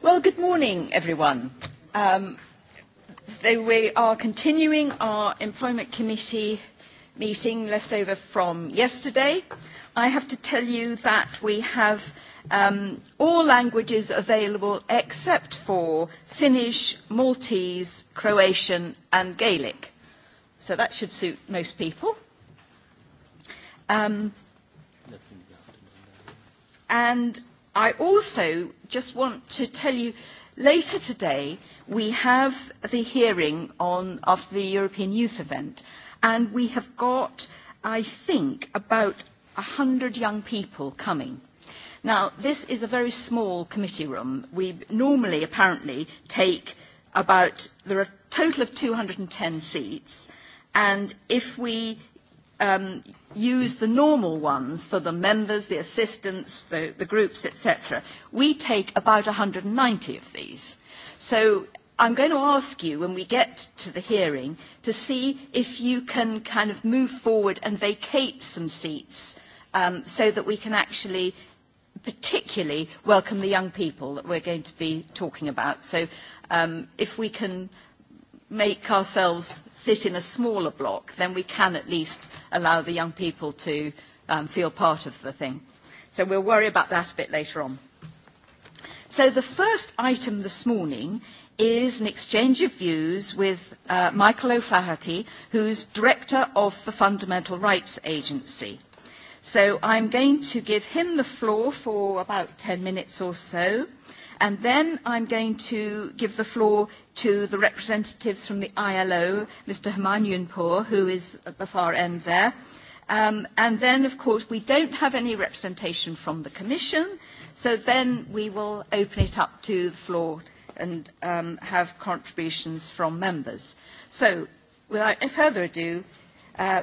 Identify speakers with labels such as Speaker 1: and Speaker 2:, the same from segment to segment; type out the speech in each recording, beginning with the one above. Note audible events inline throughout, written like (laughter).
Speaker 1: Well, good morning, everyone. Um, so we are continuing our Employment Committee meeting left over from yesterday. I have to tell you that we have um, all languages available except for Finnish, Maltese, Croatian and Gaelic. So that should suit most people. Um, and I also just want to tell you later today we have the hearing on, of the European Youth event and we have got, I think, about 100 young people coming. Now, this is a very small committee room. We normally, apparently, take about, there are a total of 210 seats. And if we um, use the normal ones for the members, the assistants, the, the groups, etc. We take about 190 of these. So I'm going to ask you when we get to the hearing to see if you can kind of move forward and vacate some seats um, so that we can actually particularly welcome the young people that we're going to be talking about. So um, if we can make ourselves sit in a smaller block, then we can at least allow the young people to um, feel part of the thing. So we'll worry about that a bit later on. So the first item this morning is an exchange of views with uh, Michael O'Flaherty, who's Director of the Fundamental Rights Agency. So I'm going to give him the floor for about 10 minutes or so And then I'm going to give the floor to the representatives from the ILO, Mr. Hamanyunpour, who is at the far end there. Um, and then, of course, we don't have any representation from the Commission, so then we will open it up to the floor and um, have contributions from members. So, without further ado, uh,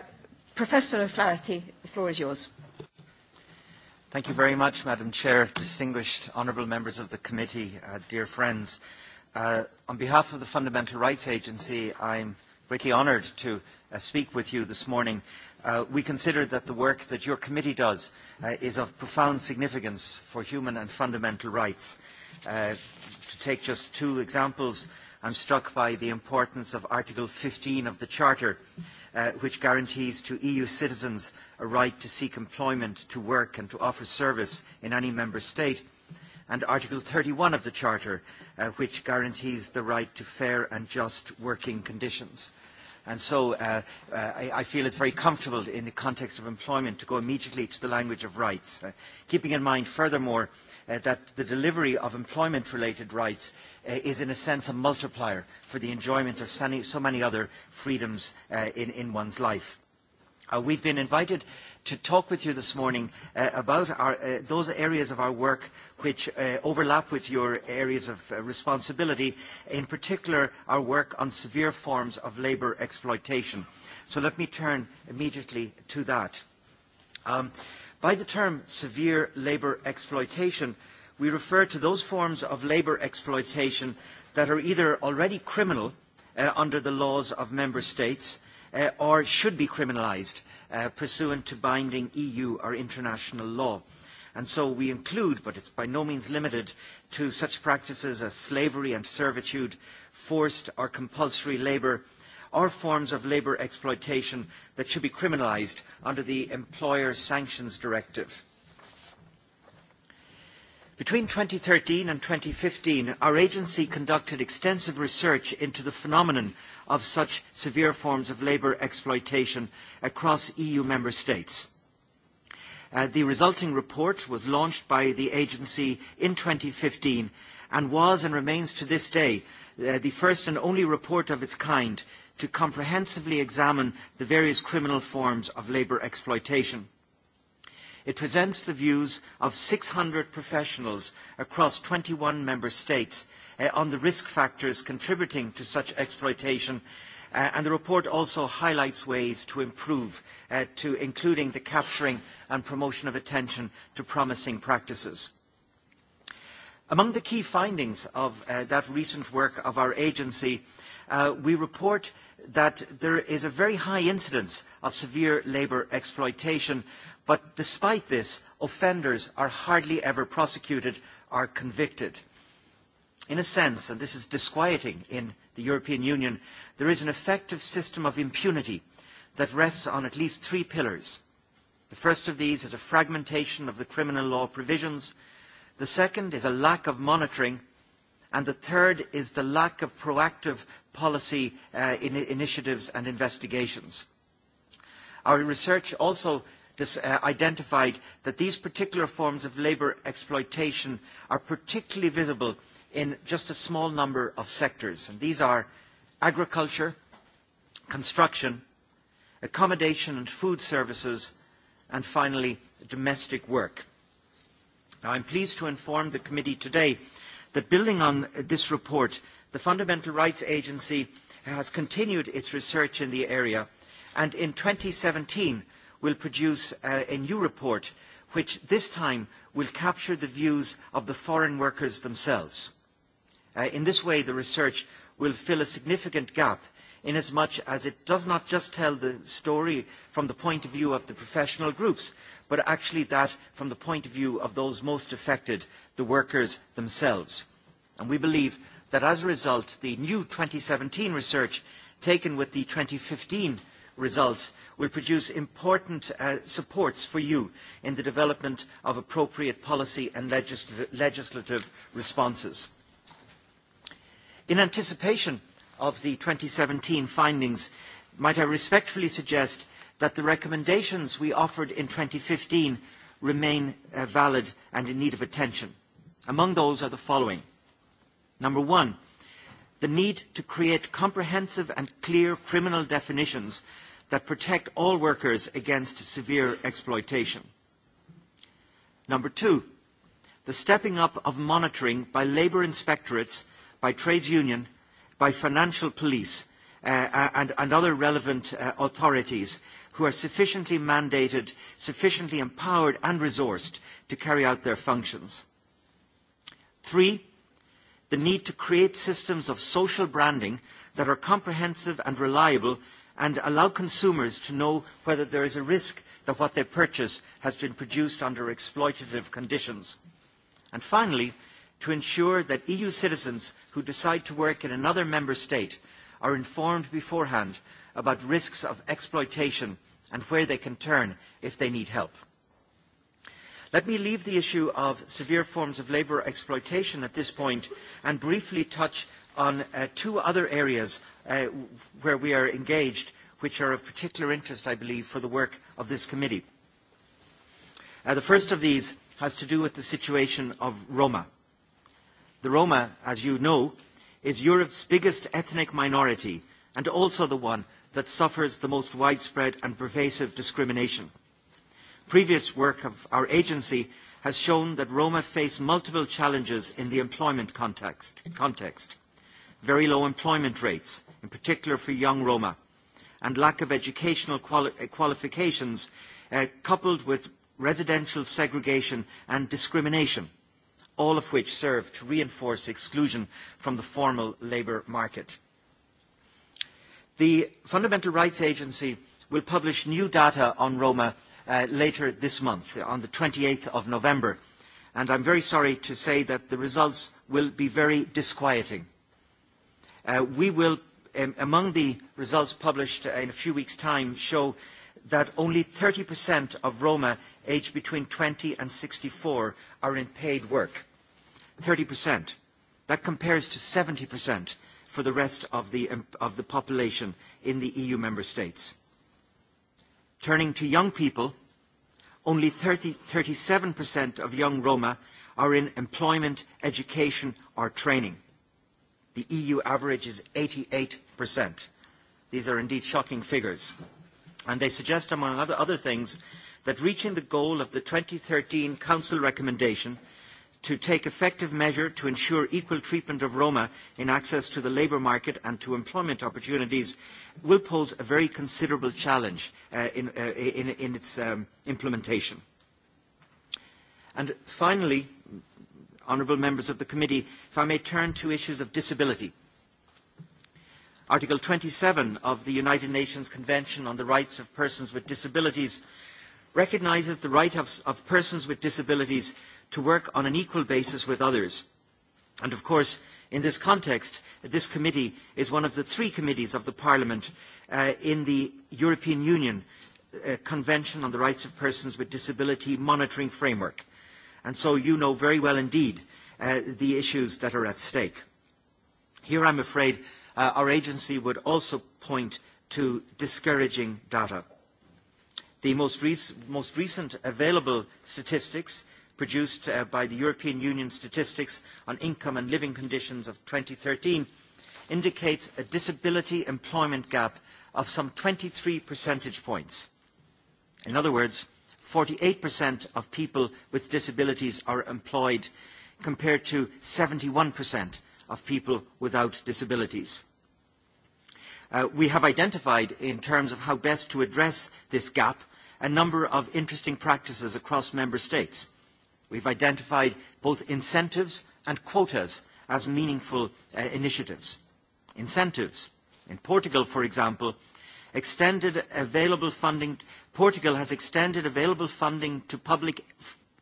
Speaker 1: Professor O'Flaherty, the floor is yours.
Speaker 2: Thank you very much, Madam Chair, distinguished honourable members of the committee, uh, dear friends. Uh, on behalf of the Fundamental Rights Agency, I'm greatly honoured to uh, speak with you this morning. Uh, we consider that the work that your committee does uh, is of profound significance for human and fundamental rights. Uh, to take just two examples, I'm struck by the importance of Article 15 of the Charter, uh, which guarantees to EU citizens a right to seek employment, to work and to offer service in any member state, and Article 31 of the Charter, uh, which guarantees the right to fair and just working conditions. And so uh, uh, I, I feel it's very comfortable in the context of employment to go immediately to the language of rights, uh, keeping in mind furthermore uh, that the delivery of employment-related rights uh, is in a sense a multiplier for the enjoyment of so many other freedoms uh, in, in one's life. Uh, we've been invited to talk with you this morning uh, about our, uh, those areas of our work which uh, overlap with your areas of uh, responsibility, in particular our work on severe forms of labour exploitation. So let me turn immediately to that. Um, by the term severe labour exploitation, we refer to those forms of labour exploitation that are either already criminal uh, under the laws of member states uh, or should be criminalised uh, pursuant to binding EU or international law. And so we include, but it's by no means limited to such practices as slavery and servitude, forced or compulsory labour, or forms of labour exploitation that should be criminalised under the Employer Sanctions Directive. Between 2013 and 2015, our agency conducted extensive research into the phenomenon of such severe forms of labour exploitation across EU member states. Uh, the resulting report was launched by the agency in 2015 and was and remains to this day uh, the first and only report of its kind to comprehensively examine the various criminal forms of labour exploitation. It presents the views of 600 professionals across 21 member states uh, on the risk factors contributing to such exploitation Uh, and the report also highlights ways to improve, uh, to including the capturing and promotion of attention to promising practices. Among the key findings of uh, that recent work of our agency, uh, we report that there is a very high incidence of severe labour exploitation, but despite this, offenders are hardly ever prosecuted or convicted. In a sense, and this is disquieting in the European Union, there is an effective system of impunity that rests on at least three pillars. The first of these is a fragmentation of the criminal law provisions. The second is a lack of monitoring And the third is the lack of proactive policy uh, in initiatives and investigations. Our research also dis, uh, identified that these particular forms of labour exploitation are particularly visible in just a small number of sectors. And these are agriculture, construction, accommodation and food services, and finally, domestic work. Now, I'm pleased to inform the committee today uh, that building on this report, the Fundamental Rights Agency has continued its research in the area and in 2017 will produce uh, a new report which this time will capture the views of the foreign workers themselves. Uh, in this way, the research will fill a significant gap inasmuch as it does not just tell the story from the point of view of the professional groups, but actually that from the point of view of those most affected, the workers themselves. And we believe that as a result, the new 2017 research taken with the 2015 results will produce important uh, supports for you in the development of appropriate policy and legisl legislative responses. In anticipation of the 2017 findings, might I respectfully suggest that the recommendations we offered in 2015 remain uh, valid and in need of attention. Among those are the following. Number one, the need to create comprehensive and clear criminal definitions that protect all workers against severe exploitation. Number two, the stepping up of monitoring by labour inspectorates, by trades union by financial police uh, uh, and, and other relevant uh, authorities who are sufficiently mandated, sufficiently empowered and resourced to carry out their functions. Three, the need to create systems of social branding that are comprehensive and reliable and allow consumers to know whether there is a risk that what they purchase has been produced under exploitative conditions. And finally, to ensure that EU citizens who decide to work in another member state are informed beforehand about risks of exploitation and where they can turn if they need help. Let me leave the issue of severe forms of labour exploitation at this point and briefly touch on uh, two other areas uh, where we are engaged, which are of particular interest, I believe, for the work of this committee. Uh, the first of these has to do with the situation of Roma. The Roma, as you know, is Europe's biggest ethnic minority and also the one that suffers the most widespread and pervasive discrimination. Previous work of our agency has shown that Roma face multiple challenges in the employment context. context. Very low employment rates, in particular for young Roma, and lack of educational quali eh, qualifications, uh, coupled with residential segregation and discrimination all of which serve to reinforce exclusion from the formal labour market. The Fundamental Rights Agency will publish new data on Roma uh, later this month, on the 28th of November, and I'm very sorry to say that the results will be very disquieting. Uh, we will, um, among the results published in a few weeks' time, show that only 30% of Roma aged between 20 and 64 are in paid work. 30%. That compares to 70% for the rest of the, of the population in the EU member states. Turning to young people, only 30, 37% of young Roma are in employment, education or training. The EU average is 88%. These are indeed shocking figures. And they suggest, among other, other things, that reaching the goal of the 2013 Council recommendation to take effective measure to ensure equal treatment of Roma in access to the labour market and to employment opportunities will pose a very considerable challenge uh, in, uh, in, in its um, implementation. And finally, honourable members of the committee, if I may turn to issues of disability – Article 27 of the United Nations Convention on the Rights of Persons with Disabilities recognises the right of, of persons with disabilities to work on an equal basis with others. And of course, in this context, this committee is one of the three committees of the Parliament uh, in the European Union uh, Convention on the Rights of Persons with Disability Monitoring Framework. And so you know very well indeed uh, the issues that are at stake. Here I'm afraid Uh, our agency would also point to discouraging data. The most, rec most recent available statistics produced uh, by the European Union Statistics on Income and Living Conditions of 2013 indicates a disability employment gap of some 23 percentage points. In other words, 48% of people with disabilities are employed compared to 71% of people without disabilities. Uh, we have identified, in terms of how best to address this gap, a number of interesting practices across member states. We've identified both incentives and quotas as meaningful uh, initiatives. Incentives. In Portugal, for example, extended available funding, Portugal has extended available funding to public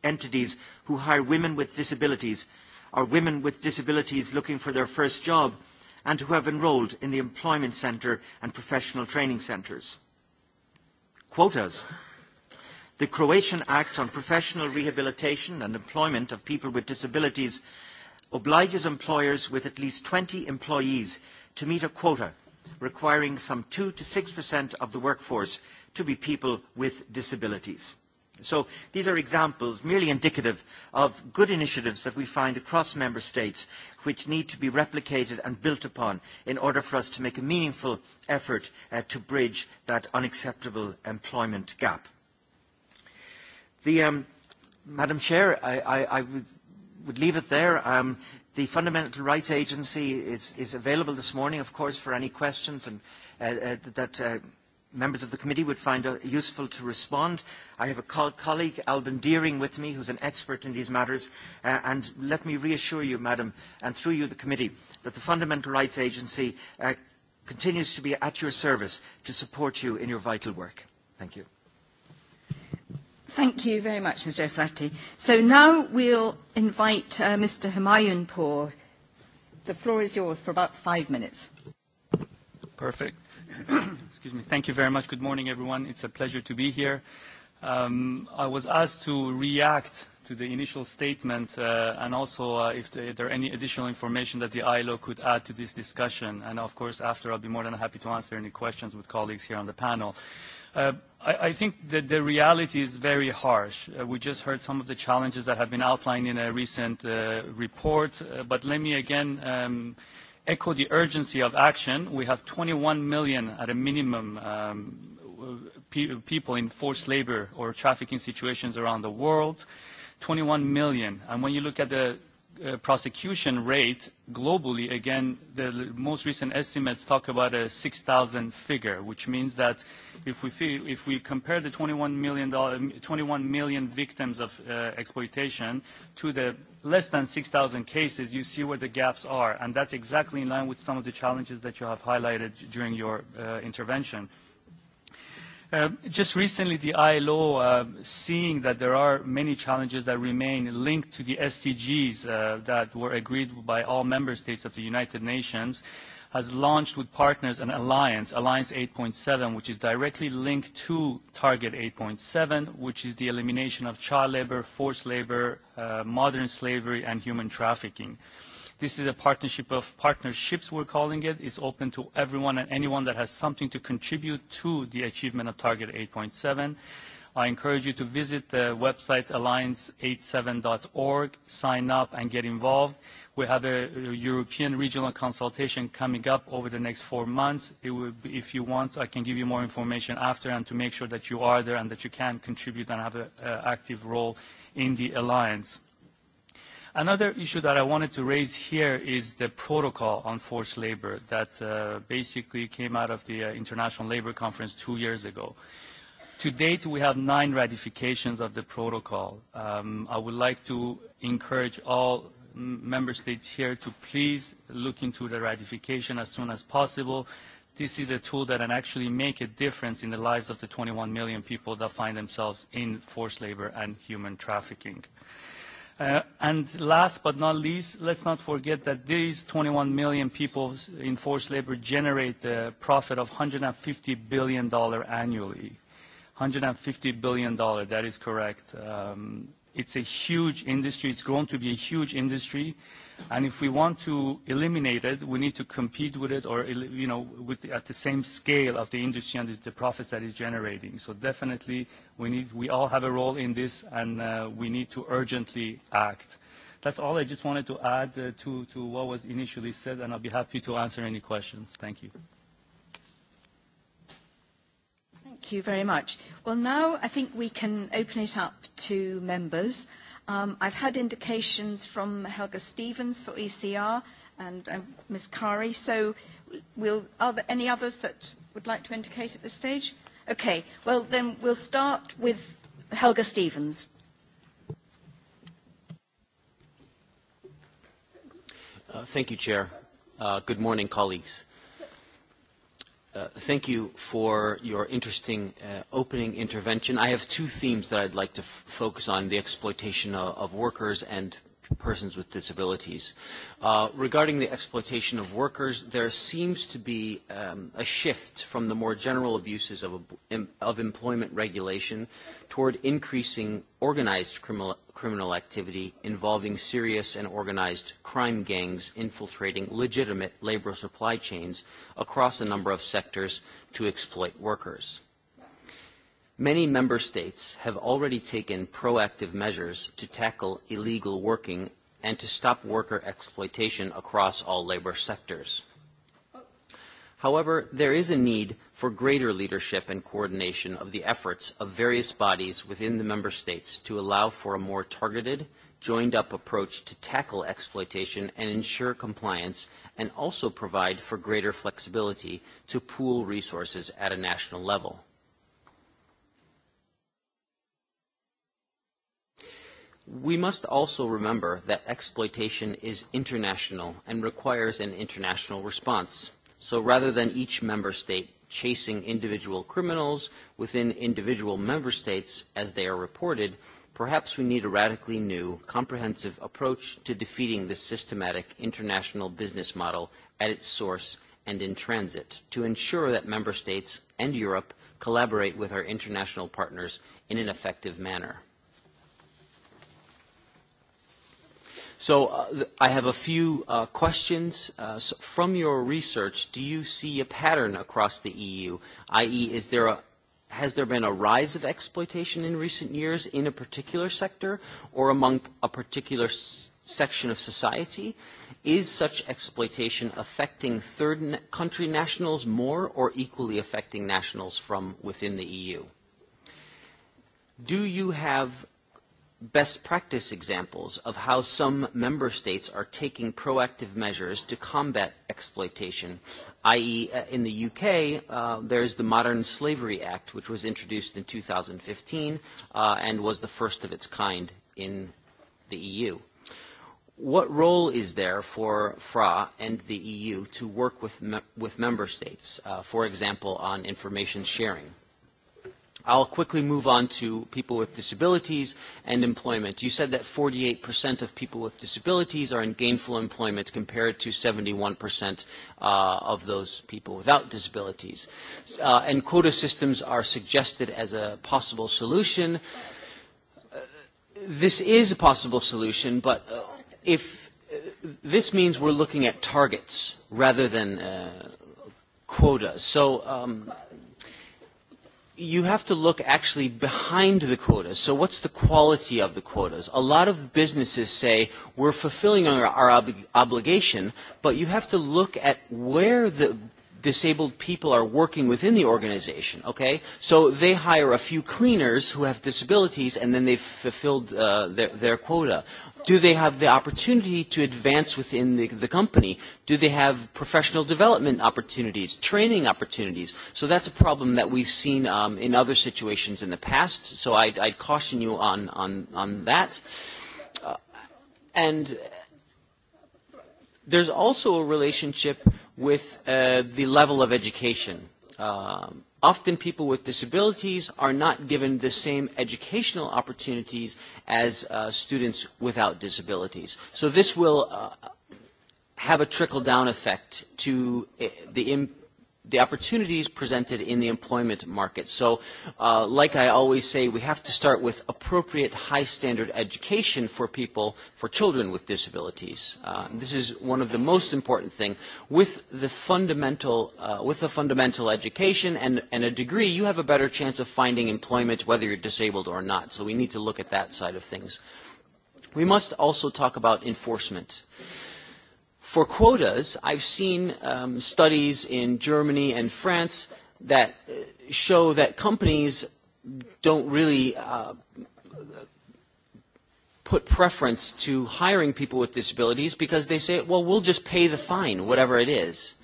Speaker 2: entities who hire women with disabilities or women with disabilities looking for their first job and who have enrolled in the employment centre and professional training centres. Quotas. The Croatian Act on Professional Rehabilitation and Employment of People with Disabilities obliges employers with at least 20 employees to meet a quota requiring some 2 to 6% of the workforce to be people with disabilities. So these are examples merely indicative of good initiatives that we find across member states which need to be replicated and built upon in order for us to make a meaningful effort uh, to bridge that unacceptable employment gap. The, um, Madam Chair, I, I, I would, would leave it there. Um, the Fundamental Rights Agency is, is available this morning, of course, for any questions and, uh, uh, that uh, members of the committee would find uh, useful to respond. I have a co colleague, Alban Deering, with me, who's an expert in these matters, uh, and let me reassure you, Madam, and through you, the committee, that the Fundamental Rights Agency uh, continues to be at your service to support you in your vital work. Thank you.
Speaker 1: Thank you very much, Mr. O'Flaherty. So now we'll invite uh, Mr. Hamayanpour. The floor is yours for about five minutes.
Speaker 3: Perfect. (coughs) Excuse me. Thank you very much. Good morning, everyone. It's a pleasure to be here. Um, I was asked to react to the initial statement, uh, and also, uh, if there are any additional information that the ILO could add to this discussion. And of course, after, I'll be more than happy to answer any questions with colleagues here on the panel. Uh, I, I think that the reality is very harsh. Uh, we just heard some of the challenges that have been outlined in a recent uh, report. Uh, but let me again um, echo the urgency of action. We have 21 million at a minimum um, pe people in forced labor or trafficking situations around the world. 21 million. And when you look at the Uh, prosecution rate globally, again, the most recent estimates talk about a 6,000 figure, which means that if we, feel, if we compare the 21 million, 21 million victims of uh, exploitation to the less than 6,000 cases, you see where the gaps are. And that's exactly in line with some of the challenges that you have highlighted during your uh, intervention. Um, just recently, the ILO, uh, um, seeing that there are many challenges that remain linked to the SDGs uh, that were agreed by all member states of the United Nations, has launched with partners an alliance, Alliance 8.7, which is directly linked to Target 8.7, which is the elimination of child labor, forced labor, uh, modern slavery, and human trafficking. Uh, This is a partnership of partnerships, we're calling it. It's open to everyone and anyone that has something to contribute to the achievement of Target 8.7. I encourage you to visit the website alliance87.org, sign up, and get involved. We have a European regional consultation coming up over the next four months. It will be, if you want, I can give you more information after and to make sure that you are there and that you can contribute and have an active role in the alliance. Another issue that I wanted to raise here is the protocol on forced labor that uh, basically came out of the uh, International labour Conference two years ago. To date, we have nine ratifications of the protocol. Um, I would like to encourage all member states here to please look into the ratification as soon as possible. This is a tool that can actually make a difference in the lives of the 21 million people that find themselves in forced labor and human trafficking. Uh, and last but not least, let's not forget that these 21 million people in forced labor generate the profit of $150 billion annually. $150 billion, that is correct. Um, it's a huge industry. It's grown to be a huge industry. And if we want to eliminate it, we need to compete with it or, you know, with the, at the same scale of the industry and the, the profits that it's generating. So definitely we, need, we all have a role in this and uh, we need to urgently act. That's all I just wanted to add uh, to, to what was initially said and I'll be happy to answer any questions. Thank you.
Speaker 1: Thank you very much. Well, now I think we can open it up to members. Um, I've had indications from Helga Stevens for ECR and um, Ms. Kari. So will, are there any others that would like to indicate at this stage? Okay. Well, then we'll start with Helga Stevens.
Speaker 4: Uh, thank you, Chair. Uh, good morning, colleagues. Uh, thank you for your interesting uh, opening intervention. I have two themes that I'd like to f focus on, the exploitation of, of workers and persons with disabilities. Uh, regarding the exploitation of workers, there seems to be um, a shift from the more general abuses of, of employment regulation toward increasing organized criminal criminal activity involving serious and organized crime gangs infiltrating legitimate labor supply chains across a number of sectors to exploit workers. Many member states have already taken proactive measures to tackle illegal working and to stop worker exploitation across all labor sectors. However, there is a need for greater leadership and coordination of the efforts of various bodies within the member states to allow for a more targeted, joined-up approach to tackle exploitation and ensure compliance, and also provide for greater flexibility to pool resources at a national level. We must also remember that exploitation is international and requires an international response. So rather than each member state chasing individual criminals within individual member states as they are reported, perhaps we need a radically new, comprehensive approach to defeating this systematic international business model at its source and in transit to ensure that member states and Europe collaborate with our international partners in an effective manner. So uh, I have a few uh, questions. Uh, so from your research, do you see a pattern across the EU, i.e., is there a has there been a rise of exploitation in recent years in a particular sector or among a particular section of society? Is such exploitation affecting third na country nationals more or equally affecting nationals from within the EU? Do you have best practice examples of how some member states are taking proactive measures to combat exploitation, i.e., uh, in the UK, uh, there's the Modern Slavery Act, which was introduced in 2015 uh, and was the first of its kind in the EU. What role is there for FRA and the EU to work with, me- with member states, uh, for example, on information sharing? I'll quickly move on to people with disabilities and employment. You said that 48% of people with disabilities are in gainful employment compared to 71% uh, of those people without disabilities. Uh, and quota systems are suggested as a possible solution. Uh, this is a possible solution, but uh, if uh, this means we're looking at targets rather than uh, quotas. So um, you have to look actually behind the quotas. So what's the quality of the quotas? A lot of businesses say we're fulfilling our, our ob obligation, but you have to look at where the disabled people are working within the organization, okay? So they hire a few cleaners who have disabilities and then they've fulfilled uh, their, their quota. Do they have the opportunity to advance within the, the company? Do they have professional development opportunities, training opportunities? So that's a problem that we've seen um, in other situations in the past. So I'd, I'd caution you on, on, on that. Uh, and there's also a relationship – with uh, the level of education. Um, often people with disabilities are not given the same educational opportunities as uh, students without disabilities. So this will uh, have a trickle-down effect to eh, the impact the opportunities presented in the employment market. So, uh, like I always say, we have to start with appropriate high standard education for people, for children with disabilities. Uh, this is one of the most important things. With the fundamental, uh, with a fundamental education and, and a degree, you have a better chance of finding employment whether you're disabled or not. So we need to look at that side of things. We must also talk about enforcement. For quotas, I've seen um, studies in Germany and France that uh, show that companies don't really uh, put preference to hiring people with disabilities because they say, well, we'll just pay the fine, whatever it is.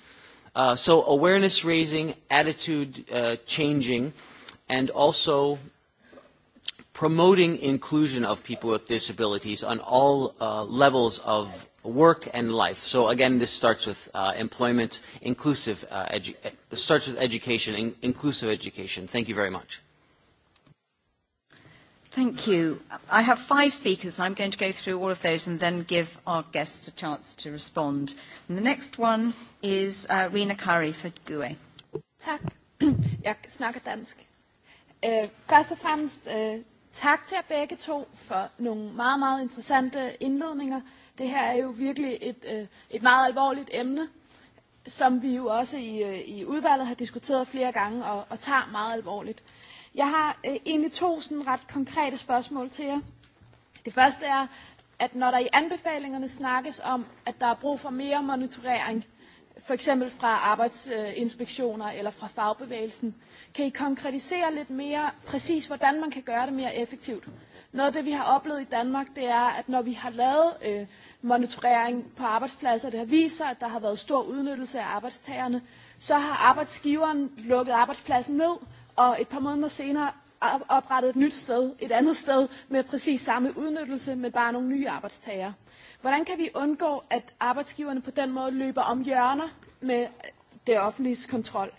Speaker 4: Uh, so awareness raising, attitude uh, changing, and also promoting inclusion of people with disabilities on all uh, levels of work and life. So again, this starts with uh, employment, inclusive uh, edu- eh, starts with education, in- inclusive education. Thank you very much.
Speaker 1: Thank you. I have five speakers. I'm going to go through all of those and then give our guests a chance to respond. And the next one is uh, Rina Kari for GUE.
Speaker 5: Tak. (clears throat) Jeg snakker dansk. Uh, først og fremmest uh, tak til jer begge to for nogle meget, meget interessante indledninger det her er jo virkelig et, øh, et meget alvorligt emne, som vi jo også i, øh, i udvalget har diskuteret flere gange og, og tager meget alvorligt. Jeg har øh, egentlig to sådan ret konkrete spørgsmål til jer. Det første er, at når der i anbefalingerne snakkes om, at der er brug for mere monitorering, for eksempel fra arbejdsinspektioner eller fra fagbevægelsen, kan I konkretisere lidt mere præcis, hvordan man kan gøre det mere effektivt? Noget af det, vi har oplevet i Danmark, det er, at når vi har lavet øh, monitorering på arbejdspladser, det har vist sig, at der har været stor udnyttelse af arbejdstagerne, så har arbejdsgiveren lukket arbejdspladsen ned, og et par måneder senere oprettet et nyt sted, et andet sted med præcis samme udnyttelse, men bare nogle nye arbejdstagere. Hvordan kan vi undgå, at arbejdsgiverne på den måde løber om hjørner med øh, det offentlige kontrol?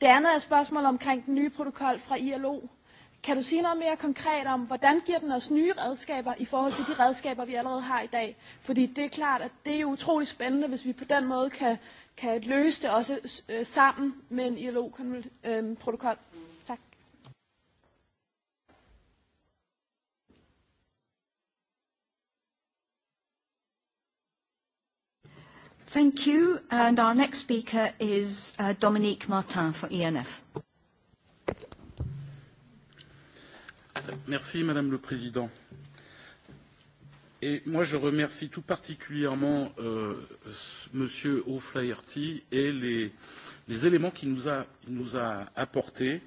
Speaker 5: Det andet er spørgsmål omkring den nye protokol fra ILO, Kan du sige noget mere konkret om, hvordan giver den os nye redskaber i forhold til de redskaber, vi allerede har i dag? Fordi det er klart, at det er utrolig spændende, hvis vi på den måde kan, kan løse det også øh, sammen med en ILO-protokol. Tak.
Speaker 1: Thank you. And our next speaker is uh, Dominique Martin for ENF.
Speaker 6: Madame la présidente je remercie tout particulièrement euh, m. O'Flaherty et les, éléments qu'il nous a, apportés.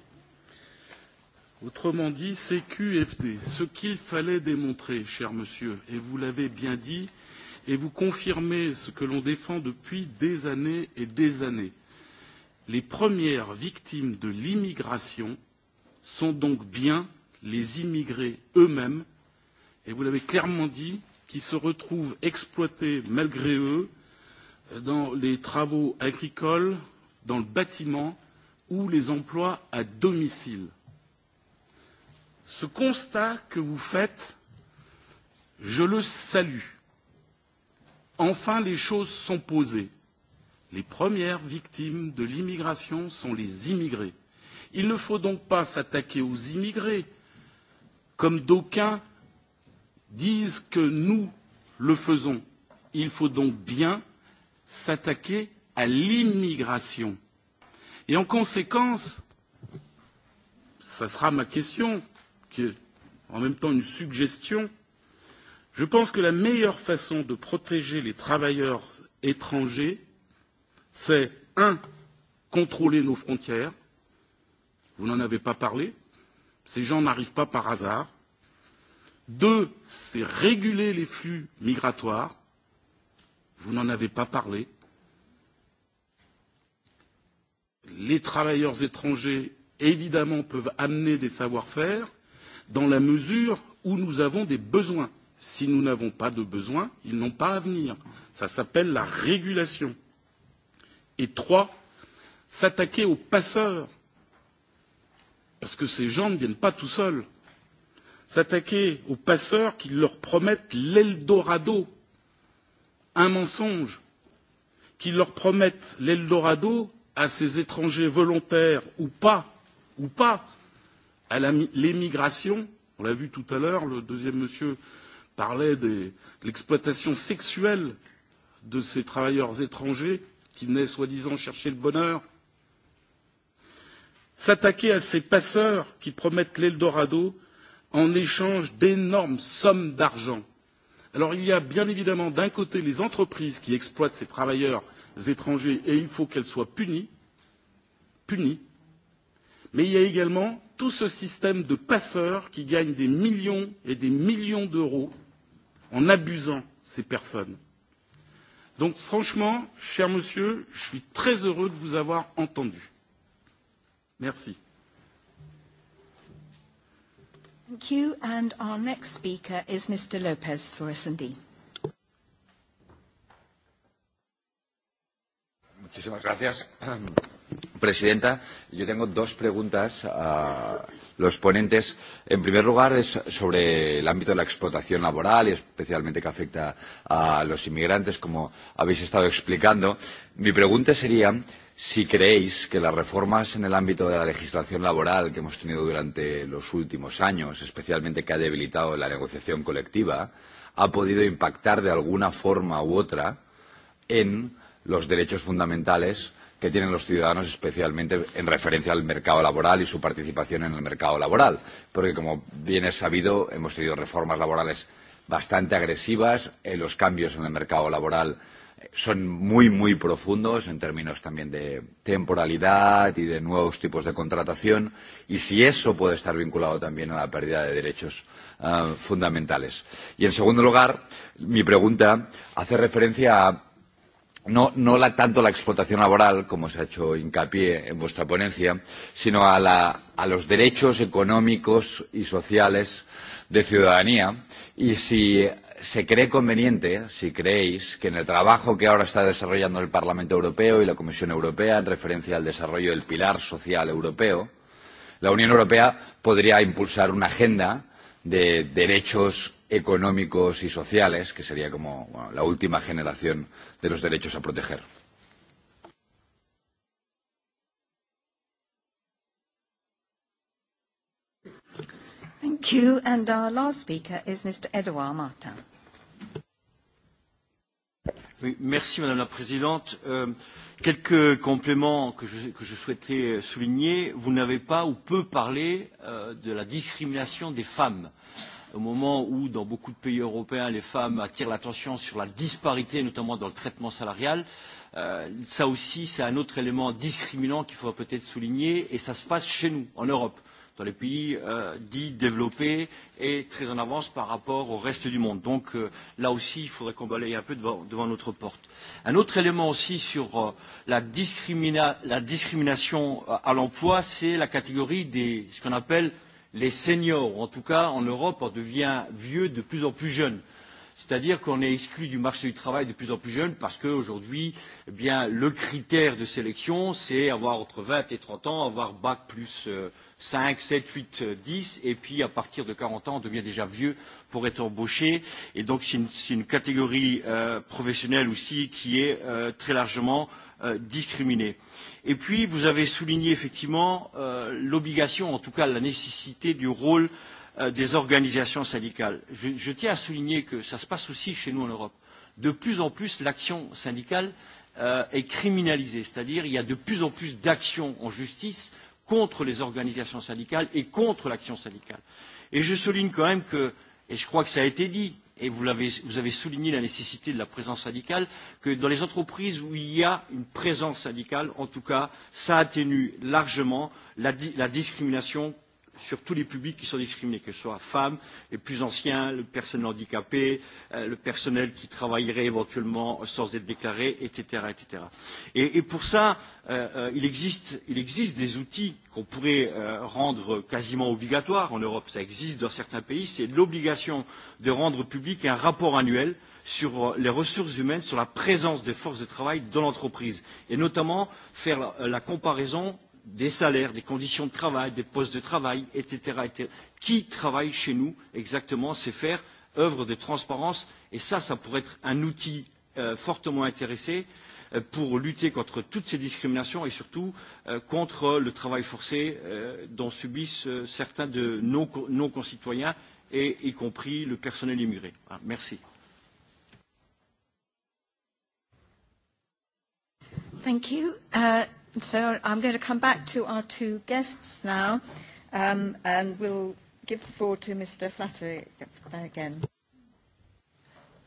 Speaker 6: Autrement dit, qfd ce qu'il fallait démontrer, cher monsieur, et vous l'avez bien dit, et vous confirmez ce que l'on défend depuis des années et des années. Les premières victimes de l'immigration sont donc bien les immigrés eux-mêmes, et vous l'avez clairement dit, qui se retrouvent exploités malgré eux dans les travaux agricoles, dans le bâtiment ou les emplois à domicile. Ce constat que vous faites, je le salue. Enfin, les choses sont posées. Les premières victimes de l'immigration sont les immigrés. Il ne faut donc pas s'attaquer aux immigrés, comme d'aucuns disent que nous le faisons. Il faut donc bien s'attaquer à l'immigration. Et en conséquence, ça sera ma question, qui est en même temps une suggestion, je pense que la meilleure façon de protéger les travailleurs étrangers, c'est un, contrôler nos frontières, vous n'en avez pas parlé, Ces gens n'arrivent pas par hasard. Deux, c'est réguler les flux migratoires. Vous n'en avez pas parlé. Les travailleurs étrangers, évidemment, peuvent amener des savoir-faire dans la mesure où nous avons des besoins. Si nous n'avons pas de besoins, ils n'ont pas à venir. Ça s'appelle la régulation. Et trois, s'attaquer aux passeurs Parce que ces gens ne viennent pas tout seuls. S'attaquer aux passeurs qui leur promettent l'Eldorado, un mensonge, qui leur promettent l'Eldorado à ces étrangers volontaires ou pas, ou pas, à l'émigration, on l'a vu tout à l'heure, le deuxième monsieur parlait de l'exploitation sexuelle de ces travailleurs étrangers qui venaient soi-disant chercher le bonheur S'attaquer à ces passeurs qui promettent l'Eldorado en échange d'énormes sommes d'argent. Alors il y a bien évidemment d'un côté les entreprises qui exploitent ces travailleurs étrangers et il faut qu'elles soient punies, punies, mais il y a également tout ce système de passeurs qui gagnent des millions et des millions d'euros en abusant ces personnes. Donc franchement, cher monsieur, je suis très heureux de vous avoir entendu. Merci.
Speaker 1: Thank you. And our next speaker is Mr. Lopez for S&D.
Speaker 7: Muchísimas gracias, (clears throat) presidenta. Yo tengo dos preguntas a los ponentes. En primer lugar, es sobre el ámbito de la explotación laboral y especialmente que afecta a los inmigrantes, como habéis estado explicando. Mi pregunta sería, si creéis que las reformas en el ámbito de la legislación laboral que hemos tenido durante los últimos años, especialmente que ha debilitado la negociación colectiva, ha podido impactar de alguna forma u otra en los derechos fundamentales que tienen los ciudadanos, especialmente en referencia al mercado laboral y su participación en el mercado laboral. Porque, como bien es sabido, hemos tenido reformas laborales bastante agresivas, eh, los cambios en el mercado laboral son muy, muy profundos en términos también de temporalidad y de nuevos tipos de contratación y si eso puede estar vinculado también a la pérdida de derechos uh, fundamentales. Y en segundo lugar, mi pregunta hace referencia a no, no la, tanto la explotación laboral, como se ha hecho hincapié en vuestra ponencia, sino a, la, a los derechos económicos y sociales de ciudadanía y si se cree conveniente, si creéis, que en el trabajo que ahora está desarrollando el Parlamento Europeo y la Comisión Europea en referencia al desarrollo del pilar social europeo, la Unión Europea podría impulsar una agenda de derechos económicos y sociales, que sería como bueno, la última generación de los derechos a proteger.
Speaker 1: Thank you. And our last speaker is Mr. Edouard Martin.
Speaker 8: Madame la Présidente. Euh, quelques compléments que je, souhaitais souligner. Vous n'avez pas ou peu parlé euh, de la discrimination des femmes. Au moment où, dans beaucoup de pays européens, les femmes attirent l'attention sur la disparité, notamment dans le traitement salarial, cela euh, aussi, c'est un autre élément discriminant qu'il faudra peut-être souligner, et cela se passe chez nous, en Europe dans les pays euh, dits développés et très en avance par rapport au reste du monde. Donc euh, là aussi, il faudrait qu'on balaye un peu devant, devant notre porte. Un autre élément aussi sur euh, la, discrimina la discrimination à, l'emploi, c'est la catégorie des ce qu'on appelle les seniors. En tout cas, en Europe, on devient vieux de plus en plus jeune. C'est-à-dire qu'on est exclu du marché du travail de plus en plus jeune parce qu'aujourd'hui, eh le critère de sélection, c'est avoir entre 20 et 30 ans, avoir bac plus euh, 5, 7, 8, 10, et puis à partir de 40 ans, on devient déjà vieux pour être embauché. Et donc c'est une, une catégorie euh, professionnelle aussi qui est euh, très largement euh, discriminée. Et puis vous avez souligné effectivement euh, l'obligation, en tout cas la nécessité du rôle euh, des organisations syndicales. Je, je tiens à souligner que ça se passe aussi chez nous en Europe. De plus en plus, l'action syndicale euh, est criminalisée, c'est-à-dire il y a de plus en plus d'actions en justice contre les organisations syndicales et contre l'action syndicale. Et je souligne quand même que, et je crois que ça a été dit, et vous avez, vous avez souligné la nécessité de la présence syndicale, que dans les entreprises où il y a une présence syndicale, en tout cas, ça atténue largement la, la discrimination sur tous les publics qui sont discriminés, que ce soit femmes, les plus anciens, le personnel handicapé, euh, le personnel qui travaillerait éventuellement sans être déclaré, etc. etc. Et, et pour ça, euh, euh, il, existe, il existe des outils qu'on pourrait euh, rendre quasiment obligatoires en Europe. Ça existe dans certains pays. C'est l'obligation de rendre public un rapport annuel sur euh, les ressources humaines, sur la présence des forces de travail dans l'entreprise, et notamment faire la, la comparaison des salaires, des conditions de travail, des postes de travail, etc. etc. Qui travaille chez nous exactement C'est faire œuvre de transparence et ça, ça pourrait être un outil euh, fortement intéressé euh, pour lutter contre toutes ces discriminations et surtout euh, contre le travail forcé euh, dont subissent euh, certains de nos, nos concitoyens et y compris le personnel immigré. Voilà, merci.
Speaker 1: Thank you. Uh, So I'm going to come back to our two guests now, um, and we'll give the floor to Mr. Flattery again.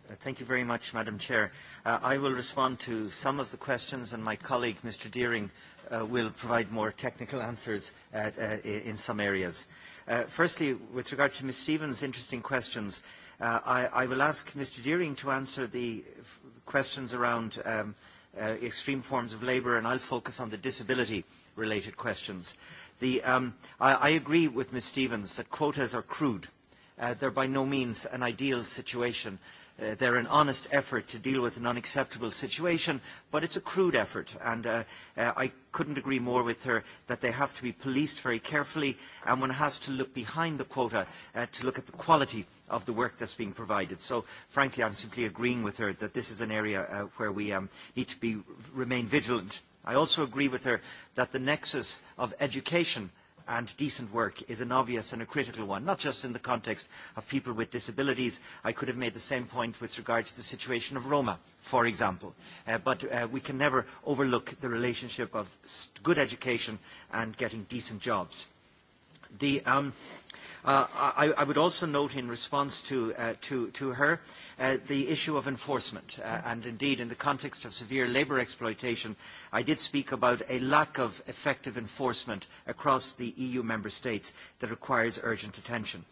Speaker 2: Uh, thank you very much, Madam Chair. Uh, I will respond to some of the questions, and my colleague, Mr. Deering, uh, will provide more technical (laughs) answers uh, uh, in some areas. Uh, firstly, with regard to Ms. Stevens' interesting questions, uh, I, I will ask Mr. Deering to answer the questions around um, uh, extreme forms of labour, and I'll focus on the disability-related questions. The, um, I, I agree with Ms Stevens that quotas are crude. Uh, they're by no means an ideal situation. Uh, they're an honest effort to deal with an unacceptable situation, but it's a crude effort. And uh, uh, I couldn't agree more with her that they have to be policed very carefully, and one has to look behind the quota uh, to look at the quality of the work that's being provided. So frankly, I'm simply agreeing with her that this is an area uh, where we um, need to be, remain vigilant. I also agree with her that the nexus of education and decent work is an obvious and a critical one, not just in the context of people with disabilities. I could have made the same point with regard to the situation of Roma, for example. Uh, but uh, we can never overlook the relationship of good education and getting decent jobs. The, um, Uh, I, I would also note in response to, uh, to, to her uh, the issue of enforcement. Uh, mm-hmm. and indeed, in the context of severe labour exploitation, I did speak about a lack of effective enforcement across the EU member states that requires urgent attention.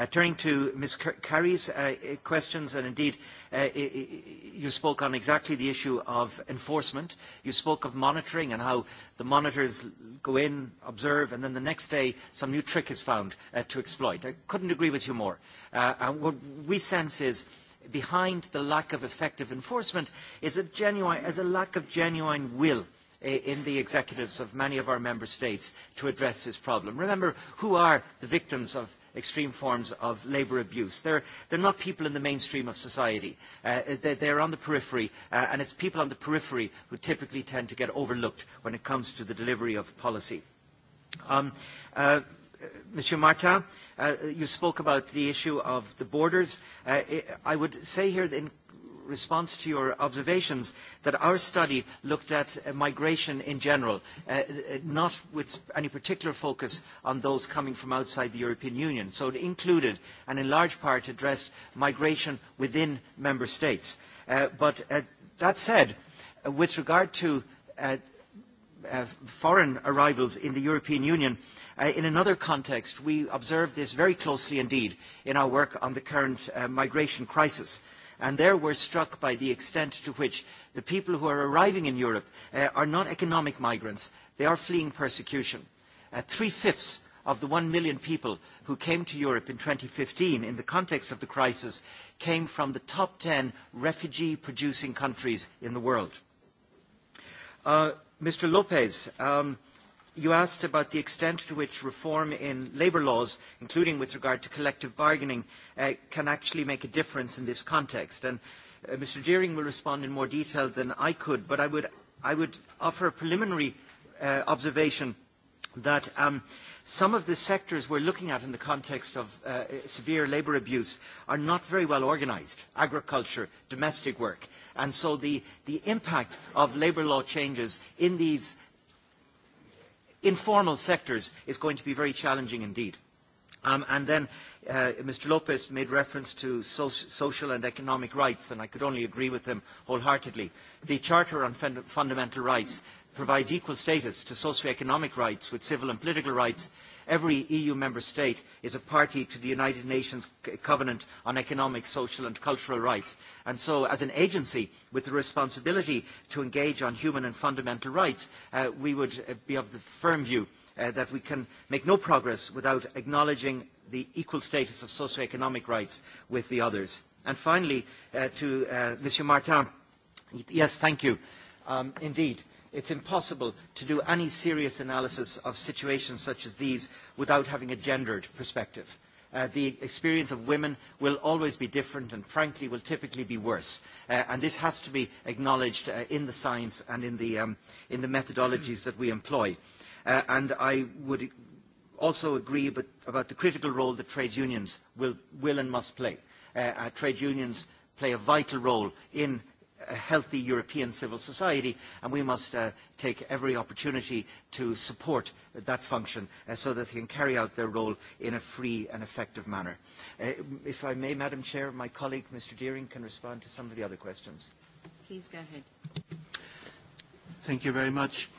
Speaker 2: Uh, turning to Ms. Carey's uh, uh, questions, and indeed uh, you spoke on exactly the issue of enforcement. You spoke of monitoring and how the monitors go in, observe, and then the next day some new trick is found uh, to exploit. I couldn't agree with you more. Uh, and what we sense is behind the lack of effective enforcement is a, genuine, is a lack of genuine will uh, in the executives of many of our member states to address this problem. Remember, who are the victims of extreme forms of labour abuse. They're, they're not people in the mainstream of society. Uh, they're, they're on the periphery, uh, and it's people on the periphery who typically tend to get overlooked when it comes to the delivery of policy. Um, uh, Monsieur Martin, uh, you spoke about the issue of the borders. Uh, I would say here that in response to your observations that our study looked at uh, migration in general, uh, uh, not with any particular focus on those coming from outside the European Union. So it included and in large part addressed migration within member states. Uh, but uh, that said, uh, with regard to uh, uh, foreign arrivals in the European Union, uh, in another context, we observe this very closely indeed in our work on the current uh, migration crisis. And there we're struck by the extent to which the people who are arriving in Europe uh, are not economic migrants. They are fleeing persecution. Uh, Three-fifths of the one million people who came to Europe in 2015 in the context of the crisis came from the top 10 refugee-producing countries in the world. Uh, Mr. Lopez, um, you asked about the extent to which reform in labour laws, including with regard to collective bargaining, uh, can actually make a difference in this context. And uh, Mr Deering will respond in more detail than I could, but I would, I would offer a preliminary uh, observation that um, some of the sectors we're looking at in the context of uh, severe labour abuse are not very well organised, agriculture, domestic work. And so the, the impact of labour law changes in these informal sectors is going to be very challenging indeed. Um, and then uh, Mr. Lopez made reference to so social and economic rights, and I could only agree with him wholeheartedly. The Charter on Fund Fundamental Rights provides equal status to socio-economic rights with civil and political rights, every EU member state is a party to the United Nations Covenant on Economic, Social and Cultural Rights. And so as an agency with the responsibility to engage on human and fundamental rights, uh, we would uh, be of the firm view uh, that we can make no progress without acknowledging the equal status of socio-economic rights with the others. And finally, uh, to uh, Monsieur Martin, yes, thank you. Um, indeed, It's impossible to do any serious analysis of situations such as these without having a gendered perspective. Uh, the experience of women will always be different and frankly will typically be worse. Uh, and this has to be acknowledged uh, in the science and in the, um, in the methodologies that we employ. Uh, and I would also agree but, about the critical role that trade unions will, will and must play. Uh, uh, trade unions play a vital role in a healthy European civil society, and we must uh, take every opportunity to support that function uh, so that they can carry out their role in a free and effective manner. Uh, if I may, Madam Chair, my colleague, Mr. Deering, can respond to some of the other questions.
Speaker 9: Please go ahead.
Speaker 10: Thank you very much.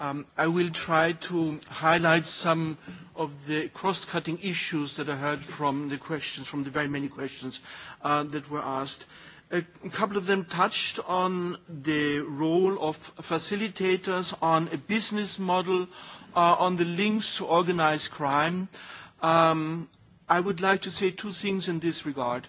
Speaker 10: Um, I will try to highlight some of the cross-cutting issues that I heard from the questions, from the very many questions uh, that were asked. Uh, A couple of them touched on the role of facilitators, on a business model, uh, on the links to organized crime. Um, I would like to say two things in this regard.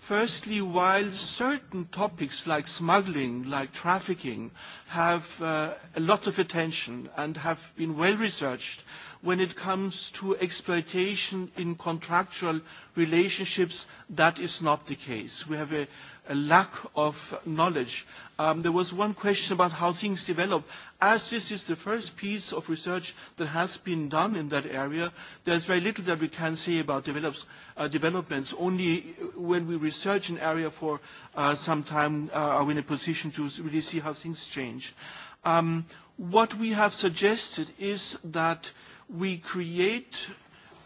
Speaker 10: Firstly, while certain topics like smuggling, like trafficking, have uh, a lot of attention and have been well researched, when it comes to exploitation in contractual relationships, that is not the case. We have a a lack of knowledge. Um, there was one question about how things develop. As this is the first piece of research that has been done in that area, there's very little that we can say about develops, uh, developments. Only when we research an area for uh, some time uh, are we in a position to really see how things change. Um, what we have suggested is that we create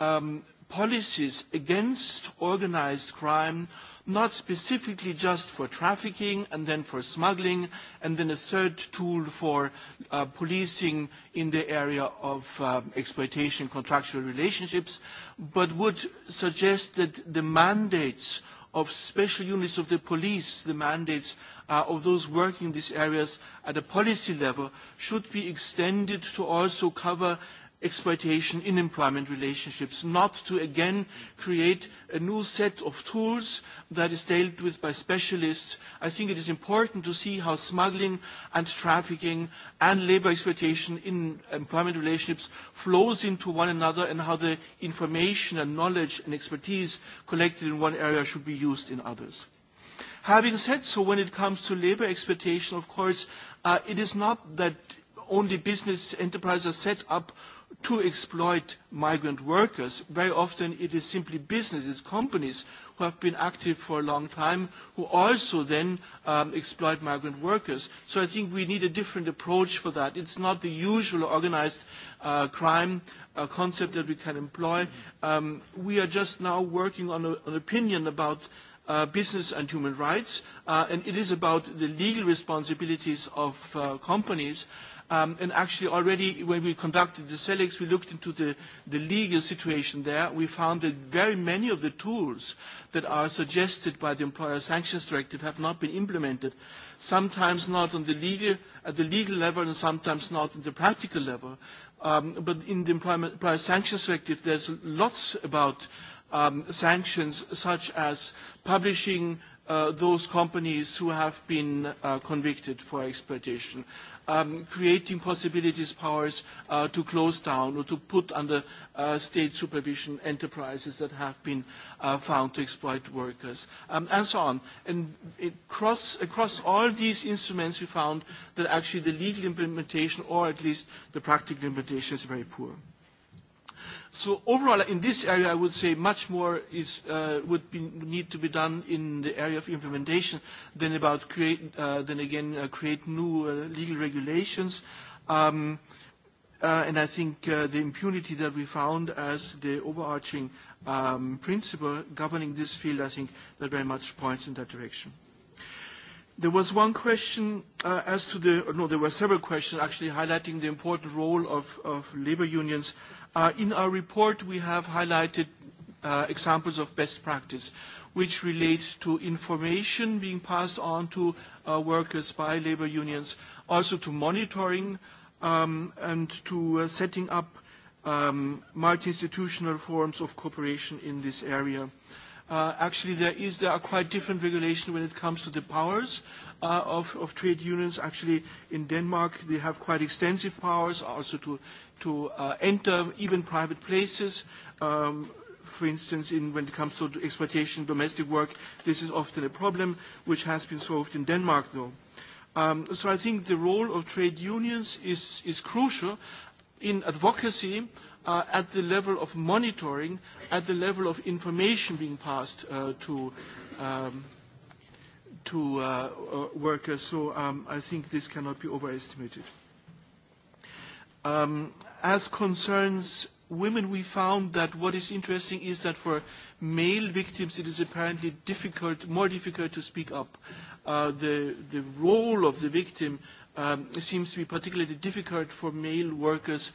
Speaker 10: um, policies against organized crime not specifically just for trafficking and then for smuggling, and then a third tool for uh, policing in the area of uh, exploitation contractual relationships, but would suggest that the mandates of special units of the police, the mandates uh, of those working in these areas at a policy level should be extended to also cover exploitation in employment relationships, not to again create a new set of tools that is dealt with by specialists. I think it is important to see how smuggling and trafficking and labor exploitation in employment relationships flows into one another and how the information and knowledge and expertise collected in one area should be used in others. Having said so, when it comes to labor exploitation, of course, uh, it is not that only business enterprises set up to exploit migrant workers. Very often it is simply businesses, companies who have been active for a long time who also then um, exploit migrant workers. So I think we need a different approach for that. It's not the usual organized uh, crime uh, concept that we can employ. Um, we are just now working on a, an opinion about Uh, business and human rights, uh, and it is about the legal responsibilities of uh, companies. Um, and actually already when we conducted the CELEX, we looked into the, the legal situation there. We found that very many of the tools that are suggested by the Employer Sanctions Directive have not been implemented, sometimes not on the legal, at the legal level and sometimes not on the practical level. Um, but in the Employer Sanctions Directive, there's lots about um, sanctions such as publishing uh, those companies who have been uh, convicted for exploitation um, creating possibilities, powers uh, to close down or to put under uh, state supervision enterprises that have been uh, found to exploit workers, um, and so on. And across, across all these instruments, we found that actually the legal implementation, or at least the practical implementation, is very poor. So Overall, in this area, I would say much more uh, would need to be done in the area of implementation than about create, uh, than again, uh, create new legal regulations. Um, and I think the impunity that we found as the overarching um, principle governing this field, I think that very much points in that direction. There was one question as to the. No, there were several questions actually highlighting the important role of, of labor unions Uh, in our report, we have highlighted uh, examples of best practice, which relates to information being passed on to uh, workers by labor unions, also to monitoring um, and to setting up um, multi-institutional forms of cooperation in this area. actually, there, is, there are quite different regulations when it comes to the powers uh, of, of trade unions. Actually, in Denmark, they have quite extensive powers also to, to uh, enter even private places. Um, for instance, in, when it comes to exploitation, domestic work, this is often a problem which has been solved in Denmark, though. Um, so I think the role of trade unions is, is crucial in advocacy uh, at the level of monitoring, at the level of information being passed uh, to, um, to uh, uh, workers. So um, I think this cannot be overestimated. Um, as concerns women, we found that what is interesting is that for male victims, it is apparently difficult, more difficult to speak up. Uh, the, role of the victim um, seems to be particularly difficult for male workers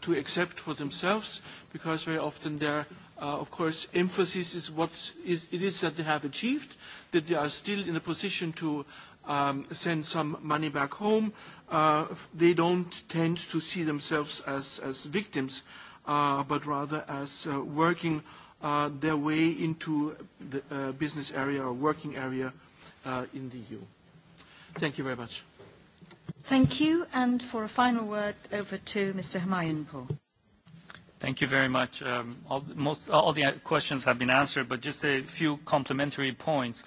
Speaker 10: to accept for themselves because very often their, of course, emphasis is what it is that they have achieved that they are still in a position to um, send some money back home, uh, they don't tend to see themselves as, as victims, uh, but rather as uh, working uh, their way into the uh, business area or working area uh, in the EU. Thank you very
Speaker 3: much.
Speaker 1: Thank you. And for a final word, over to Mr. Hamayunpo.
Speaker 3: Thank you very much. Um, all, the uh, questions have been answered, but just a few complementary points.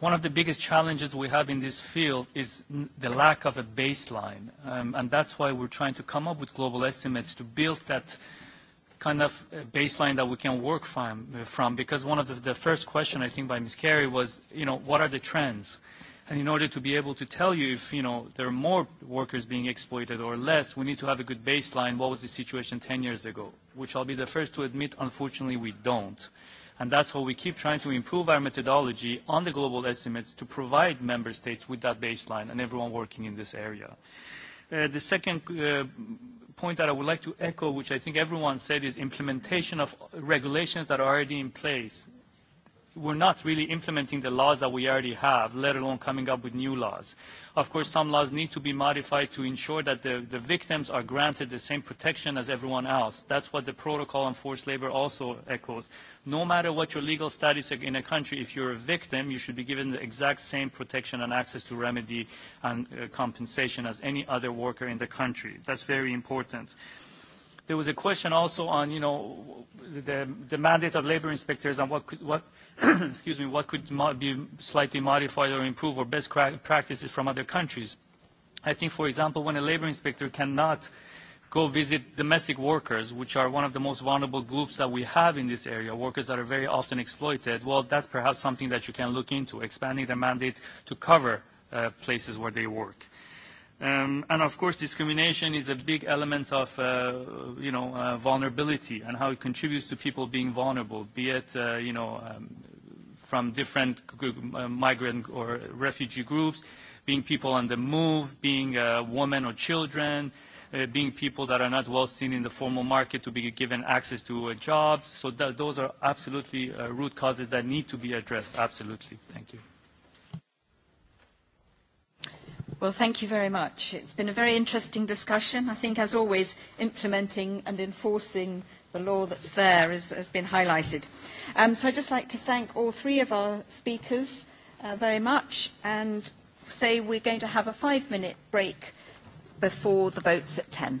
Speaker 3: One of the biggest challenges we have in this field is the lack of a baseline, um, and that's why we're trying to come up with global estimates to build that kind of uh, baseline that we can work uh, from, because one of the, the first question, I think, by Ms. Carey was, you know, what are the trends? And in order to be able to tell you if you know there are more workers being exploited or less, we need to have a good baseline. What was the situation 10 years ago? Which I'll be the first to admit, unfortunately, we don't. And that's why we keep trying to improve our methodology on the global estimates to provide member states with that baseline and everyone working in this area. Uh, the second uh, point that I would like to echo, which I think everyone said, is implementation of regulations that are already in place we're not really implementing the laws that we already have, let alone coming up with new laws. Of course, some laws need to be modified to ensure that the, the victims are granted the same protection as everyone else. That's what the protocol on forced labor also echoes. No matter what your legal status in a country, if you're a victim, you should be given the exact same protection and access to remedy and uh, compensation as any other worker in the country. That's very important. Uh, There was a question also on, you know, the, mandate of labor inspectors and what could, (clears throat) be slightly modified or improved or best practices from other countries. I think, for example, when a labor inspector cannot go visit domestic workers, which are one of the most vulnerable groups that we have in this area, workers that are very often exploited, well, that's perhaps something that you can look into, expanding the mandate to cover uh, places where they work. Um, and of course, discrimination is a big element of, uh, you know, uh, vulnerability and how it contributes to people being vulnerable, be it, uh, you know, um, from different uh, migrant or refugee groups, being people on the move, being uh, women or children, uh, being people that are not well seen in the formal market to be given access to uh, jobs. So th those are absolutely uh, root causes that need to be addressed, absolutely. Thank you.
Speaker 1: Well, thank you very much. It's been a very interesting discussion. I think, as always, implementing and enforcing the law that's there is, has been highlighted. Um, so I'd just like to thank all three of our speakers uh, very much and say we're going to have a five-minute break before the votes at 10.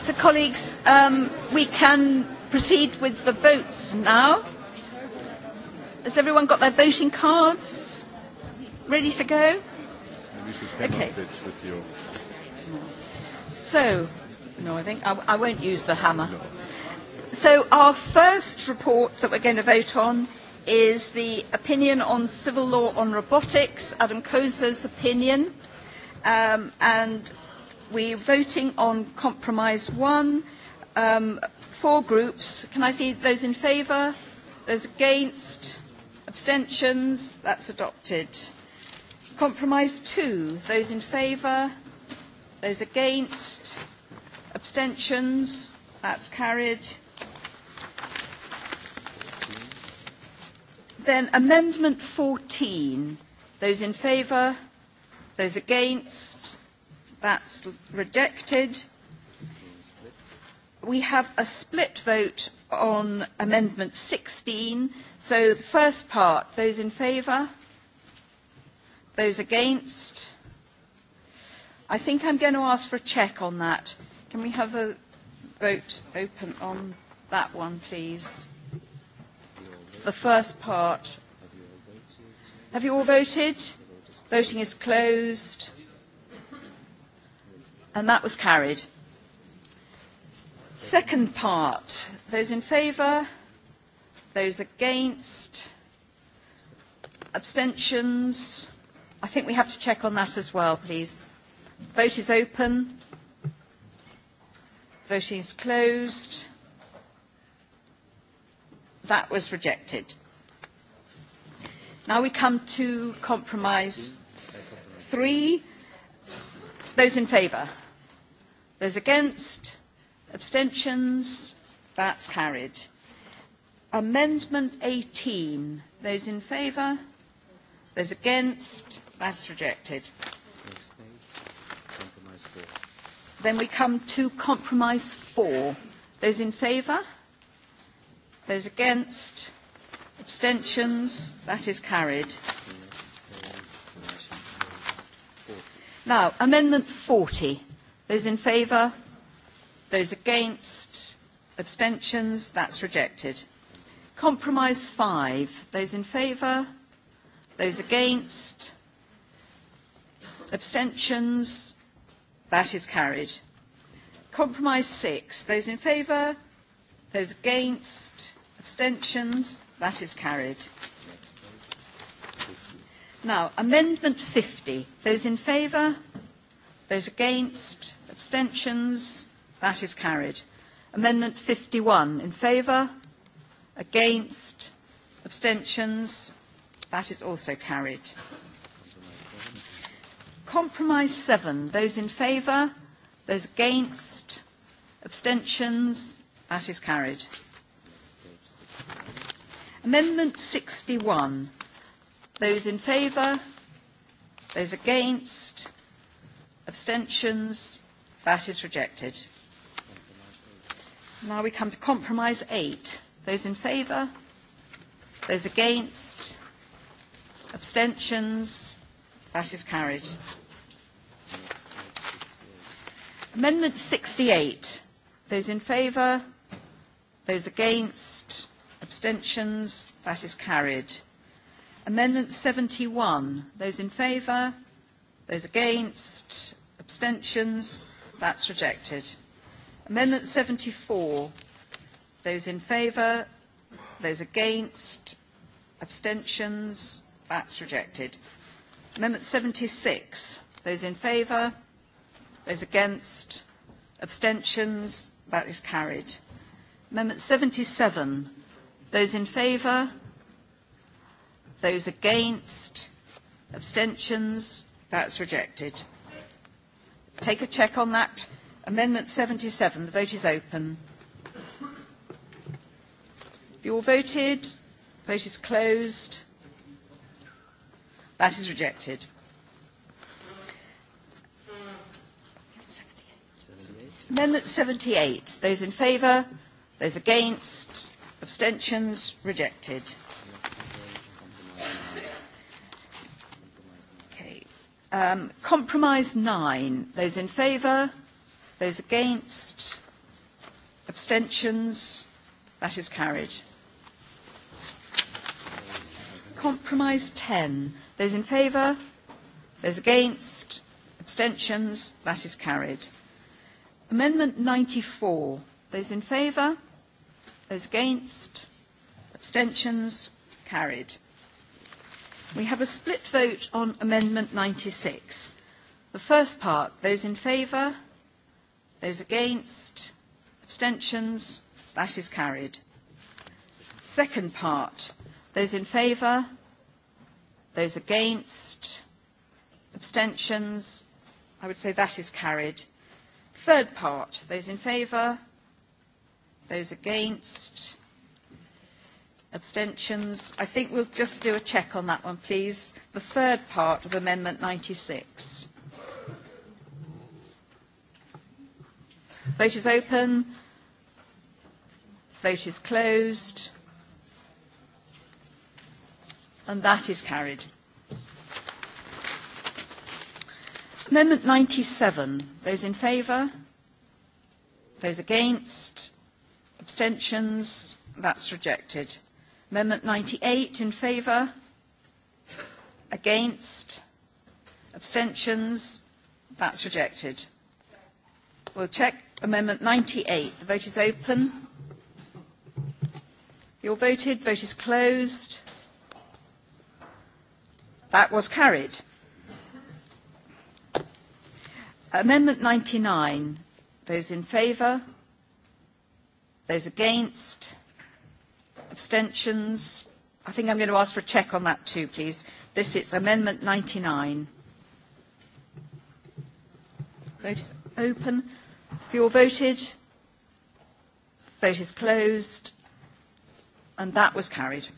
Speaker 1: So colleagues, um, we can proceed with the votes now. Has everyone got their voting cards ready to go? okay. So, no, I think I, I won't use the hammer. No. So our first report that we're going to vote on is the opinion on civil law on robotics, Adam Koza's opinion. Um, and We're voting on compromise one. Um, four groups. Can I see those in favour? Those against? Abstentions? That's adopted. Compromise two. Those in favour? Those against? Abstentions? That's carried. Then amendment 14. Those in favour? Those against? That's rejected. We have a split vote on Amendment 16. So the first part, those in favour? Those against? I think I'm going to ask for a check on that. Can we have a vote open on that one, please? It's the first part. Have you all voted? Voting is closed. And that was carried. Second part. Those in favour? Those against? Abstentions? I think we have to check on that as well, please. Vote is open. Voting is closed. That was rejected. Now we come to compromise three. Those in favour? Those against? Abstentions? That's carried. Amendment 18. Those in favour? Those against? That's rejected. Then we come to compromise 4. Those in favour? Those against? Abstentions? That is carried. Now, Amendment 40. Those in favour? Those against? Abstentions? That's rejected. Compromise 5. Those in favour? Those against? Abstentions? That is carried. Compromise 6. Those in favour? Those against? Abstentions? That is carried. Now, Amendment 50. Those in favour? Those against? Abstentions? That is carried. Amendment 51. In favour? Against? Abstentions? That is also carried. Compromise 7. Those in favour? Those against? Abstentions? That is carried. Amendment 61. Those in favour? Those against? Abstentions? That is rejected. Now we come to compromise eight. Those in favour? Those against? Abstentions? That is carried. Amendment 68. Those in favour? Those against? Abstentions? That is carried. Amendment 71. Those in favour? Those against? Abstentions? That's rejected. Amendment 74. Those in favour? Those against? Abstentions? That's rejected. Amendment 76. Those in favour? Those against? Abstentions? That is carried. Amendment 77. Those in favour? Those against? Abstentions? That's rejected. Take a check on that. Amendment 77. The vote is open. You all voted? Vote is closed. That is rejected. Amendment 78. Those in favour? Those against? Abstentions? Rejected. Um, compromise nine. Those in favour? Those against? Abstentions? That is carried. Compromise 10. Those in favour? Those against? Abstentions? That is carried. Amendment 94. Those in favour? Those against? Abstentions? Carried. We have a split vote on Amendment 96. The first part, those in favour, those against, abstentions, that is carried. Second part, those in favour, those against, abstentions, I would say that is carried. Third part, those in favour, those against, Abstentions? I think we'll just do a check on that one, please. The third part of Amendment 96. Vote is open. Vote is closed. And that is carried. Amendment 97. Those in favour? Those against? Abstentions? That's rejected. Amendment 98 in favour? Against? Abstentions? That's rejected. We'll check Amendment 98. The vote is open. You all voted. Vote is closed. That was carried. Amendment 99. Those in favour? Those against? Abstentions? I think I'm going to ask for a check on that too, please. This is Amendment 99. Vote is open. Have you all voted? Vote is closed. And that was carried.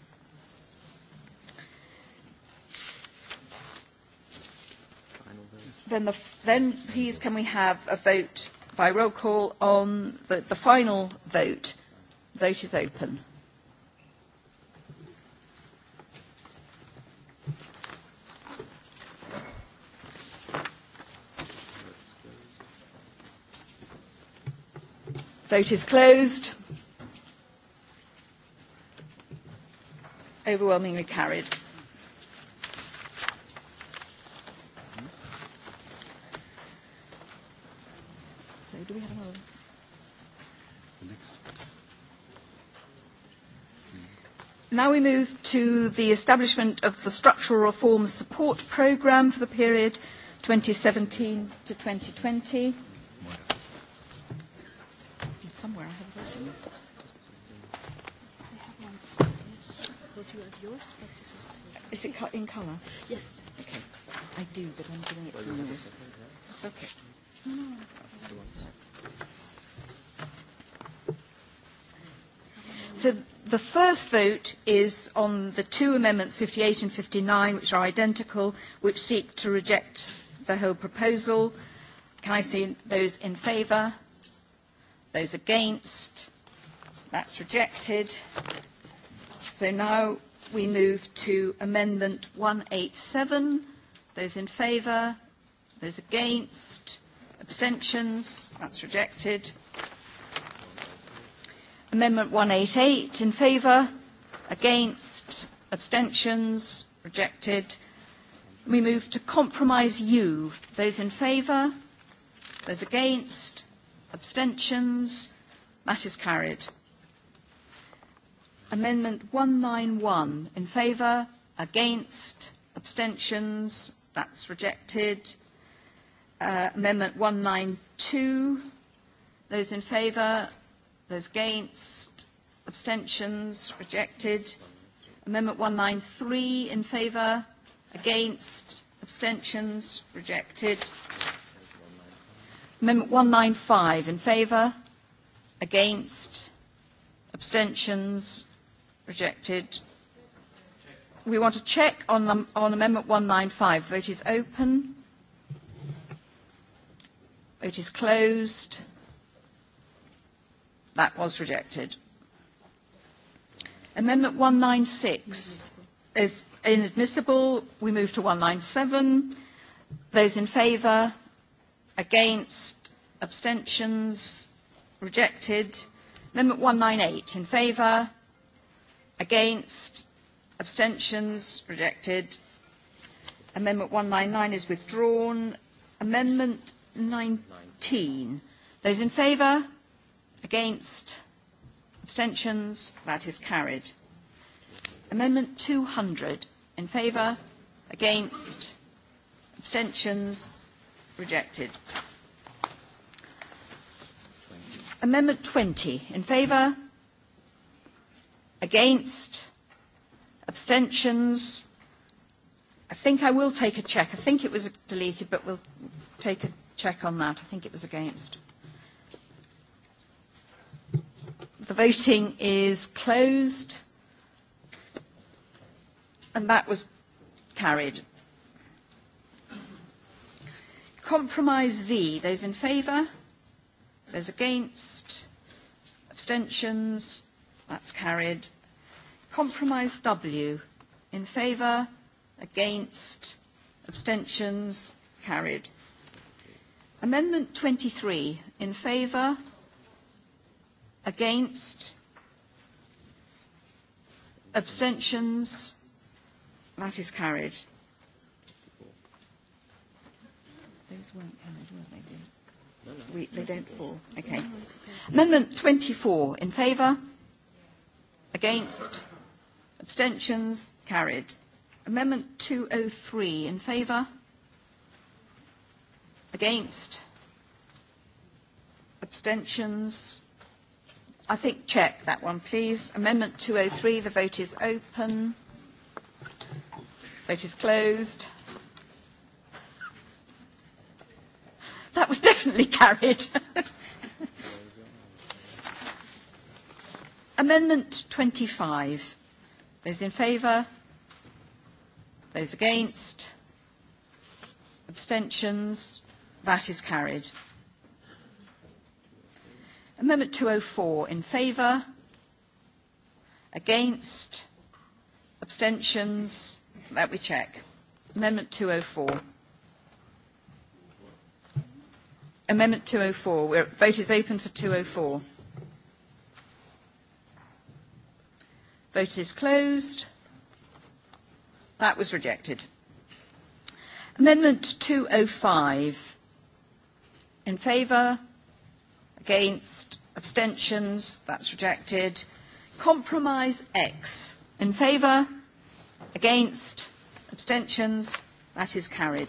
Speaker 1: Then, the, then please can we have a vote by roll call on the, the final vote. Vote is open. Vote is closed. Overwhelmingly carried. So do we have another? Now we move to the establishment of the Structural Reform Support Programme for the period 2017 to 2020. two of yours, is... it co- in colour? Yes. Okay. I do, but I'm doing it for you. Okay. No, no,
Speaker 11: no.
Speaker 1: So the first vote is on the two amendments 58 and 59, which are identical, which seek to reject the whole proposal. Can I see those in favour? Those against? That's rejected. So now we move to Amendment 187. Those in favour? Those against? Abstentions? That's rejected. Amendment 188 in favour? Against? Abstentions? Rejected. We move to Compromise U. Those in favour? Those against? Abstentions? That is carried. Amendment 191 in favour, against, abstentions, that's rejected. Uh, amendment 192, those in favour, those against, abstentions, rejected. Amendment 193 in favour, against, abstentions, rejected. Amendment 195 in favour, against, abstentions, Rejected. We want to check on, the, on Amendment 195. Vote is open. Vote is closed. That was rejected. Amendment 196 is inadmissible. We move to 197. Those in favour? Against? Abstentions? Rejected. Amendment 198 in favour? Against? Abstentions? Rejected. Amendment 199 is withdrawn. Amendment 19. Those in favour? Against? Abstentions? That is carried. Amendment 200. In favour? Against? Abstentions? Rejected. Amendment 20. In favour? Against? Abstentions? I think I will take a check. I think it was deleted, but we'll take a check on that. I think it was against. The voting is closed. And that was carried. Compromise V. Those in favour? Those against? Abstentions? That's carried. Compromise W. In favour? Against? Abstentions? Carried. Amendment 23. In favour? Against? Abstentions? That is carried. Those weren't carried, were they? No, no, We, they don't fall. Okay. Amendment 24. In favour? Against? Abstentions? Carried. Amendment 203 in favour? Against? Abstentions? I think check that one, please. Amendment 203, the vote is open. Vote is closed. That was definitely (laughs) carried. Amendment 25. Those in favour? Those against? Abstentions? That is carried. Amendment 204 in favour? Against? Abstentions? That we check. Amendment 204. Amendment 204. vote is open for 204. Vote is closed. That was rejected. Amendment 205. In favour? Against? Abstentions? That's rejected. Compromise X. In favour? Against? Abstentions? That is carried.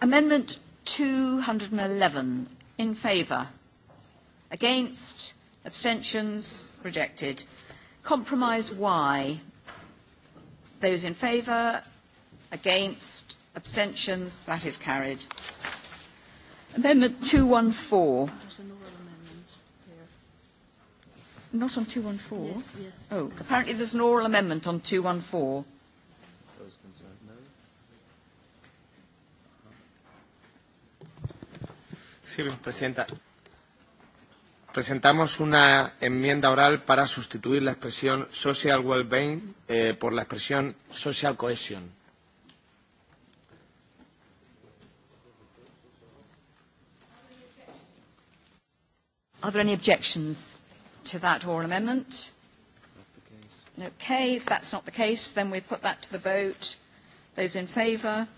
Speaker 1: Amendment 211. In favour? Against? Abstentions? Rejected. Compromise Y. Those in favour? Against? Abstentions? That is carried. Amendment 214. Not on 214? Yes, yes. Oh, apparently there's an oral amendment on 214.
Speaker 12: Those no? Sí, Presidenta
Speaker 7: presentamos una enmienda oral para sustituir la expresión social well-being eh, por la expresión social cohesion.
Speaker 1: Are there any objections to that oral amendment? Okay, if that's not the case, then we put that to the vote. Those in favour?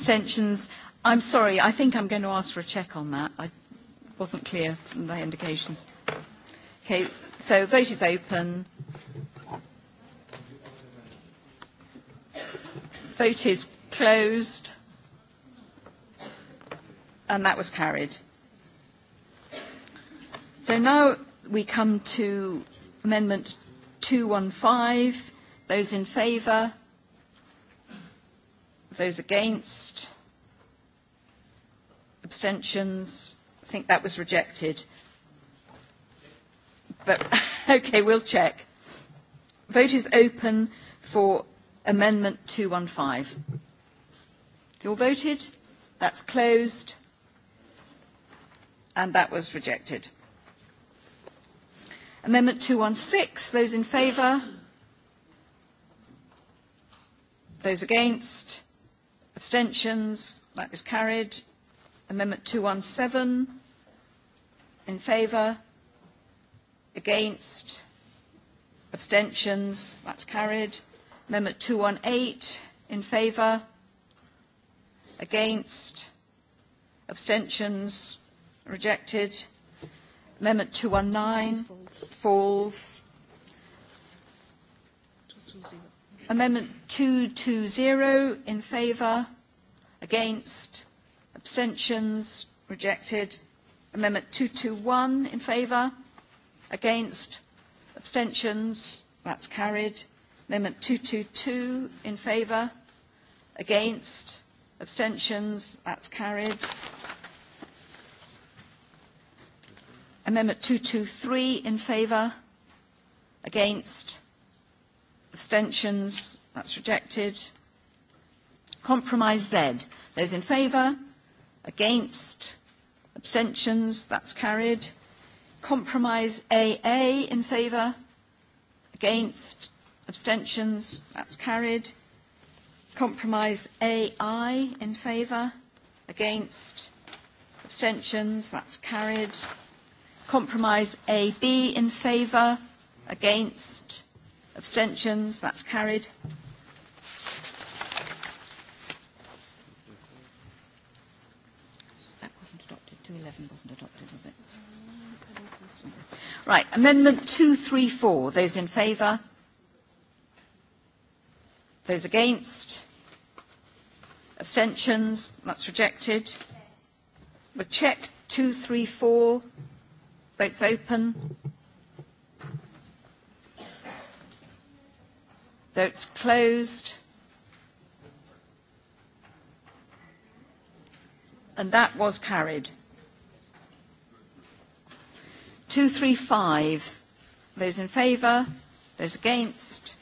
Speaker 1: Abstentions? I'm sorry, I think I'm going to ask for a check on that. I wasn't clear from the indications. Okay, so vote is open. Vote is closed. And that was carried. So now we come to Amendment 215. Those in favour? Those against? Abstentions? I think that was rejected. But (laughs) okay, we'll check. Vote is open for Amendment 215. You all voted, that's closed. And that was rejected. Amendment 216, those in favour? Those against? Abstentions? That is carried. Amendment 217. In favour? Against? Abstentions? That's carried. Amendment 218. In favour? Against? Abstentions? Rejected. Amendment 219 falls. falls. 220. Amendment 220 in favour, against, abstentions, rejected. Amendment 221 in favour, against, abstentions, that's carried. Amendment 222 in favour, against, abstentions, that's carried. Amendment 223 in favour, against, abstentions, Abstentions? That's rejected. Compromise Z. Those in favour? Against? Abstentions? That's carried. Compromise AA in favour? Against? Abstentions? That's carried. Compromise AI in favour? Against? Abstentions? That's carried. Compromise AB in favour? Against? Abstentions? That's carried. That wasn't adopted. 211 wasn't adopted, was it? Right. Amendment 234. Those in favour? Those against? Abstentions? That's rejected. We'll check 234. Votes open. Votes closed. And that was carried. 235. Those in favour? Those against?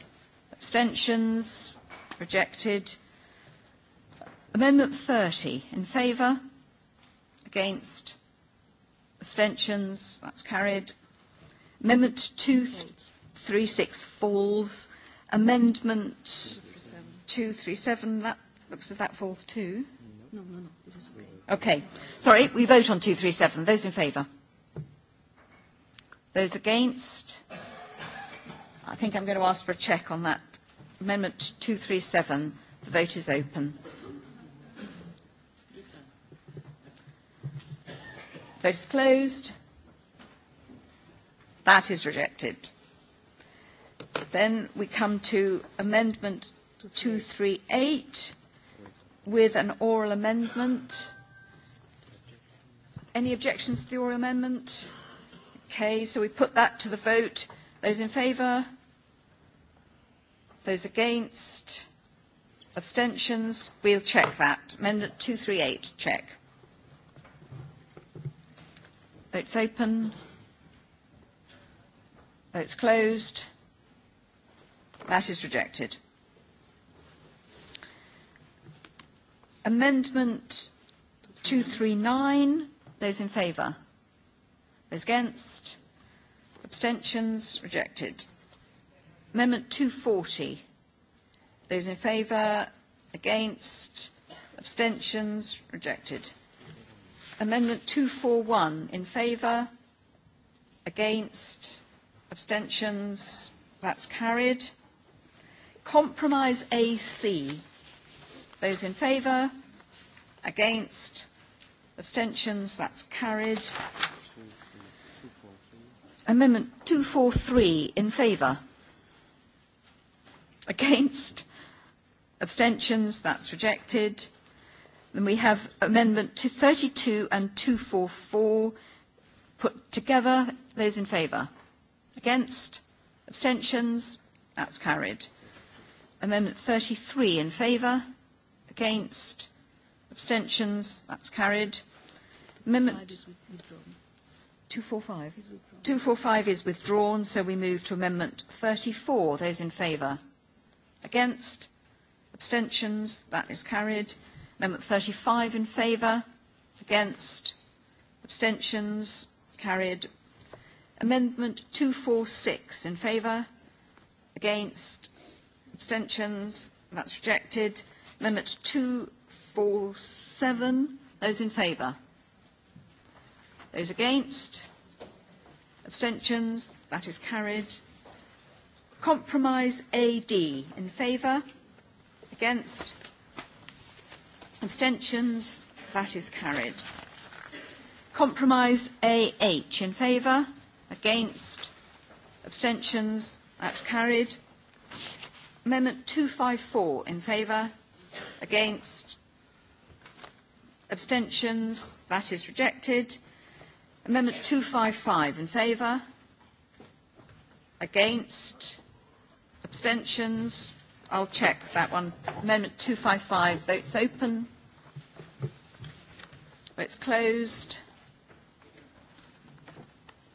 Speaker 1: Abstentions? Rejected. Amendment 30. In favour? Against? Abstentions? That's carried. Amendment 236 falls. Amendment 237, that looks like that falls too.
Speaker 11: No, no, no, Okay. Sorry, we vote
Speaker 1: on 237. Those in favour? Those against? I think I'm going to ask for a check on that. Amendment 237, the vote is open. Vote is closed. That is rejected. Then we come to amendment 238 with an oral amendment. Any objections to the oral amendment? Okay, so we put that to the vote. Those in favour? Those against? Abstentions? We'll check that. Amendment 238, check. Votes open. Votes closed. That is rejected. Amendment 239. Those in favour? Those against? Abstentions? Rejected. Amendment 240. Those in favour? Against? Abstentions? Rejected. Amendment 241. In favour? Against? Abstentions? That's carried. Compromise AC. Those in favour? Against? Abstentions? That's carried. Amendment 243 in favour? Against? Abstentions? That's rejected. Then we have amendment 232 and 244 put together. Those in favour? Against? Abstentions? That's carried. Amendment 33 in favour, against, abstentions, that's carried. Amendment 245. 245 is withdrawn, so we move to Amendment 34. Those in favour? Against? Abstentions? That is carried. Amendment 35 in favour? Against? Abstentions? Carried. Amendment 246 in favour? Against? Abstentions? That's rejected. Amendment 247. Those in favour? Those against? Abstentions? That is carried. Compromise AD. In favour? Against? Abstentions? That is carried. Compromise AH. In favour? Against? Abstentions? That's carried. Amendment 254 in favour, against, abstentions, that is rejected. Amendment 255 in favour, against, abstentions, I'll check that one. Amendment 255, votes open. Votes closed.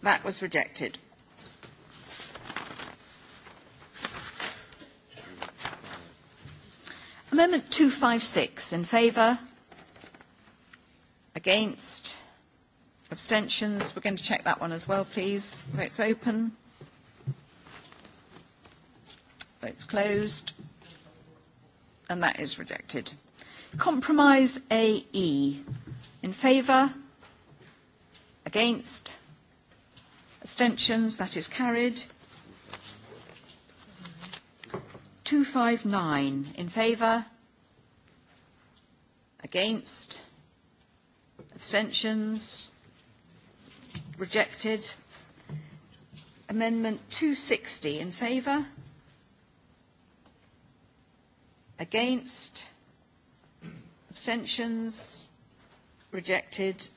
Speaker 1: That was rejected. Amendment 256 in favour, against, abstentions. We're going to check that one as well, please. Votes open. Votes closed. And that is rejected. Compromise AE. In favour? Against? Abstentions? That is carried. 259 in favour, against, abstentions, rejected. Amendment 260 in favour, against, abstentions, rejected.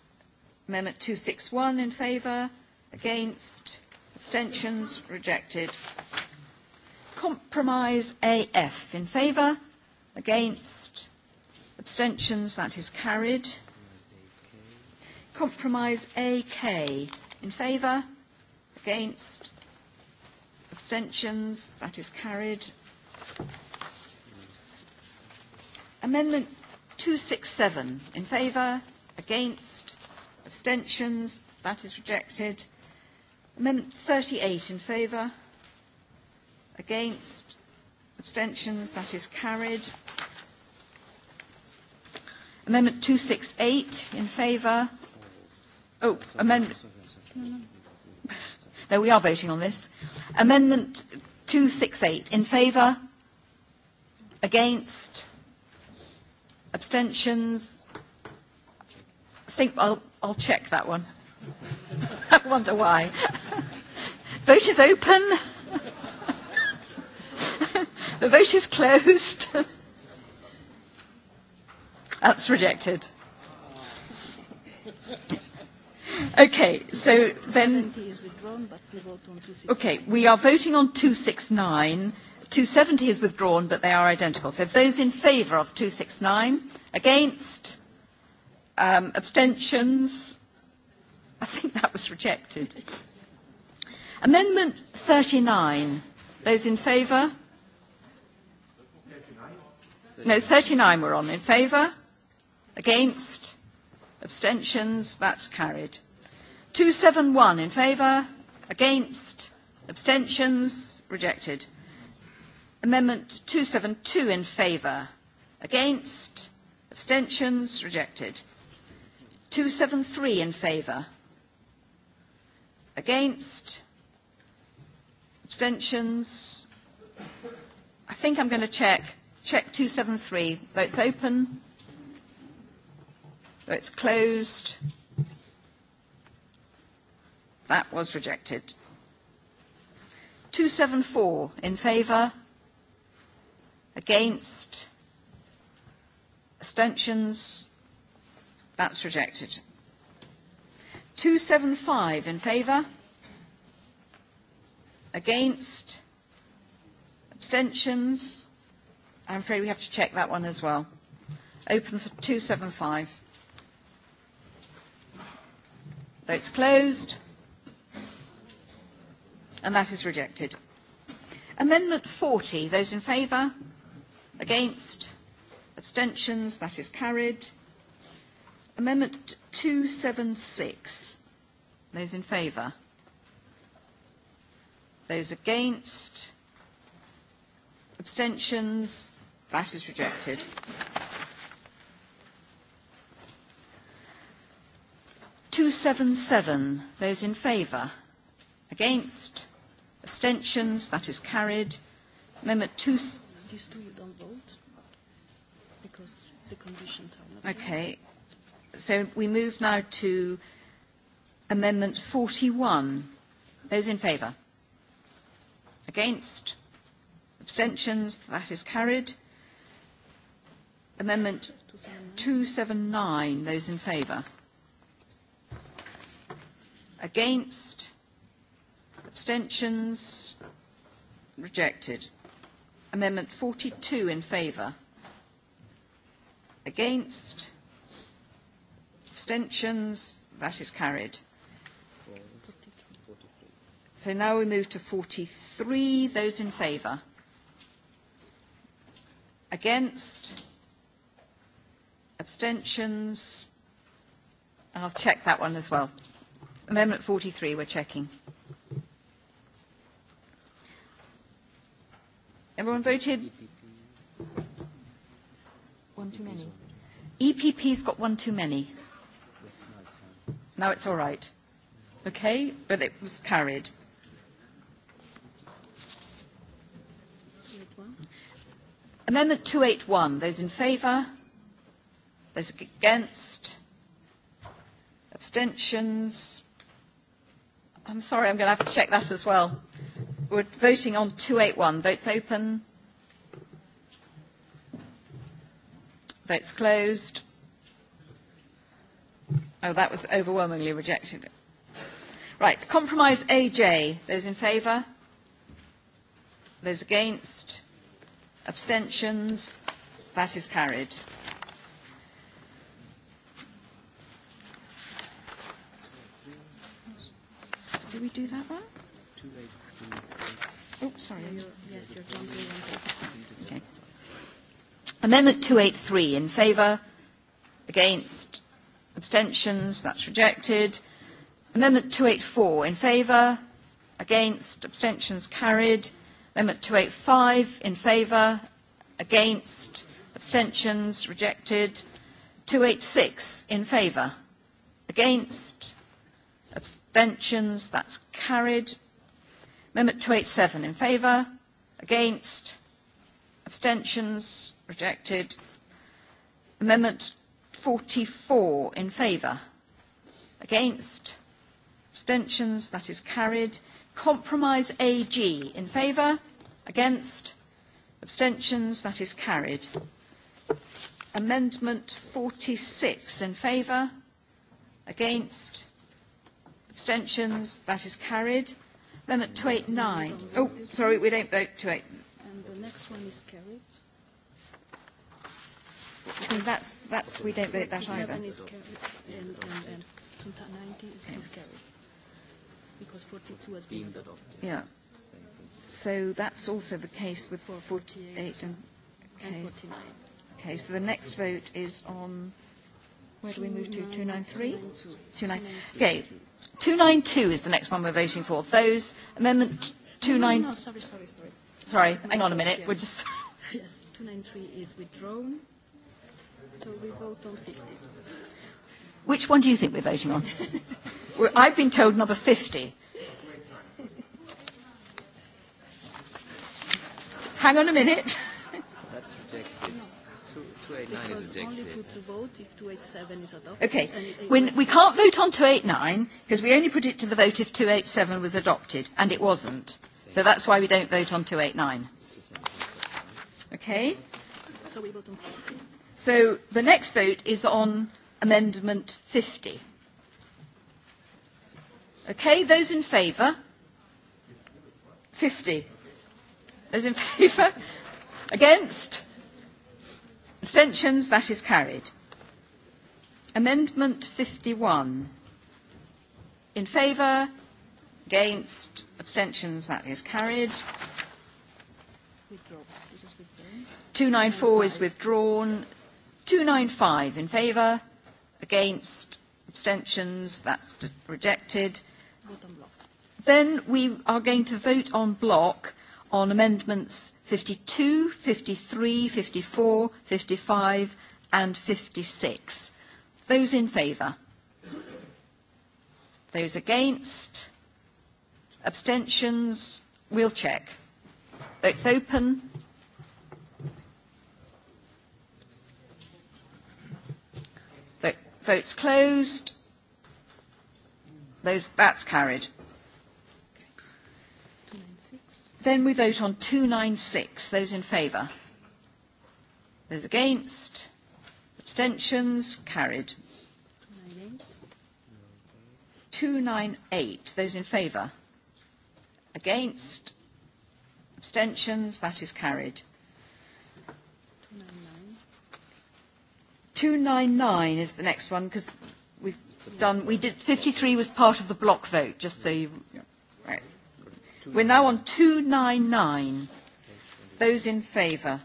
Speaker 1: Amendment 261 in favour, against, abstentions, rejected. Compromise AF in favour, against, abstentions, that is carried. Compromise AK in favour, against, abstentions, that is carried. Amendment 267 in favour, against, abstentions, that is rejected. Amendment 38 in favour, Against? Abstentions? That is carried. Amendment 268 in favour. Oh, amendment. No, we are voting on this. Amendment 268 in favour. Against? Abstentions? I think I'll, I'll check that one. (laughs) I wonder why. (laughs) Vote is open. The vote is closed. That's rejected. Okay, so then. Okay, we are voting on 269. 270 is withdrawn, but they are identical. So those in favour of 269, against, um, abstentions. I think that was rejected. Amendment 39. Those in favour? No, 39 we're on. In favour? Against? Abstentions? That's carried. 271 in favour? Against? Abstentions? Rejected. Amendment 272 in favour? Against? Abstentions? Rejected. 273 in favour? Against? Abstentions? I think I'm going to check Check 273. Votes open. Votes closed. That was rejected. 274 in favour. Against. Abstentions. That's rejected. 275 in favour. Against. Abstentions. I'm afraid we have to check that one as well. Open for 275. Votes closed. And that is rejected. Amendment 40. Those in favour? Against? Abstentions? That is carried. Amendment 276. Those in favour? Those against? Abstentions? That is rejected. Two seven seven. Those in favour? Against? Abstentions? That is carried. Amendment two. These two
Speaker 13: you don't vote because the conditions are not. Okay.
Speaker 1: So we move now to Amendment 41. Those in favour? Against? Abstentions? That is carried. Amendment 279. Those in favour? Against? Abstentions? Rejected. Amendment 42 in favour? Against? Abstentions? That is carried. So now we move to 43. Those in favour? Against? Abstentions? I'll check that one as well. Amendment 43, we're checking. Everyone voted? One too many. EPP's got one too many. Now it's all right. Okay, but it was carried. Amendment 281, those in favour? Those against? Abstentions? I'm sorry, I'm going to have to check that as well. We're voting on 281. Votes open. Votes closed. Oh, that was overwhelmingly rejected. Right, compromise AJ. Those in favour? Those against? Abstentions? That is carried.
Speaker 11: do we do that one? Oops, oh, sorry. Yes, you're Okay.
Speaker 1: Amendment 283 in favour, against, abstentions, that's rejected. Amendment 284 in favour, against, abstentions carried. Amendment 285 in favour, against, abstentions rejected. 286 in favour, against, Abstentions? That's carried. Amendment 287 in favour? Against? Abstentions? Rejected. Amendment 44 in favour? Against? Abstentions? That is carried. Compromise AG in favour? Against? Abstentions? That is carried. Amendment 46 in favour? Against? Abstentions? That is carried. Amendment 289. Oh, sorry, we don't vote 289.
Speaker 11: And the next one is carried. So that's, that's, we don't vote that either. is carried and, and, 290 is carried because 42 has been adopted.
Speaker 1: Yeah. So that's also the case with 48 and, and 49. Okay, so the next vote is on, where do we move to, 293? 292. Okay, 292 is the next one we're voting for. Those amendment 29. No, no, no, sorry,
Speaker 11: sorry, sorry. Sorry, hang on a minute. Yes. We're just. (laughs) Yes, 293 is withdrawn. So we vote on 50.
Speaker 1: Which one do you think we're voting on? (laughs) we're, I've been told number 50. hang on a minute.
Speaker 11: 289 because is rejected. only
Speaker 14: to, to vote if 287 is adopted. Okay. When, we
Speaker 1: can't vote on 289 because we only put it to the vote if 287 was adopted, and it wasn't. So that's why we don't vote on 289. Okay?
Speaker 15: So we vote on 50.
Speaker 1: So the next vote is on Amendment 50. Okay, those in favour? 50. Those in (laughs) favour? Against? Abstentions? That is carried. Amendment 51. In favour? Against? Abstentions? That is carried. 294 is withdrawn. 295 in favour? Against? Abstentions? That's rejected. Then we are going to vote on block on amendments 52, 53, 54, 55 and 56. Those in favour? Those against? Abstentions? We'll check. Votes open. Votes closed. Those, that's carried. Then we vote on 296. Those in favour? Those against? Abstentions? Carried. 298. Those in favour? Against? Abstentions? That is carried. 299 is the next one because we've done, we did, 53 was part of the block vote, just so you, Yeah. We're now on 299. Those in favour?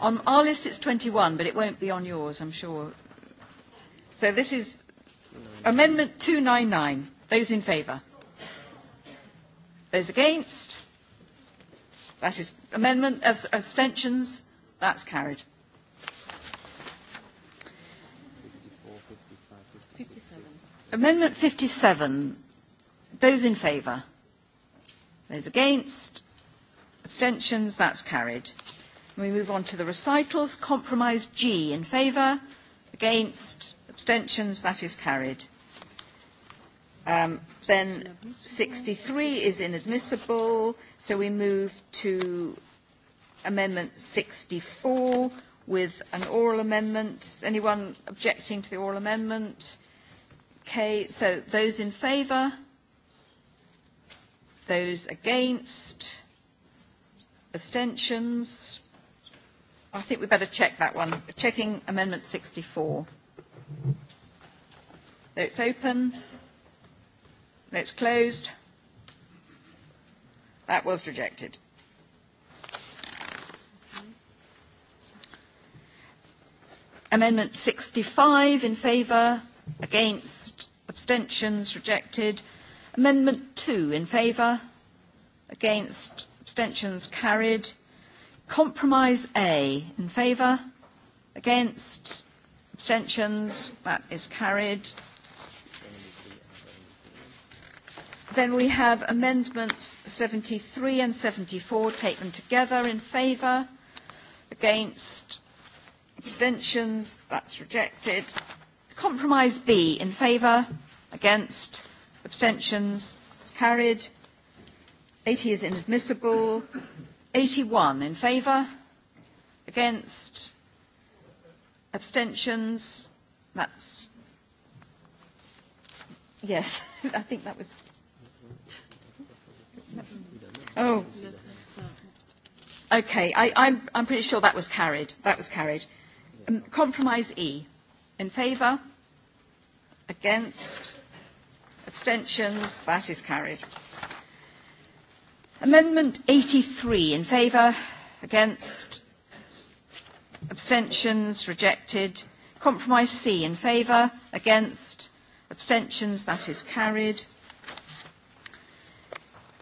Speaker 1: On our list it's 21, but it won't be on yours, I'm sure. So this is Amendment 299. Those in favour? Those against? That is amendment, abstentions? That's carried. Amendment 57. Those in favour? Those against? Abstentions? That's carried. We move on to the recitals. Compromise G in favour? Against? Abstentions? That is carried. Um, then 63 is inadmissible, so we move to Amendment 64 with an oral amendment. Anyone objecting to the oral amendment? Okay, so those in favour? Those against? Abstentions? I think we better check that one. We're Checking Amendment 64. Votes open. Votes closed. That was rejected. Amendment 65 in favour, against, abstentions rejected. Amendment 2 in favour, against, abstentions carried. Compromise A in favour, against, abstentions, that is carried. Then we have amendments 73 and 74 Take them together in favour, against, abstentions, that's rejected. Compromise B in favour, against, abstentions, it's carried. 80 is inadmissible. 81 in favour, against, abstentions, that's, yes, (laughs) I think that was. Oh. Okay, I, I'm, I'm pretty sure that was carried. That was carried. Um, compromise E. In favour? Against? Abstentions? That is carried. Amendment 83. In favour? Against? Abstentions? Rejected. Compromise C. In favour? Against? Abstentions? That is carried.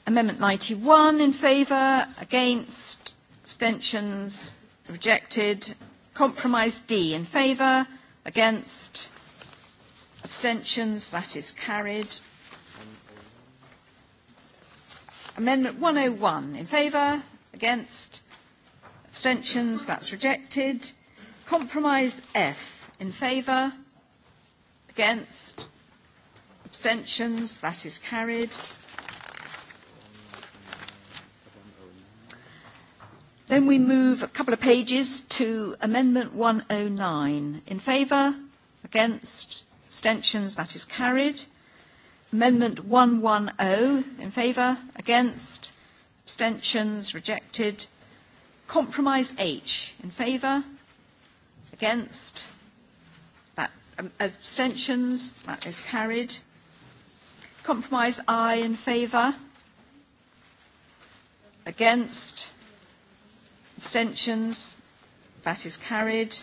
Speaker 1: Amendment 91 in favour, against, abstentions, rejected. Compromise D in favour, Against? Abstentions? That is carried. Amendment 101 in favour? Against? Abstentions? That's rejected. Compromise F in favour? Against? Abstentions? That is carried. Then we move a couple of pages to Amendment 109. In favour? Against? Abstentions? That is carried. Amendment 110. In favour? Against? Abstentions? Rejected. Compromise H. In favour? Against? That, um, abstentions? That is carried. Compromise I. In favour? Against? Abstentions? That is carried.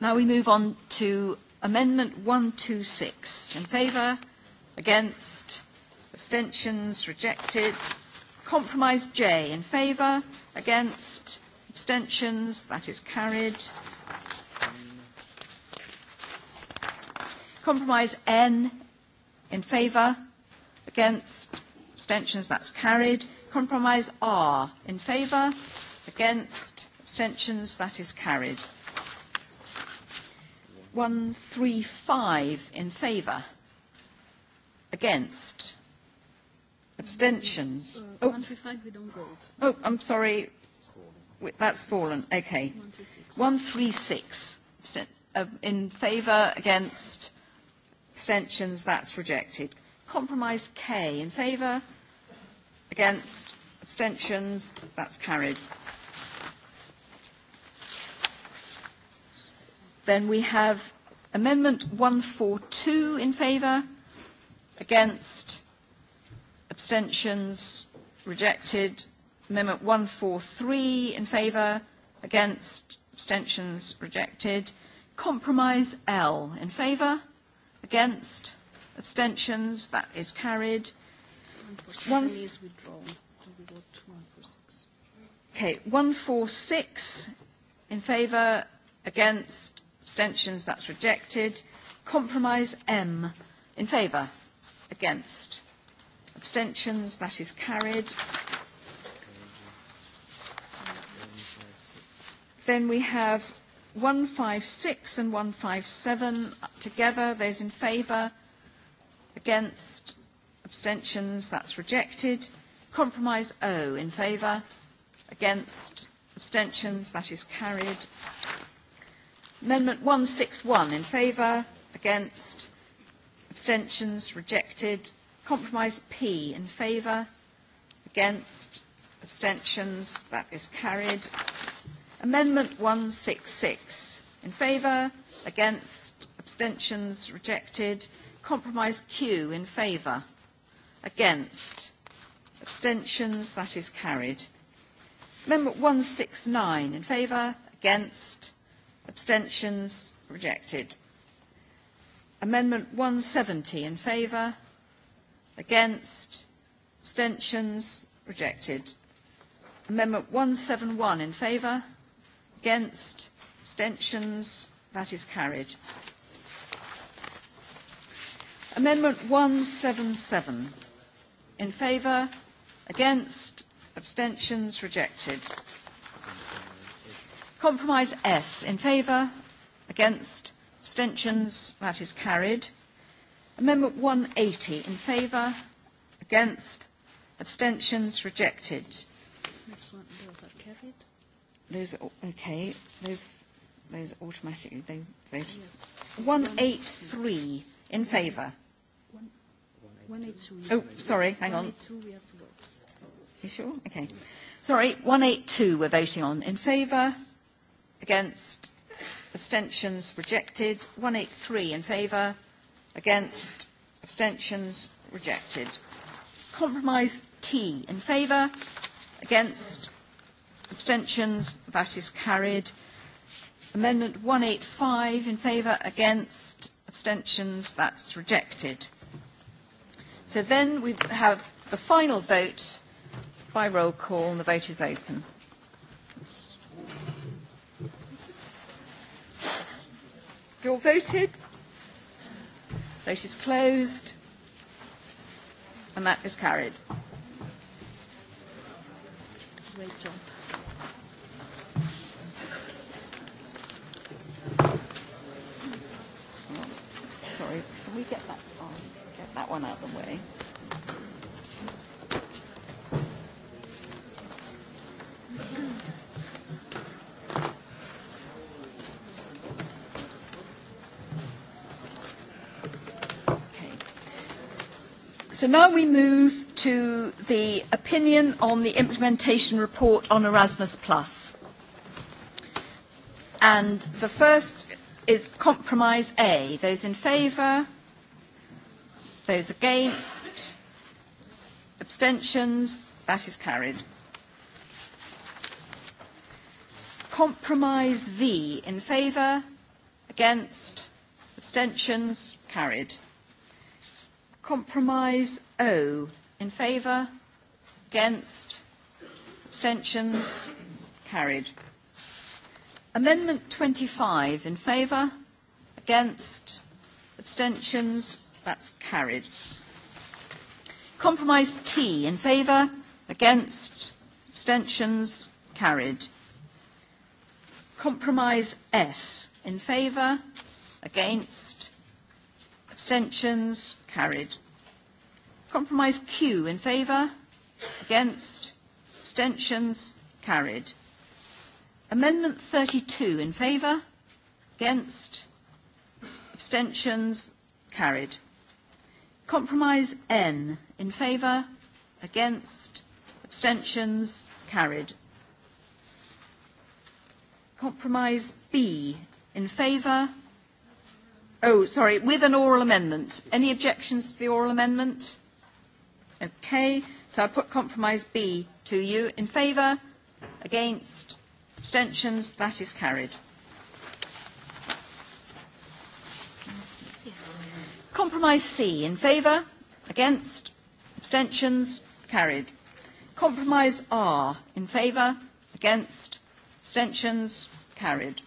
Speaker 1: Now we move on to Amendment 126. In favour? Against? Abstentions? Rejected? Compromise J. In favour? Against? Abstentions? That is carried. Compromise N. In favour? Against? Abstentions? That's carried. Compromise R. In favour? Against? Abstentions? That is carried. 135 in favour? Against? Abstentions?
Speaker 11: Uh, 135 we don't vote.
Speaker 1: Oh, I'm sorry. That's fallen. Okay. 136. 136. Uh, in favour? Against? Abstentions? That's rejected. Compromise K in favour? Against? Abstentions? That's carried. Then we have Amendment 142 in favour? Against? Abstentions? Rejected. Amendment 143 in favour? Against? Abstentions? Rejected. Compromise L in favour? Against? Abstentions? That is carried.
Speaker 11: One is withdrawn.
Speaker 1: Okay, 146 in favour, against, abstentions, that's rejected. Compromise M in favour, against, abstentions, that is carried. Then we have 156 and 157 together. Those in favour? Against? Abstentions? That's rejected. Compromise O in favour? Against? Abstentions? That is carried. Amendment 161 in favour? Against? Abstentions? Rejected. Compromise P in favour? Against? Abstentions? That is carried. Amendment 166. In favour? Against? Abstentions? Rejected. Compromise Q. In favour? Against? Abstentions? That is carried. Amendment 169. In favour? Against? Abstentions? Rejected. Amendment 170. In favour? Against? Abstentions? Rejected. Amendment 171. In favour? Against? Abstentions? That is carried. Amendment 177. In favour? Against? Abstentions? Rejected. Compromise S. In favour? Against? Abstentions? That is carried. Amendment 180. In favour? Against? Abstentions? Rejected.
Speaker 11: Next one, those carried.
Speaker 1: Those, okay, those, those automatically, they voted. 183 in favour.
Speaker 11: 182. Oh, sorry, hang on.
Speaker 1: You sure? Okay. Sorry, 182 we're voting on. In favour, against, abstentions, rejected. 183 in favour, against, abstentions, rejected. Compromise T in favour, against, Abstentions? That is carried. Amendment 185 in favour, against, abstentions, that's rejected. So then we have the final vote by roll call and the vote is open. You all voted? Vote is closed and that is carried. Great job. we get that, oh, get that one out of the way? So now we move to the opinion on the implementation report on Erasmus+. And the first is compromise A. Those in favour? Those against? Abstentions? That is carried. Compromise V in favour? Against? Abstentions? Carried. Compromise O in favour? Against? Abstentions? Carried. Amendment 25 in favour? Against? Abstentions? That's carried. Compromise T in favour, against, abstentions, carried. Compromise S in favour, against, abstentions, carried. Compromise Q in favour, against, abstentions, carried. Amendment 32 in favour, against, abstentions, carried. Compromise N. In favour? Against? Abstentions? Carried. Compromise B. In favour? Oh, sorry, with an oral amendment. Any objections to the oral amendment? Okay, so I put compromise B to you. In favour? Against? Abstentions? That is carried. Compromise C, in favour, against, abstentions, carried. Compromise R, in favour, against, abstentions, carried.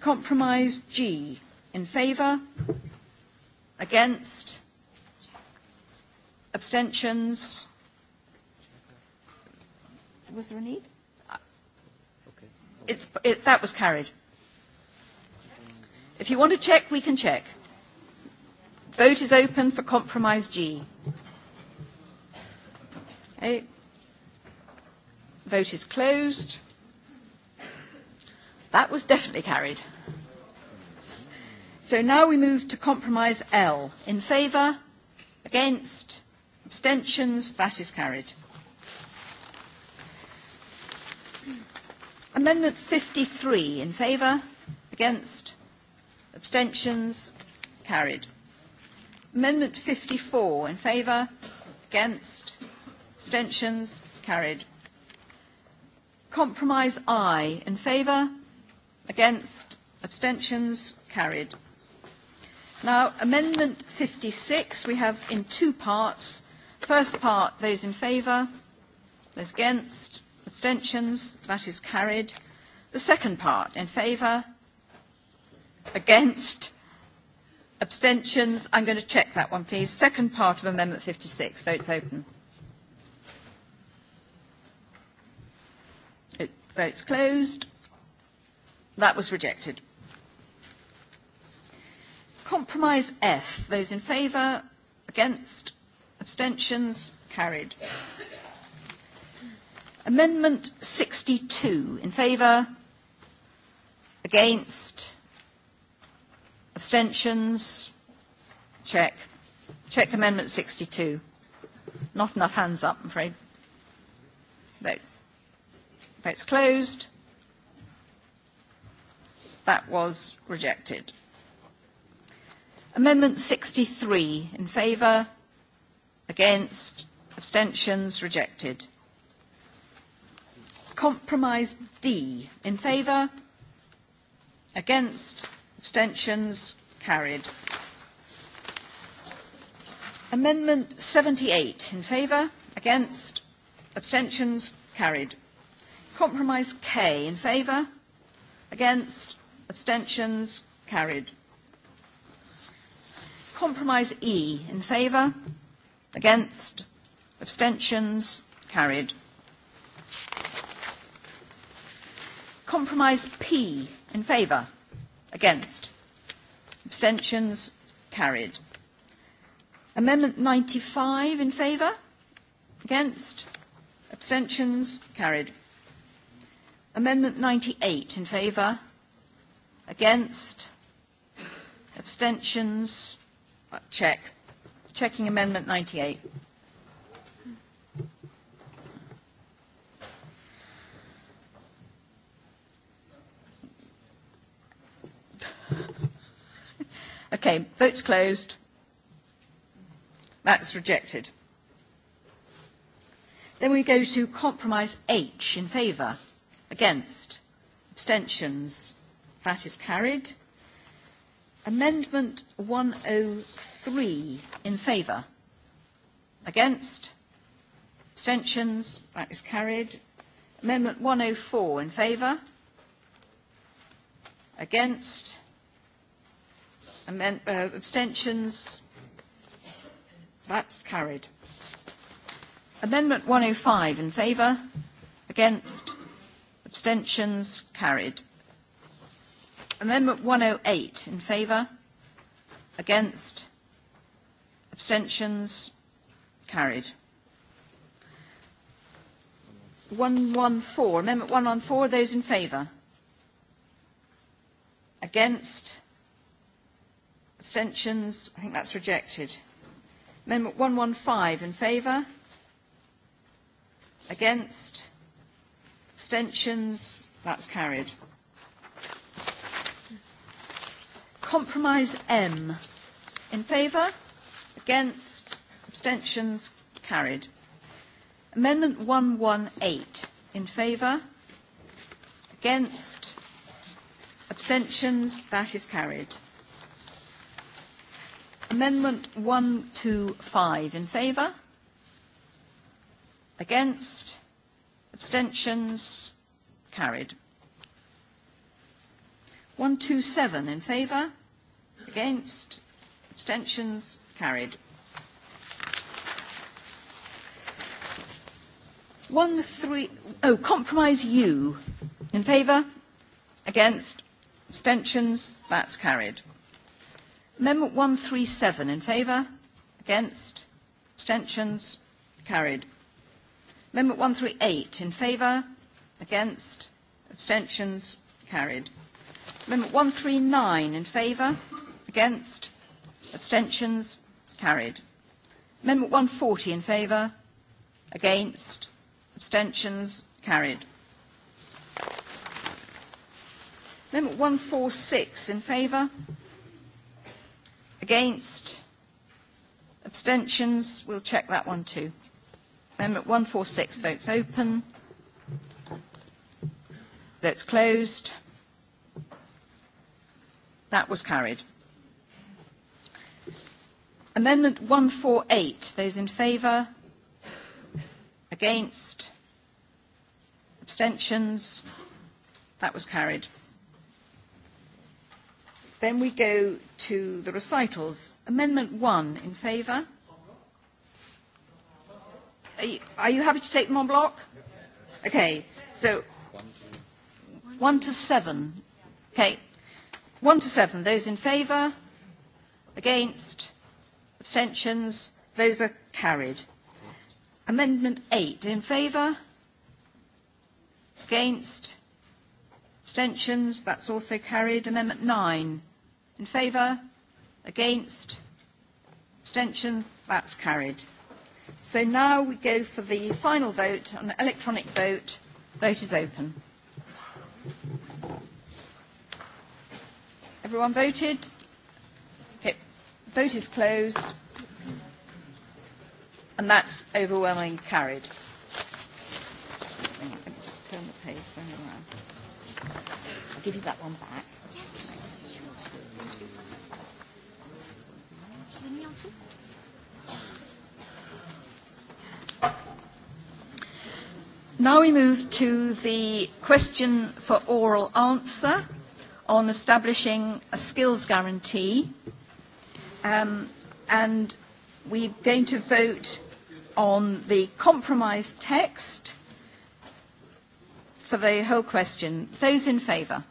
Speaker 1: Compromise G, in favour, against, abstentions. Was there a need? Okay. Uh, it's, it, that was carried. If you want to check, we can check. Vote is open for compromise G. Okay. Vote is closed. That was definitely carried. So now we move to compromise L. In favour? Against? Abstentions? That is carried. Amendment 53. In favour? Against? Abstentions? Carried. Amendment 54 in favour? Against? Abstentions? Carried. Compromise I in favour? Against? Abstentions? Carried. Now, Amendment 56, we have in two parts. First part, those in favour, those against, abstentions, that is carried. The second part, in favour, Against? Abstentions? I'm going to check that one, please. Second part of Amendment 56. Votes open. It, votes closed. That was rejected. Compromise F. Those in favour? Against? Abstentions? Carried. Amendment 62. In favour? Against? Abstentions? Check. Check Amendment 62. Not enough hands up, I'm afraid. Vote. Vote's closed. That was rejected. Amendment 63 in favour, against, abstentions, rejected. Compromise D in favour, against, Abstentions? Carried. Amendment 78 in favour, against, abstentions, carried. Compromise K in favour, against, abstentions, carried. Compromise E in favour, against, abstentions, carried. Compromise P in favour, Against? Abstentions? Carried. Amendment 95 in favour? Against? Abstentions? Carried. Amendment 98 in favour? Against? Abstentions? Check. Checking Amendment 98. Okay, vote's closed. That's rejected. Then we go to compromise H in favour, against, abstentions. That is carried. Amendment 103 in favour, against, abstentions. That is carried. Amendment 104 in favour, against, Amen uh, abstentions? That's carried. Amendment 105 in favour? Against? Abstentions? Carried. Amendment 108 in favour? Against? Abstentions? Carried. 114. Amendment 114, those in favour? Against? Abstentions? I think that's rejected. Amendment 115 in favour? Against? Abstentions? That's carried. Compromise M. In favour? Against? Abstentions? Carried. Amendment 118. In favour? Against? Abstentions? That is carried. Amendment 125 in favour? Against? Abstentions? Carried. 127 in favour? Against? Abstentions? Carried. 13 oh compromise U in favour? Against? Abstentions? That's carried. Amendment 137 in favour? Against? Abstentions? Carried. Amendment 138 in favour? Against? Abstentions? Carried. Amendment 139 in favour? Against? Abstentions? Carried. Amendment 140 in favour? Against? Abstentions? Carried. Amendment 146 in favour? Against? Abstentions? We'll check that one too. Amendment 146, votes open. Votes closed. That was carried. Amendment 148, those in favour? Against? Abstentions? That was carried. Then we go to the recitals. Amendment 1 in favour. Are you, are you happy to take them on block? Okay, so 1 to 7. Okay, 1 to 7. Those in favour? Against? Abstentions? Those are carried. Amendment 8 in favour? Against? Abstentions? That's also carried. Amendment 9 In favour? Against? Abstention? That's carried. So now we go for the final vote, on electronic vote. Vote is open. Everyone voted? Okay. Vote is closed. And that's overwhelming carried. Let me just turn the page. I'll give you that one back. Now we move to the question for oral answer on establishing a skills guarantee. Um, and we're going to vote on the compromise text for the whole question. Those in favour?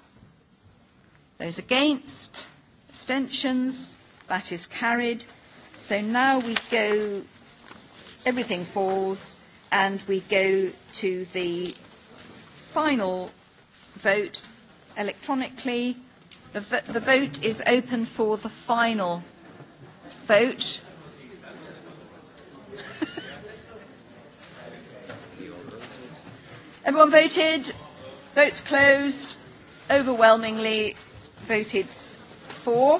Speaker 1: Those against? Abstentions? That is carried. So now we go, everything falls, and we go to the final vote electronically. The, the vote is open for the final vote. (laughs) Everyone voted? Votes closed. Overwhelmingly voted for.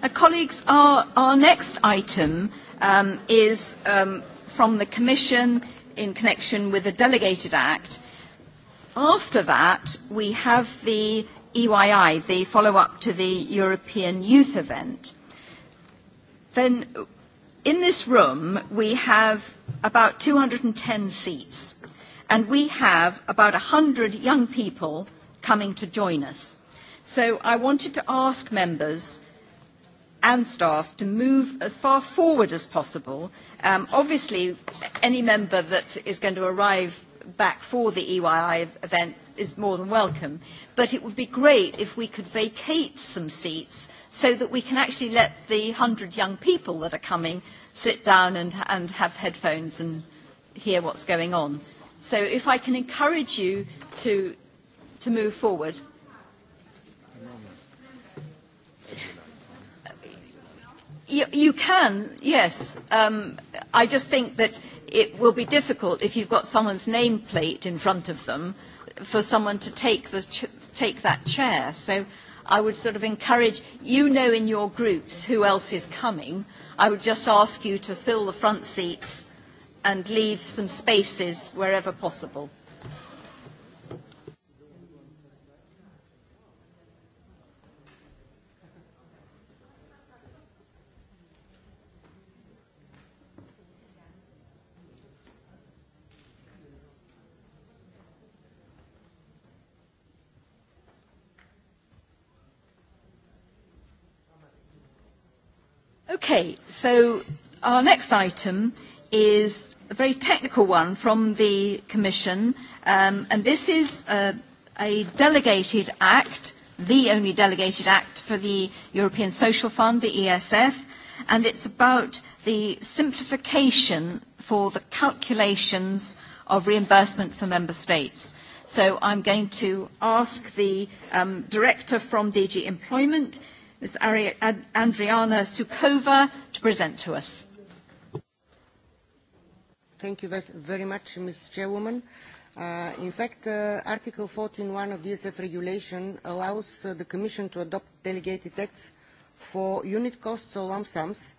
Speaker 1: Uh, colleagues, our, our next item um, is um, from the Commission in connection with the Delegated Act. After that, we have the EYI, the follow-up to the European Youth Event. Then in this room, we have about 210 seats, and we have about 100 young people coming to join us. So I wanted to ask members and staff to move as far forward as possible. Um, obviously, any member that is going to arrive back for the EYI event is more than welcome, but it would be great if we could vacate some seats so that we can actually let the 100 young people that are coming sit down and, and have headphones and hear what's going on. So if I can encourage you to, to move forward, You, you can, yes. Um, I just think that it will be difficult if you've got someone's nameplate in front of them for someone to take, the ch- take that chair. So I would sort of encourage, you know in your groups who else is coming. I would just ask you to fill the front seats and leave some spaces wherever possible. Okay, so our next item is a very technical one from the Commission, um, and this is a, uh, a delegated act, the only delegated act for the European Social Fund, the ESF, and it's about the simplification for the calculations of reimbursement for member states. So I'm going to ask the um, director from DG Employment Ms. Ari-
Speaker 16: Ad- Andriana Sukova to present to us. Thank you very much, Ms. Chairwoman. Uh, in fact, uh, Article 14.1 of the ESF regulation allows uh, the Commission to adopt delegated acts for unit costs or lump sums,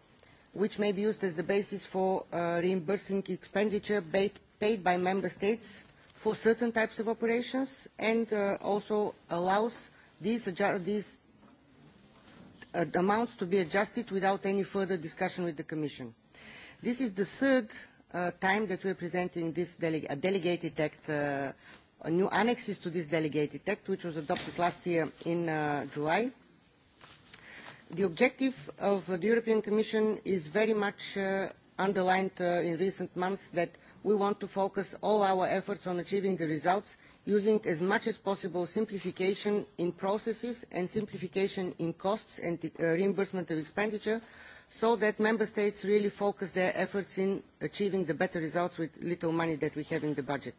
Speaker 16: which may be used as the basis for uh, reimbursing expenditure paid, paid by member states for certain types of operations and uh, also allows these, these Uh, amounts to be adjusted without any further discussion with the Commission. This is the third uh, time that we are presenting this dele a delegated act, uh, a new annexes to this delegated act, which was adopted last year in uh, July. The objective of the European Commission is very much uh, underlined uh, in recent months that we want to focus all our efforts on achieving the results using as much as possible simplification in processes and simplification in costs and uh, reimbursement of expenditure so that member states really focus their efforts in achieving the better results with little money that we have in the budget.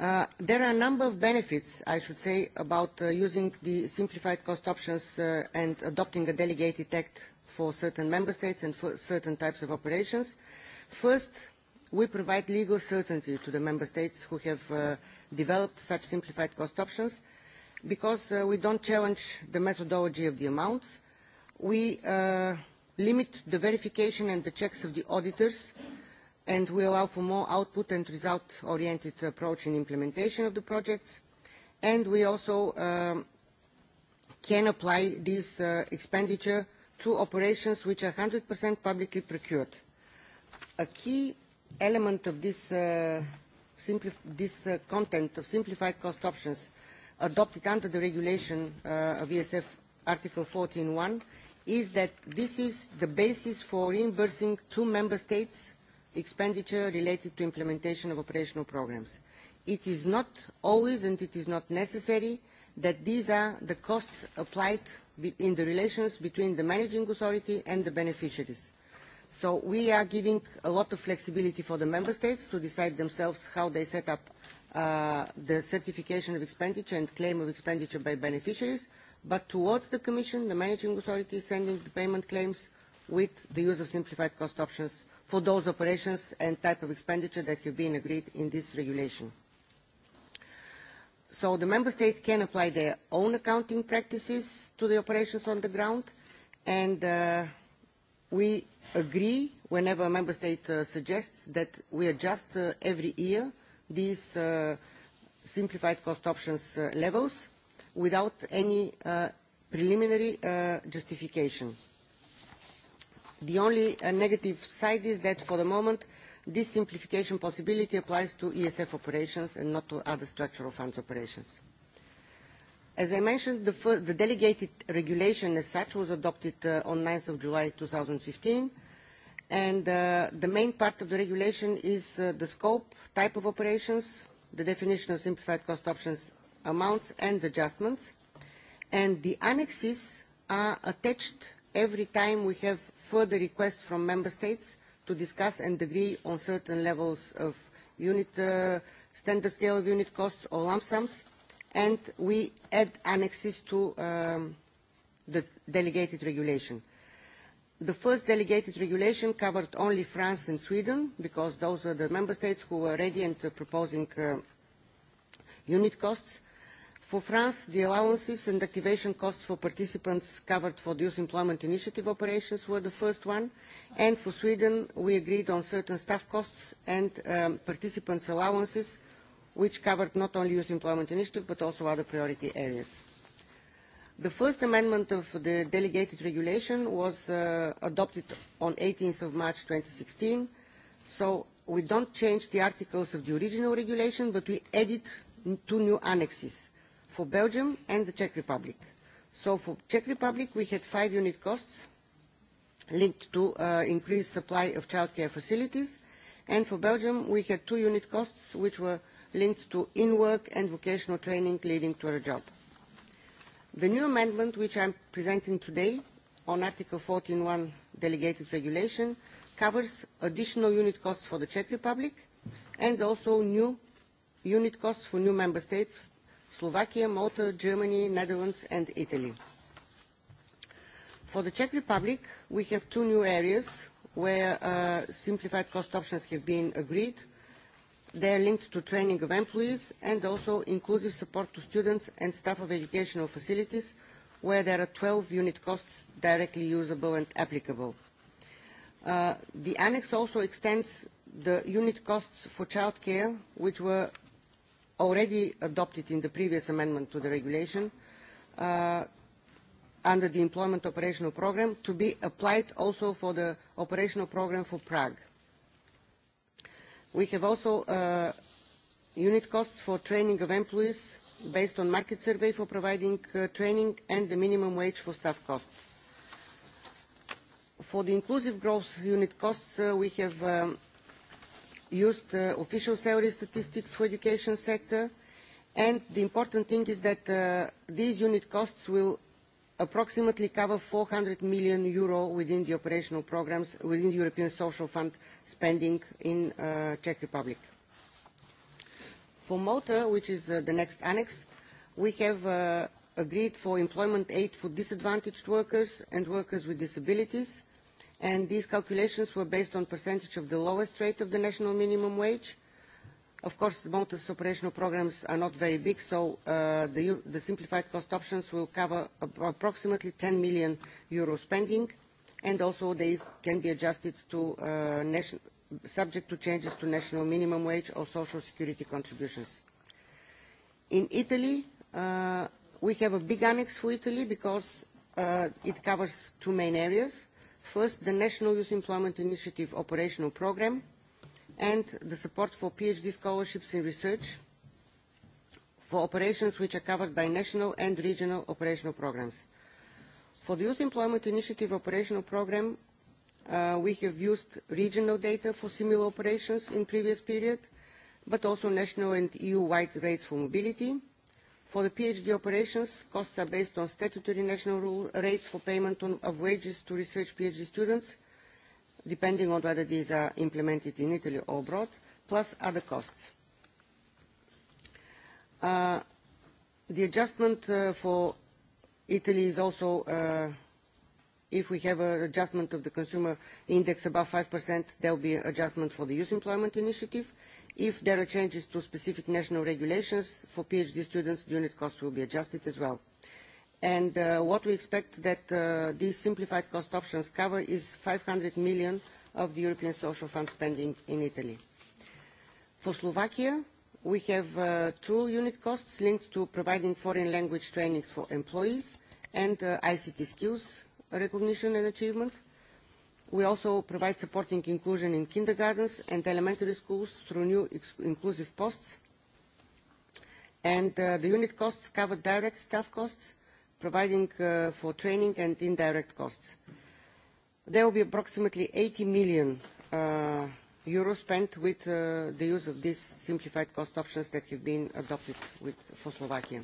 Speaker 16: Uh, there are a number of benefits, I should say, about uh, using the simplified cost options and adopting a delegated act for certain member states and for certain types of operations. First, We provide legal certainty to the member states who have uh, developed such simplified cost options because uh, we don't challenge the methodology of the amounts. We uh, limit the verification and the checks of the auditors and we allow for more output and result-oriented approach in implementation of the projects. And we also um, can apply this uh, expenditure to operations which are 100% publicly procured. A key element of this, uh, this uh, content of simplified cost options adopted under the regulation uh, of ESF Article 14.1 is that this is the basis for reimbursing two member states expenditure related to implementation of operational programs. It is not always and it is not necessary that these are the costs applied in the relations between the managing authority and the beneficiaries. So we are giving a lot of flexibility for the member states to decide themselves how they set up uh, the certification of expenditure and claim of expenditure by beneficiaries, but towards the Commission, the managing authority is sending the payment claims with the use of simplified cost options for those operations and type of expenditure that have been agreed in this regulation. So the member states can apply their own accounting practices to the operations on the ground, and uh, we agree whenever a member state uh, suggests that we adjust uh, every year these uh, simplified cost options uh, levels without any uh, preliminary uh, justification. The only uh, negative side is that for the moment this simplification possibility applies to ESF operations and not to other structural funds operations. As I mentioned, the, delegated regulation as such was adopted uh, on 9th of July 2015, and uh, the main part of the regulation is uh, the scope, type of operations, the definition of simplified cost options amounts and adjustments, and the annexes are attached every time we have further requests from member states to discuss and agree on certain levels of unit standard scale of unit costs or lump sums and we add annexes to um, the delegated regulation. The first delegated regulation covered only France and Sweden because those are the member states who were ready and uh, proposing uh, unit costs. For France, the allowances and activation costs for participants covered for the Youth Employment Initiative operations were the first one. And for Sweden, we agreed on certain staff costs and um, participants' allowances which covered not only Youth Employment Initiative but also other priority areas. The first amendment of the delegated regulation was uh, adopted on 18th of March 2016, so we don't change the articles of the original regulation, but we added two new annexes for Belgium and the Czech Republic. So for Czech Republic, we had five unit costs linked to uh, increased supply of childcare facilities, and for Belgium, we had two unit costs, which were linked to in-work and vocational training leading to a job. The new amendment which I am presenting today on Article 14.1 delegated regulation covers additional unit costs for the Czech Republic and also new unit costs for new member states, Slovakia, Malta, Germany, Netherlands and Italy. For the Czech Republic, we have two new areas where uh, simplified cost options have been agreed – They are linked to training of employees and also inclusive support to students and staff of educational facilities where there are 12 unit costs directly usable and applicable. Uh, the annex also extends the unit costs for childcare, which were already adopted in the previous amendment to the regulation uh, under the employment operational program to be applied also for the operational program for Prague. We have also uh, unit costs for training of employees based on market survey for providing uh, training and the minimum wage for staff costs. For the inclusive growth unit costs, uh, we have um, used uh, official salary statistics for education sector, and the important thing is that uh, these unit costs will approximately cover 400 million euro within the operational programs within the European Social Fund spending in uh, Czech Republic. For Malta, which is uh, the next annex, we have uh, agreed for employment aid for disadvantaged workers and workers with disabilities, and these calculations were based on percentage of the lowest rate of the national minimum wage – Of course, the Maltese operational programs are not very big, so uh, the, simplified cost options will cover approximately 10 million euro spending, and also they can be adjusted uh, subject to changes to national minimum wage or social security contributions. In Italy, uh, we have a big annex for Italy because it covers two main areas. First, the National Youth Employment Initiative operational program, and the support for PhD scholarships in research for operations which are covered by national and regional operational programs. For the Youth Employment Initiative operational program, uh, we have used regional data for similar operations in previous period, but also national and EU-wide rates for mobility. For the PhD operations, costs are based on statutory national rule rates for payment on, of wages to research PhD students – depending on whether these are implemented in Italy or abroad, plus other costs. Uh, the adjustment uh, for Italy is also, uh, if we have an adjustment of the consumer index above 5%, there will be an adjustment for the Youth Employment Initiative. If there are changes to specific national regulations for PhD students, the unit costs will be adjusted as well. And uh, what we expect that uh, these simplified cost options cover is 500 million of the European Social Fund spending in Italy. For Slovakia, we have uh, two unit costs linked to providing foreign language trainings for employees and ICT skills recognition and achievement. We also provide supporting inclusion in kindergartens and elementary schools through new inclusive posts. And the unit costs cover direct staff costs providing uh, for training and indirect costs. There will be approximately 80 million uh, euro spent with uh, the use of these simplified cost options that have been adopted with, for Slovakia.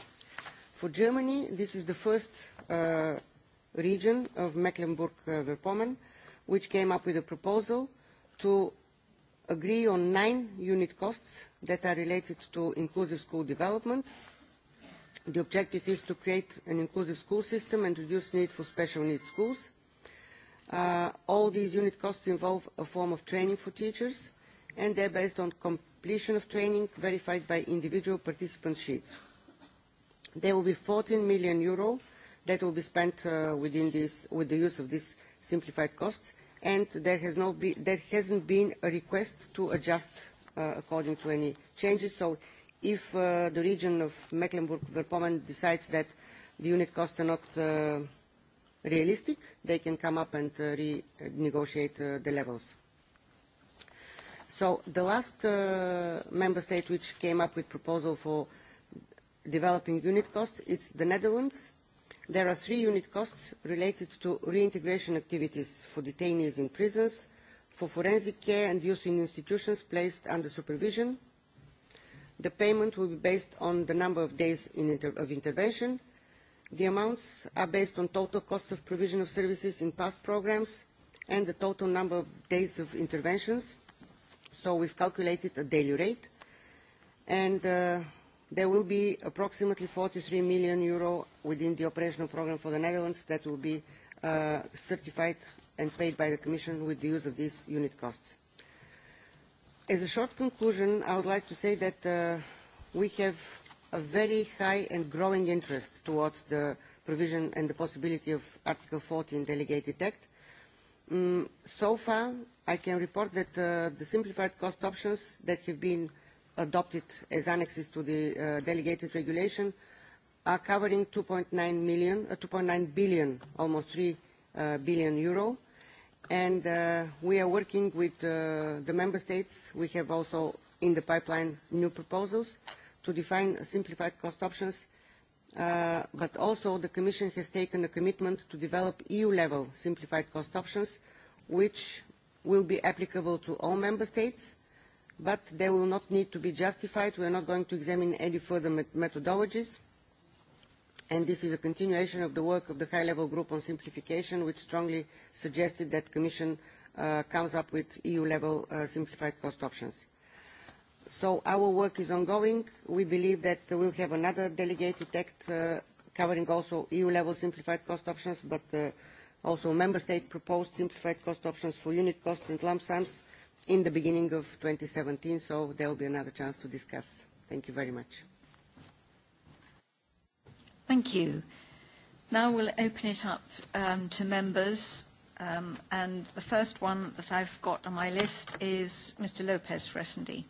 Speaker 16: For Germany, this is the first region of Mecklenburg-Vorpommern which came up with a proposal to agree on nine unit costs that are related to inclusive school development, The objective is to create an inclusive school system and reduce need for special needs schools. Uh, all these unit costs involve a form of training for teachers, and they're based on completion of training verified by individual participant sheets. There will be 14 million euro that will be spent uh, within this, with the use of these simplified costs, and there, has no be, there hasn't been a request to adjust uh, according to any changes, so if uh, the region of Mecklenburg-Vorpommern decides that the unit costs are not uh, realistic, they can come up and uh, renegotiate the levels. So the last member state which came up with proposal for developing unit costs is the Netherlands. There are three unit costs related to reintegration activities for detainees in prisons, for forensic care and use in institutions placed under supervision, The payment will be based on the number of days of intervention. The amounts are based on total cost of provision of services in past programs and the total number of days of interventions. So we've calculated a daily rate. And uh, there will be approximately 43 million euro within the operational program for the Netherlands that will be uh, certified and paid by the Commission with the use of these unit costs. As a short conclusion, I would like to say that uh, we have a very high and growing interest towards the provision and the possibility of Article 14 Delegated Act. Mm, so far, I can report that uh, the simplified cost options that have been adopted as annexes to the uh, delegated regulation are covering 2.9 million, 2.9 billion, almost 3 billion euro and uh, we are working with uh, the member states. We have also in the pipeline new proposals to define simplified cost options, uh, but also the Commission has taken a commitment to develop EU-level simplified cost options, which will be applicable to all member states, but they will not need to be justified. We are not going to examine any further methodologies and this is a continuation of the work of the high-level group on simplification, which strongly suggested that Commission uh, comes up with EU-level uh, simplified cost options. So our work is ongoing. We believe that we'll have another delegated act uh, covering also EU-level simplified cost options, but uh, also member state proposed simplified cost options for unit costs and lump sums in the beginning of 2017, so there will be another chance to discuss. Thank you very much.
Speaker 1: Thank you. Now we'll open it up um, to members. Um, and the first one that I've got on my list is Mr. Lopez for S&D.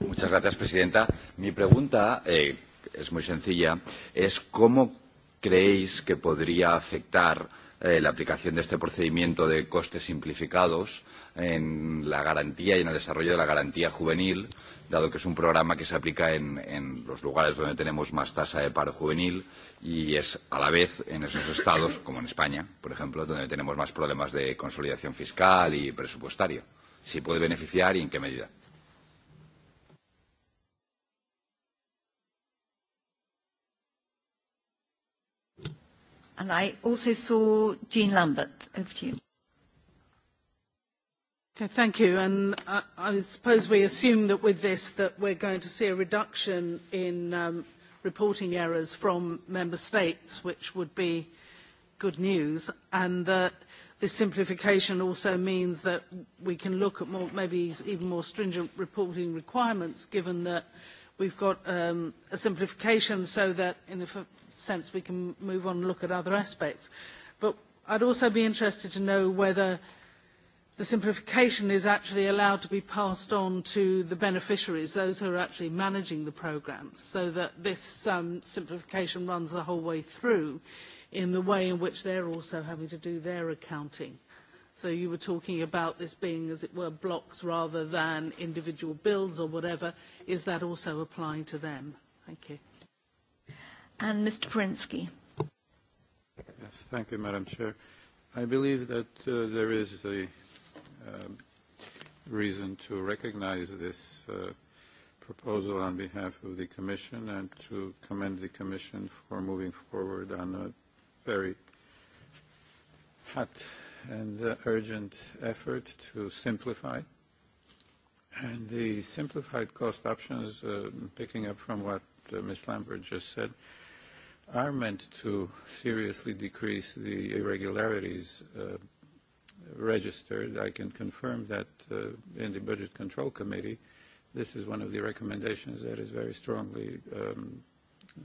Speaker 7: Muchas gracias, presidenta. Mi pregunta eh, es muy sencilla. Es cómo creéis que podría afectar eh, la aplicación de este procedimiento de costes simplificados en la garantía y en el desarrollo de la garantía juvenil dado que es un programa que se aplica en, en los lugares donde tenemos más tasa de paro juvenil y es a la vez en esos estados, como en España, por ejemplo, donde tenemos más problemas de consolidación fiscal y presupuestario. Si puede beneficiar y en qué medida.
Speaker 17: And I also saw Jean Lambert. Over to you. Okay, thank you. And I, uh, I suppose we assume that with this that we're going to see a reduction in um, reporting errors from member states, which would be good news, and that this simplification also means that we can look at more, maybe even more stringent reporting requirements, given that we've got um, a simplification so that, in a sense, we can move on and look at other aspects. But I'd also be interested to know whether the simplification is actually allowed to be passed on to the beneficiaries, those who are actually managing the programs, so that this um, simplification runs the whole way through in the way in which they're also having to do their accounting. So you were talking about this being, as it were, blocks rather than individual bills or whatever. Is that also applying to them? Thank you. And Mr. Perinsky.
Speaker 18: Yes, thank you, Madam Chair. I believe that uh, there is the Um, reason to recognize this uh, proposal on behalf of the Commission and to commend the Commission for moving forward on a very hot and uh, urgent effort to simplify. And the simplified cost options, uh, picking up from what uh, Ms. Lambert just said, are meant to seriously decrease the irregularities uh, registered. I can confirm that uh, in the Budget Control Committee, this is one of the recommendations that is very strongly um,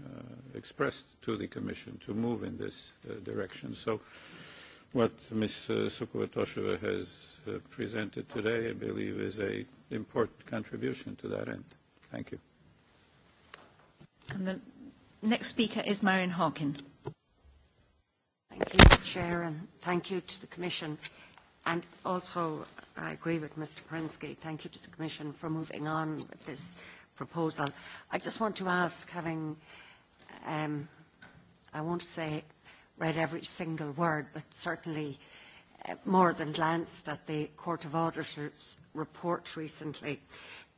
Speaker 18: uh, expressed to the Commission to move in this uh, direction. So what Ms. Uh, Sukuba-Tosheva has uh, presented today, I believe, is an important contribution to that end. Thank you.
Speaker 1: And the next speaker is Marion Hawkins.
Speaker 19: Thank you, Chair, and thank you to the Commission. And also, I agree with Mr. Prinsky. Thank you to the Commission for moving on with this proposal. I just want to ask, having, um, I won't say read every single word, but certainly uh, more than glanced at the Court of Auditors report recently.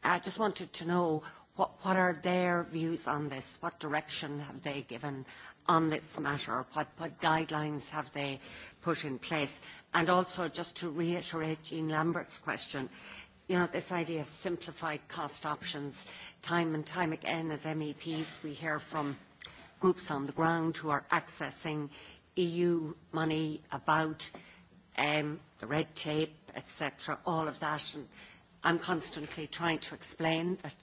Speaker 19: I just wanted to know what, what are their views on this? What direction have they given on this matter? What, what guidelines have they put in place? And also, just to reiterate Jean Lambert's question, you know, this idea of simplified cost options, time and time again as MEPs, we hear from groups on the ground who are accessing EU money about um, the red tape, etc., all of that. And I'm constantly trying to explain that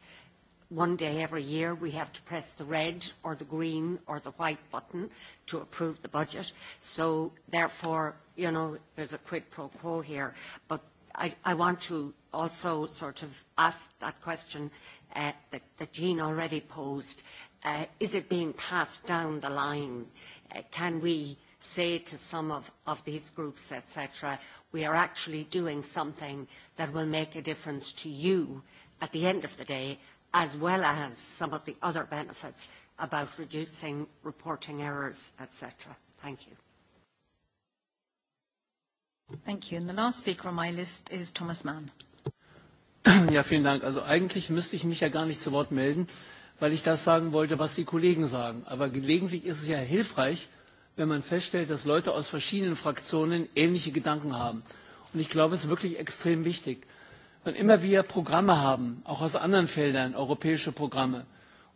Speaker 19: one day every year we have to press the red or the green or the white button to approve the budget. So therefore, you know, there's a quid pro quo here. But I, I want to also sort of ask that question uh, that, that Jean already posed. Uh, is it being passed down the line? Uh, can we say to some of, of these groups, etc., we are actually doing something that will make a difference to you at the end of the day as well as some of the other benefits about reducing reporting errors, etc. Thank you.
Speaker 1: Thank you. And the last speaker on my list is Thomas Mann.
Speaker 20: (clears throat) Ja, vielen Dank. Also eigentlich müsste ich mich ja gar nicht zu Wort melden, weil ich das sagen wollte, was die Kollegen sagen. Aber gelegentlich ist es ja hilfreich, wenn man feststellt, dass Leute aus verschiedenen Fraktionen ähnliche Gedanken haben. Und ich glaube, es ist wirklich extrem wichtig. Wann immer wir Programme haben, auch aus anderen Feldern, europäische Programme,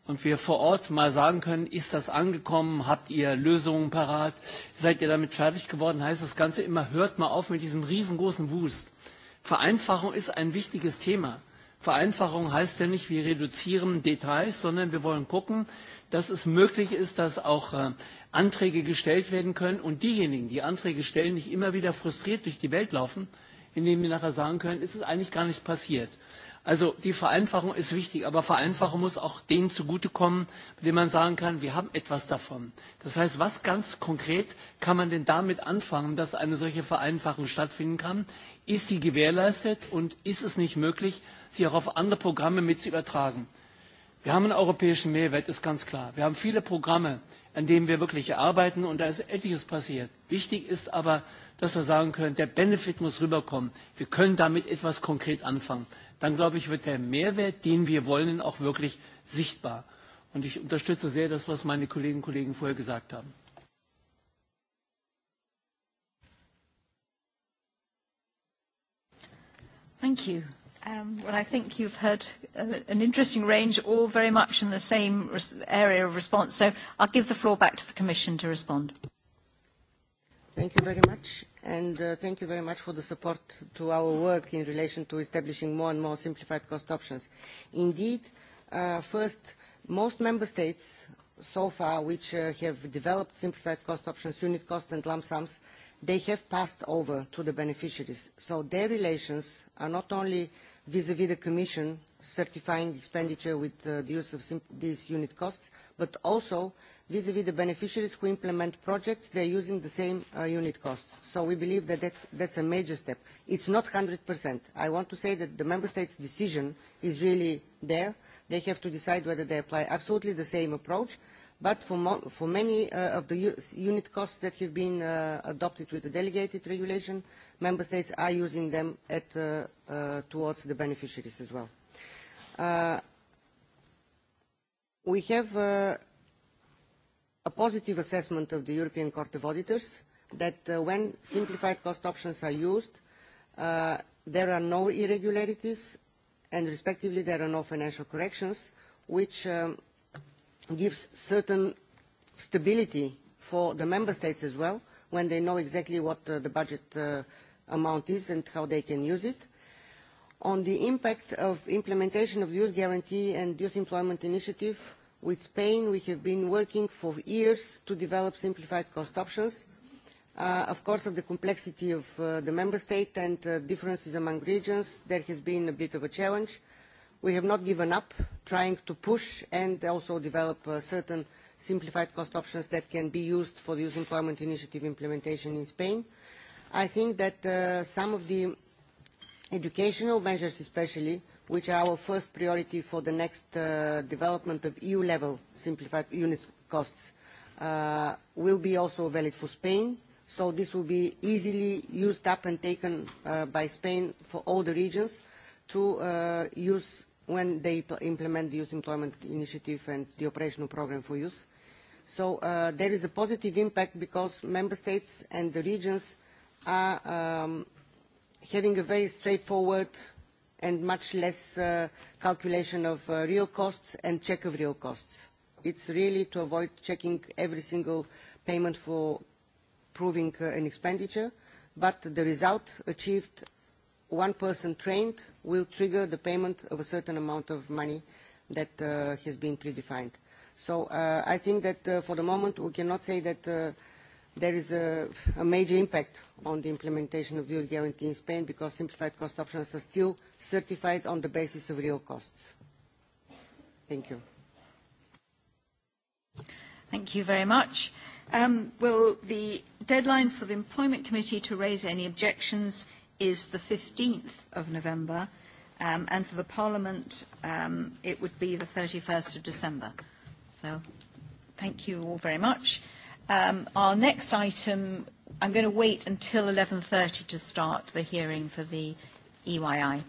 Speaker 20: und wir vor Ort mal sagen können, ist das angekommen, habt ihr Lösungen parat, seid ihr damit fertig geworden, heißt das Ganze immer, hört mal auf mit diesem riesengroßen Wust. Vereinfachung ist ein wichtiges Thema. Vereinfachung heißt ja nicht, wir reduzieren Details, sondern wir wollen gucken, dass es möglich ist, dass auch äh, Anträge gestellt werden können und diejenigen, die Anträge stellen, nicht immer wieder frustriert durch die Welt laufen, in dem wir nachher sagen können, ist es eigentlich gar nichts passiert. Also die Vereinfachung ist wichtig, aber Vereinfachung muss auch denen zugutekommen, mit denen man sagen kann, wir haben etwas davon. Das heißt, was ganz konkret kann man denn damit anfangen, dass eine solche Vereinfachung stattfinden kann? Ist sie gewährleistet und ist es nicht möglich, sie auch auf andere Programme mit zu übertragen? Wir haben einen europäischen Mehrwert, ist ganz klar. Wir haben viele Programme, an dem wir wirklich arbeiten und da ist etliches passiert. Wichtig ist aber, dass wir sagen können, der Benefit muss rüberkommen. Wir können damit etwas konkret anfangen. Dann, glaube ich, wird der Mehrwert, den wir wollen, auch wirklich sichtbar. Und ich unterstütze sehr das, was meine Kolleginnen und Kollegen vorher gesagt haben.
Speaker 1: Thank you. Um, well, I think you've heard uh, an interesting range, all very much in the same area of response. So I'll give the floor back to the Commission to respond.
Speaker 16: Thank you very much. And uh, thank you very much for the support to our work in relation to establishing more and more simplified cost options. Indeed, uh, first, most member states so far which uh, have developed simplified cost options, unit costs and lump sums, they have passed over to the beneficiaries. So their relations are not only uh, vis-à-vis the Commission certifying expenditure with uh, the use of these unit costs, but also vis-à-vis the beneficiaries who implement projects, they're using the same uh, unit costs. So we believe that, that that's a major step. It's not 100%. I want to say that the Member States' decision is really there. They have to decide whether they apply absolutely the same approach But for, many uh, of the unit costs that have been uh, adopted with the delegated regulation, member states are using them at, uh, uh, towards the beneficiaries as well. Uh, we have uh, a positive assessment of the European Court of Auditors that uh, when simplified cost options are used, uh, there are no irregularities and respectively there are no financial corrections, which um, gives certain stability for the member states as well when they know exactly what uh, the budget uh, amount is and how they can use it. On the impact of implementation of the Youth Guarantee and Youth Employment Initiative, with Spain we have been working for years to develop simplified cost options. Uh, of course, of the complexity of uh, the member state and uh, differences among regions, there has been a bit of a challenge. Uh, we have not given up trying to push and also develop uh, certain simplified cost options that can be used for the Youth Employment Initiative implementation in Spain. I think that uh, some of the educational measures especially, which are our first priority for the next uh, development of EU-level simplified unit costs, will be also valid for Spain. So this will be easily used up and taken by Spain for all the regions to use when they implement the Youth Employment Initiative and the operational program for youth. So uh, there is a positive impact because member states and the regions are um, having a very straightforward and much less uh, calculation of uh, real costs and check of real costs. It's really to avoid checking every single payment for proving uh, an expenditure, but the result achieved one person trained will trigger the payment of a certain amount of money that uh, has been predefined. So uh, I think that uh, for the moment we cannot say that uh, there is a, a major impact on the implementation of yield guarantee in Spain because simplified cost options are still certified on the basis of real costs. Thank you. Thank you very much. Um,
Speaker 1: well, the deadline for the Employment Committee to raise any objections is the 15th of November, um, and for the Parliament, um, it would be the 31st of December. So thank you all very much. Um, our next item, I'm going to wait until 11.30 to start the hearing for the EYI.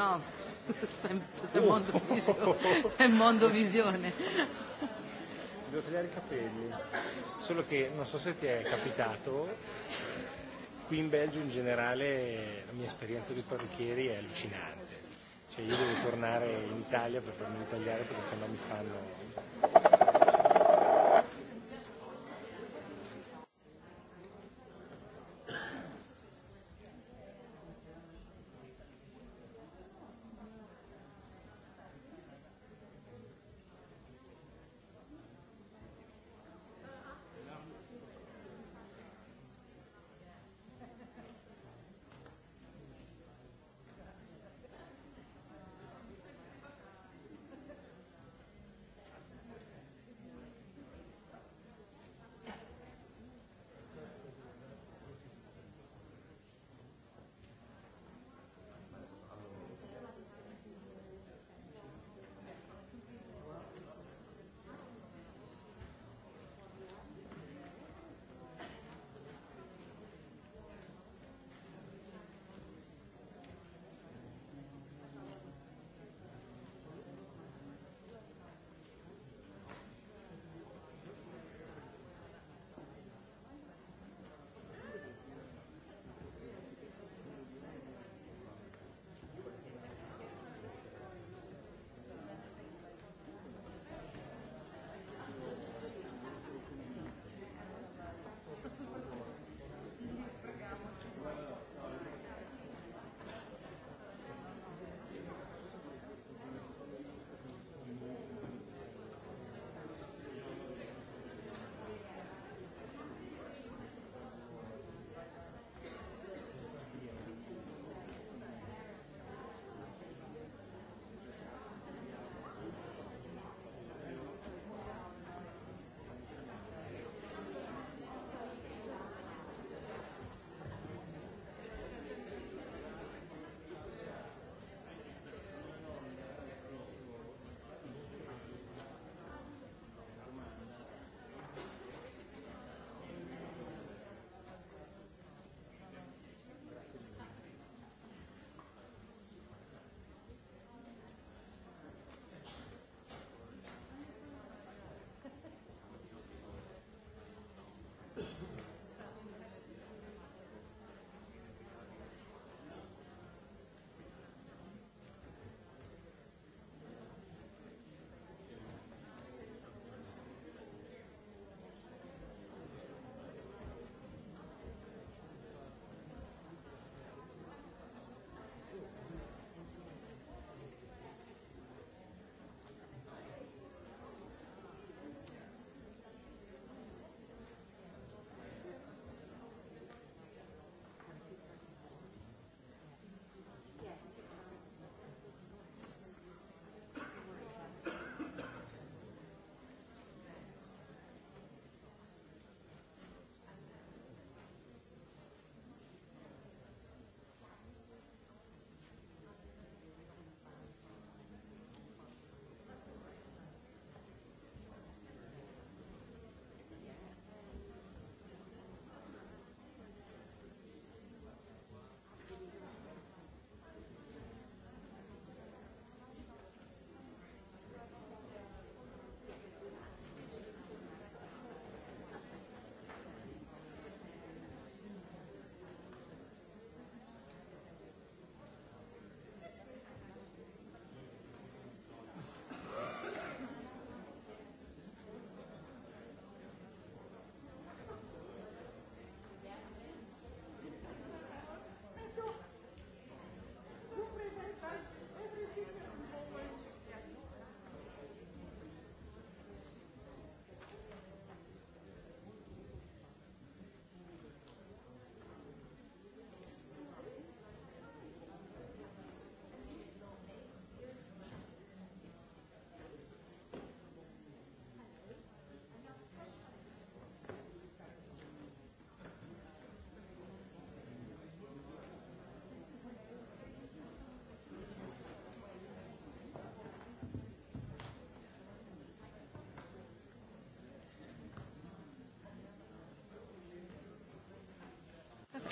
Speaker 15: no, (laughs) sem, se oh. mondo viso, sem mondo visione.
Speaker 9: Devo tagliare i capelli. Solo che non so se ti è capitato, qui in Belgio in generale la mia esperienza
Speaker 15: di parrucchieri è allucinante. Cioè io devo tornare in Italia per farmi tagliare perché sennò mi fanno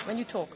Speaker 21: when you talk.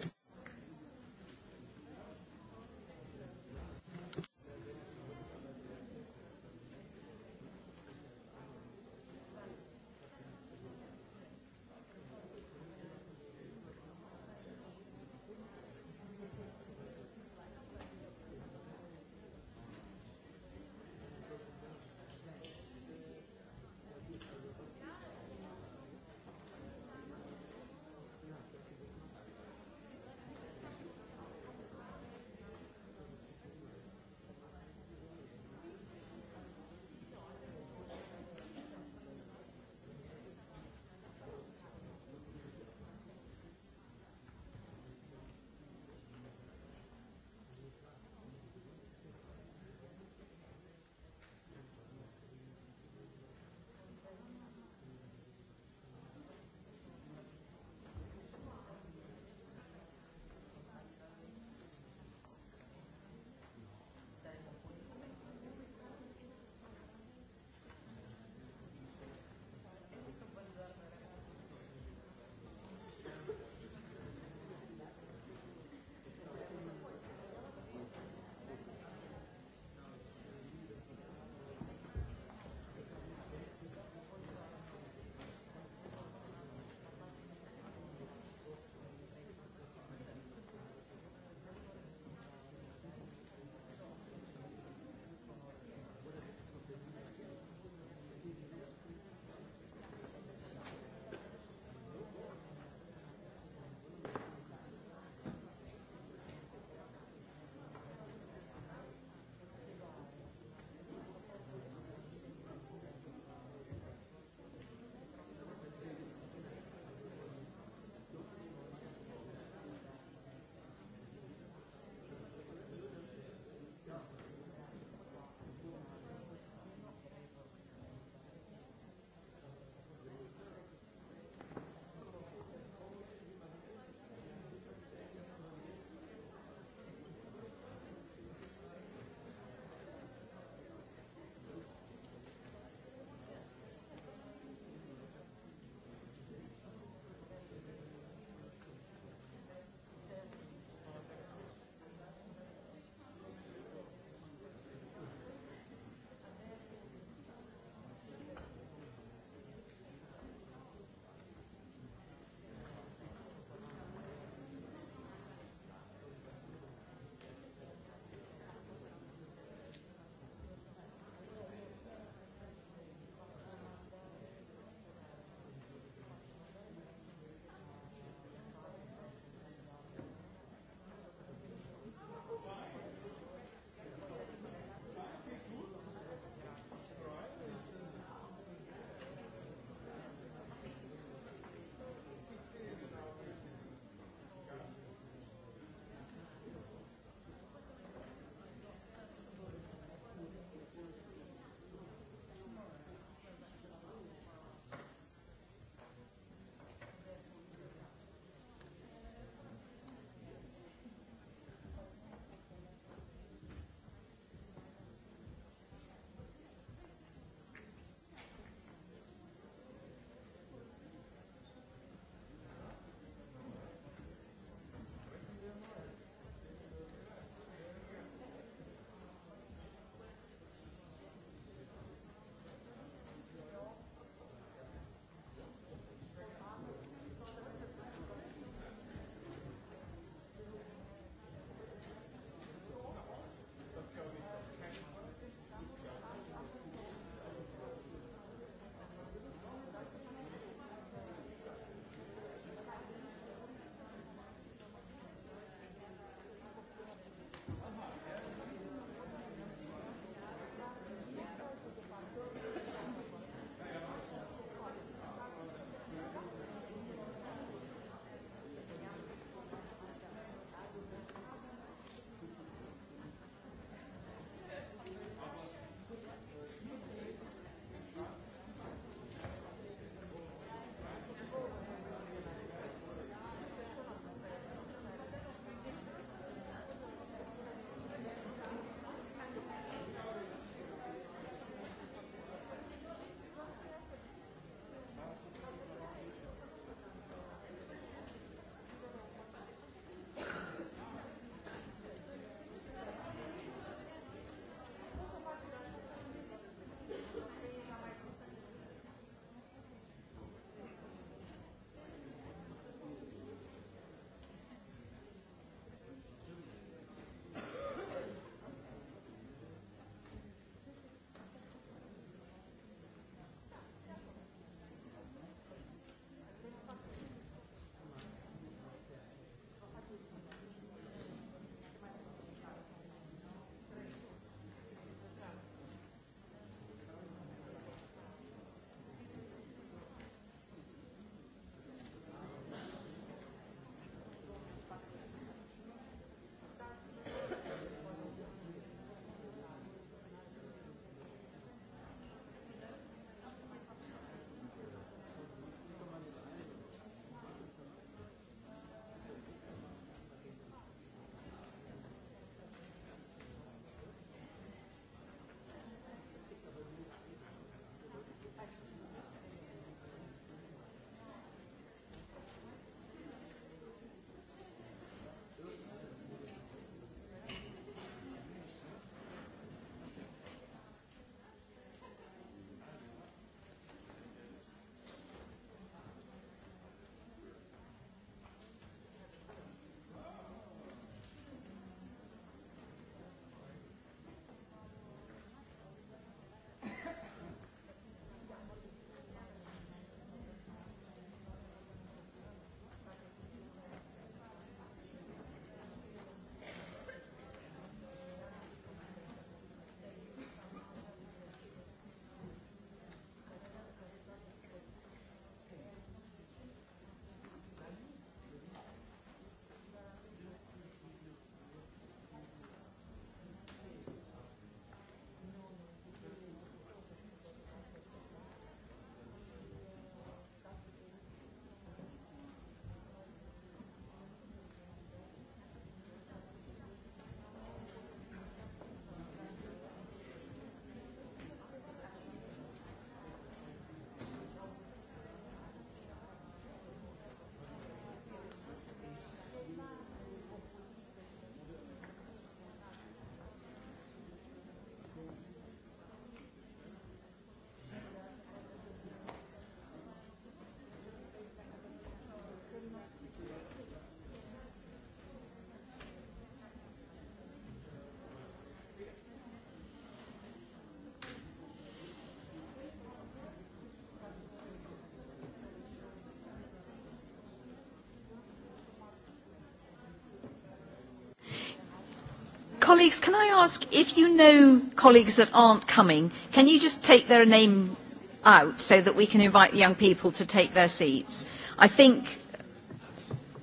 Speaker 1: colleagues, can I ask if you know colleagues that aren't coming, can you just take their name out so that we can invite the young people to take their seats? I think,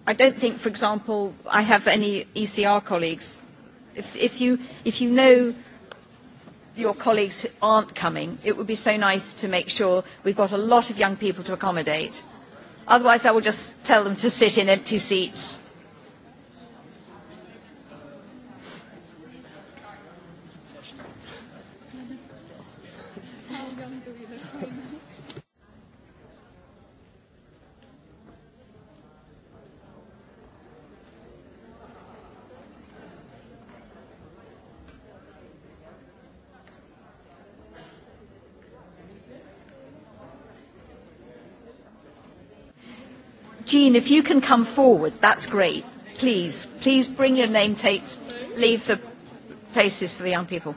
Speaker 1: I don't think, for example, I have any ECR colleagues. If, if, you, if you know your colleagues who aren't coming, it would be so nice to make sure we've got a lot of young people to accommodate. Otherwise, I will just tell them to sit in empty seats. if you can come forward, that's great. Please, please bring your name tapes. Leave the places for the young people.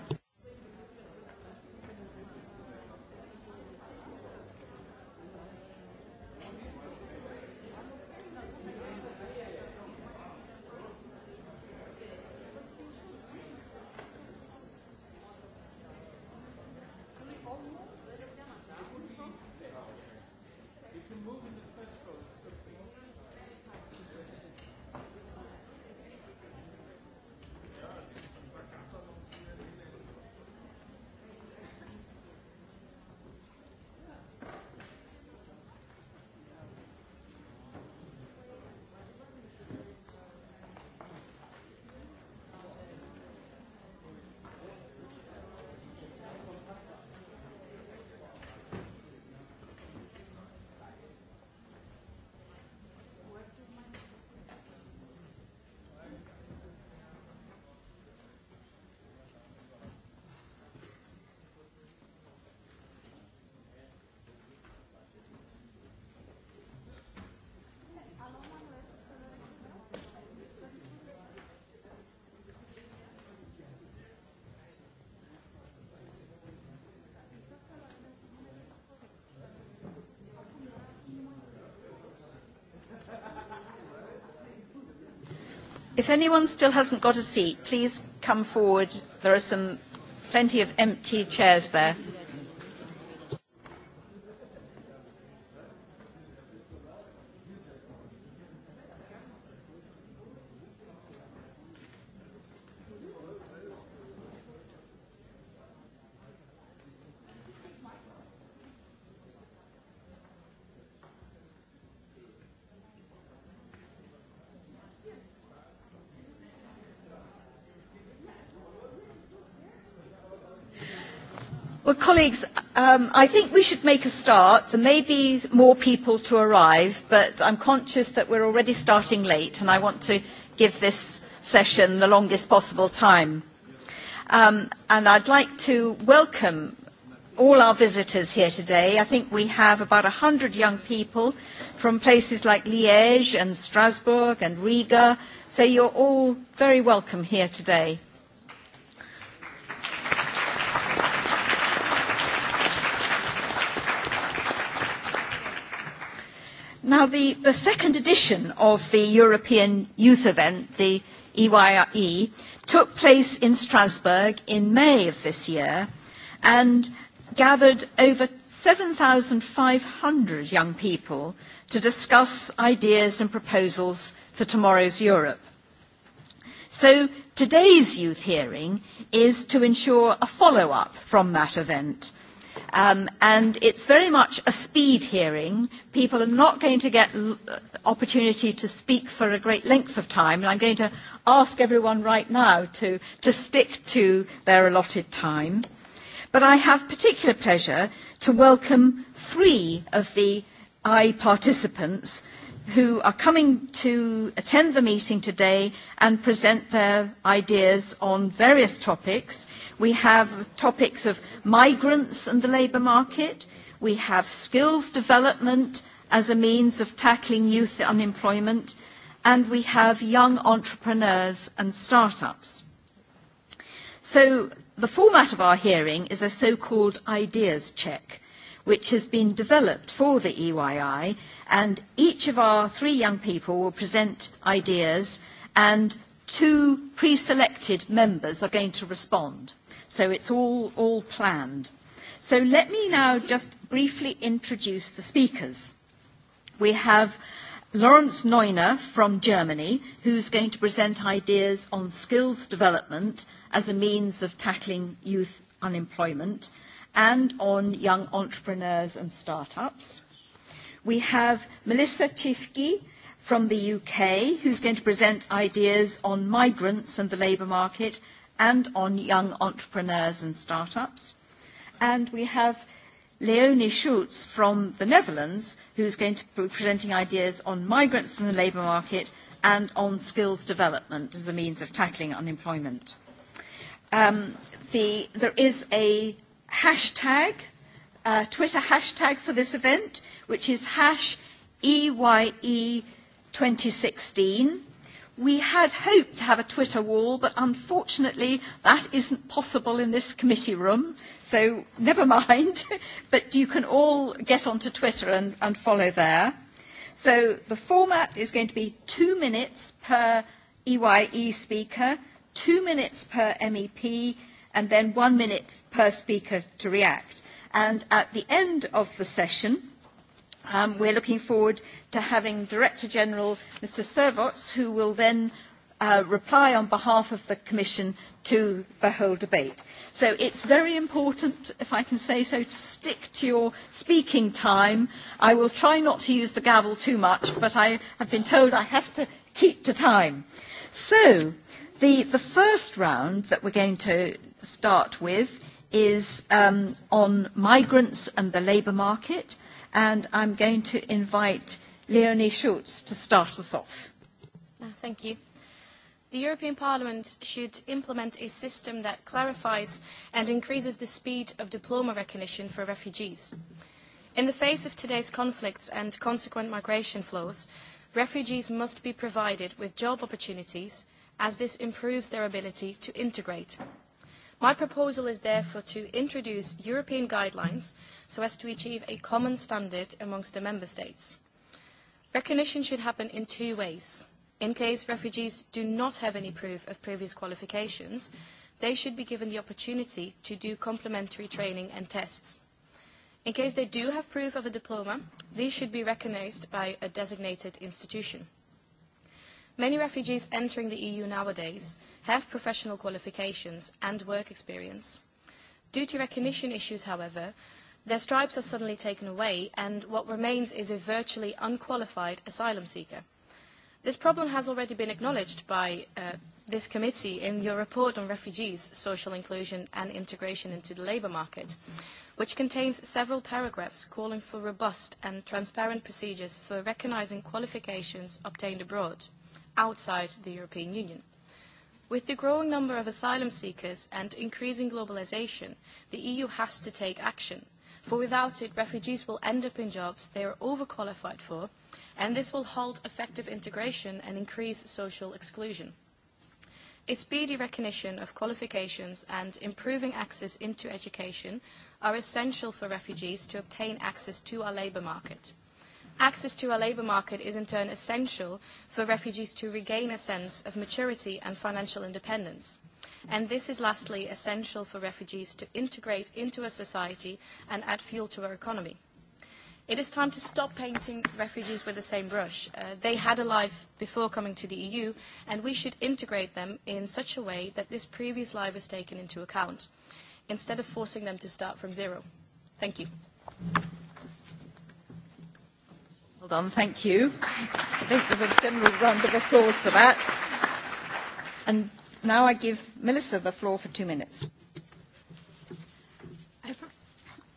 Speaker 1: anyone still hasn't got a seat, please come forward. There are some plenty of empty chairs there. colleagues, um, I think we should make a start. There may be more people to arrive, but I'm conscious that we're already starting late, and I want to give this session the longest possible time. Um, and I'd like to welcome all our visitors here today. I think we have about 100 young people from places like Liège and Strasbourg and Riga, so you're all very welcome here today. Now, the, the second edition of the European Youth Event, the EYE, e, took place in Strasbourg in May of this year and gathered over 7,500 young people to discuss ideas and proposals for tomorrow's Europe. So today's youth hearing is to ensure a follow-up from that event Um, and it's very much a speed hearing. People are not going to get l- uh, opportunity to speak for a great length of time. And I'm going to ask everyone right now to, to stick to their allotted time. But I have particular pleasure to welcome three of the I participants who are coming to attend the meeting today and present their ideas on various topics. We have topics of migrants and the labour market. We have skills development as a means of tackling youth unemployment. And we have young entrepreneurs and startups. So the format of our hearing is a so-called ideas check which has been developed for the EYI, and each of our three young people will present ideas, and two pre-selected members are going to respond. So it's all, all planned. So let me now just briefly introduce the speakers. We have Lawrence Neuner from Germany, who's going to present ideas on skills development as a means of tackling youth unemployment and on young entrepreneurs and startups. We have Melissa Tifke from the UK, who's going to present ideas on migrants and the labour market and on young entrepreneurs and startups. And we have Leonie Schultz from the Netherlands, who's going to be presenting ideas on migrants and the labour market and on skills development as a means of tackling unemployment. Um, the, there is a hashtag, uh, Twitter hashtag for this event, which is hash EYE 2016. E We had hoped to have a Twitter wall, but unfortunately that isn't possible in this committee room, so never (laughs) mind. but you can all get onto Twitter and, and follow there. So the format is going to be two minutes per EYE e speaker, two minutes per MEP, and then one minute per speaker to react. And at the end of the session, um, we're looking forward to having Director General Mr. Servots, who will then uh, reply on behalf of the Commission to the whole debate. So it's very important, if I can say so, to stick to your speaking time. I will try not to use the gavel too much, but I have been told I have to keep to time. So The, the first round that we're going to start with is um, on migrants and the labour market, and I'm going to invite Leonie Schulz to
Speaker 17: start us off.
Speaker 21: Ah, thank you. The European Parliament should implement a system that clarifies and increases the speed of diploma recognition for refugees. In the face of today's conflicts and consequent migration flows, refugees must be provided with job opportunities as this improves their ability to integrate. My proposal is therefore to introduce European guidelines so as to achieve a common standard amongst the Member States. Recognition should happen in two ways. In case refugees do not have any proof of previous qualifications, they should be given the opportunity to do complementary training and tests. In case they do have proof of a diploma, these should be recognised by a designated institution. Many refugees entering the EU nowadays have professional qualifications and work experience. Due to recognition issues, however, their stripes are suddenly taken away and what remains is a virtually unqualified asylum seeker. This problem has already been acknowledged by uh, this committee in your report on refugees, social inclusion and integration into the labour market, which contains several paragraphs calling for robust and transparent procedures for recognising qualifications obtained abroad outside the European Union. With the growing number of asylum seekers and increasing globalization, the EU has to take action, for without it, refugees will end up in jobs they are overqualified for, and this will halt effective integration and increase social exclusion. Its speedy recognition of qualifications and improving access into education are essential for refugees to obtain access to our labour market. Access to our labour market is in turn essential for refugees to regain a sense of maturity and financial independence. And this is lastly essential for refugees to integrate into a society and add fuel to our economy. It is time to stop painting refugees with the same brush. Uh, they had a life before coming to the EU, and we should integrate them in such a way that this previous life is taken into account, instead of forcing them to start from zero. Thank you.
Speaker 1: Well done, thank you. I think there's a general round of applause for that. And now I give Melissa the floor for two minutes.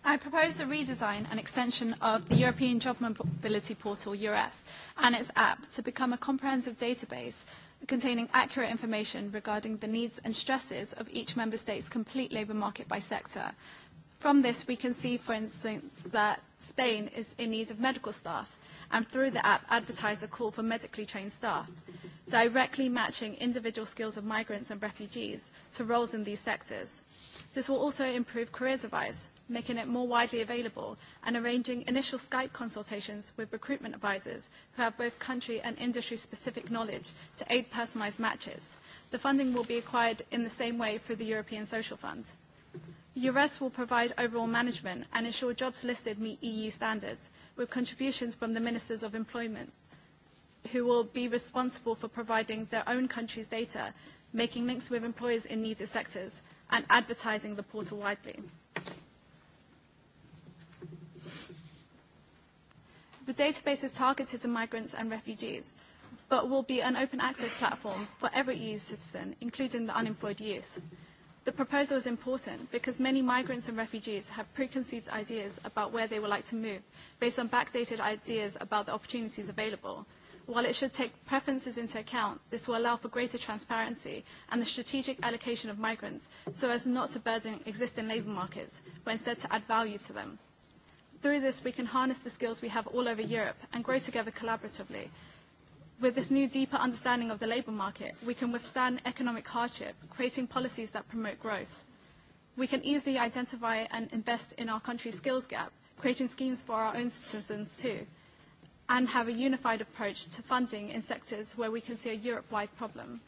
Speaker 13: I, propose a redesign and extension of the European Job Mobility Portal, EURES, and its app to become a comprehensive database containing accurate information regarding the needs and stresses of each member state's complete labour market by sector. From this, we can see, for instance, that Spain is in need of medical staff, and through the app advertise a call for medically trained staff, directly matching individual skills of migrants and refugees to roles in these sectors. This will also improve careers advice, making it more widely available and arranging initial Skype consultations with recruitment advisors who have both country and industry-specific knowledge to aid personalised matches. The funding will be acquired in the same way through the European Social Fund. EURES will provide overall management and ensure jobs listed meet EU standards with contributions from the Ministers of Employment, who will be responsible for providing their own country's data, making links with employers in needed sectors, and advertising the portal widely. The database is targeted to migrants and refugees, but will be an open access platform for every EU citizen, including the unemployed youth. The proposal is important because many migrants and refugees have preconceived ideas about where they would like to move based on backdated ideas about the opportunities available. While it should take preferences into account, this will allow for greater transparency and the strategic allocation of migrants so as not to burden existing labour markets, but instead to add value to them. Through this, we can harness the skills we have all over Europe and grow together collaboratively With this new deeper understanding of the labour market, we can withstand economic hardship, creating policies that promote growth. We can easily identify and invest in our country's skills gap, creating schemes for our own citizens too, and have a unified approach to funding in sectors where we can see a Europe-wide problem.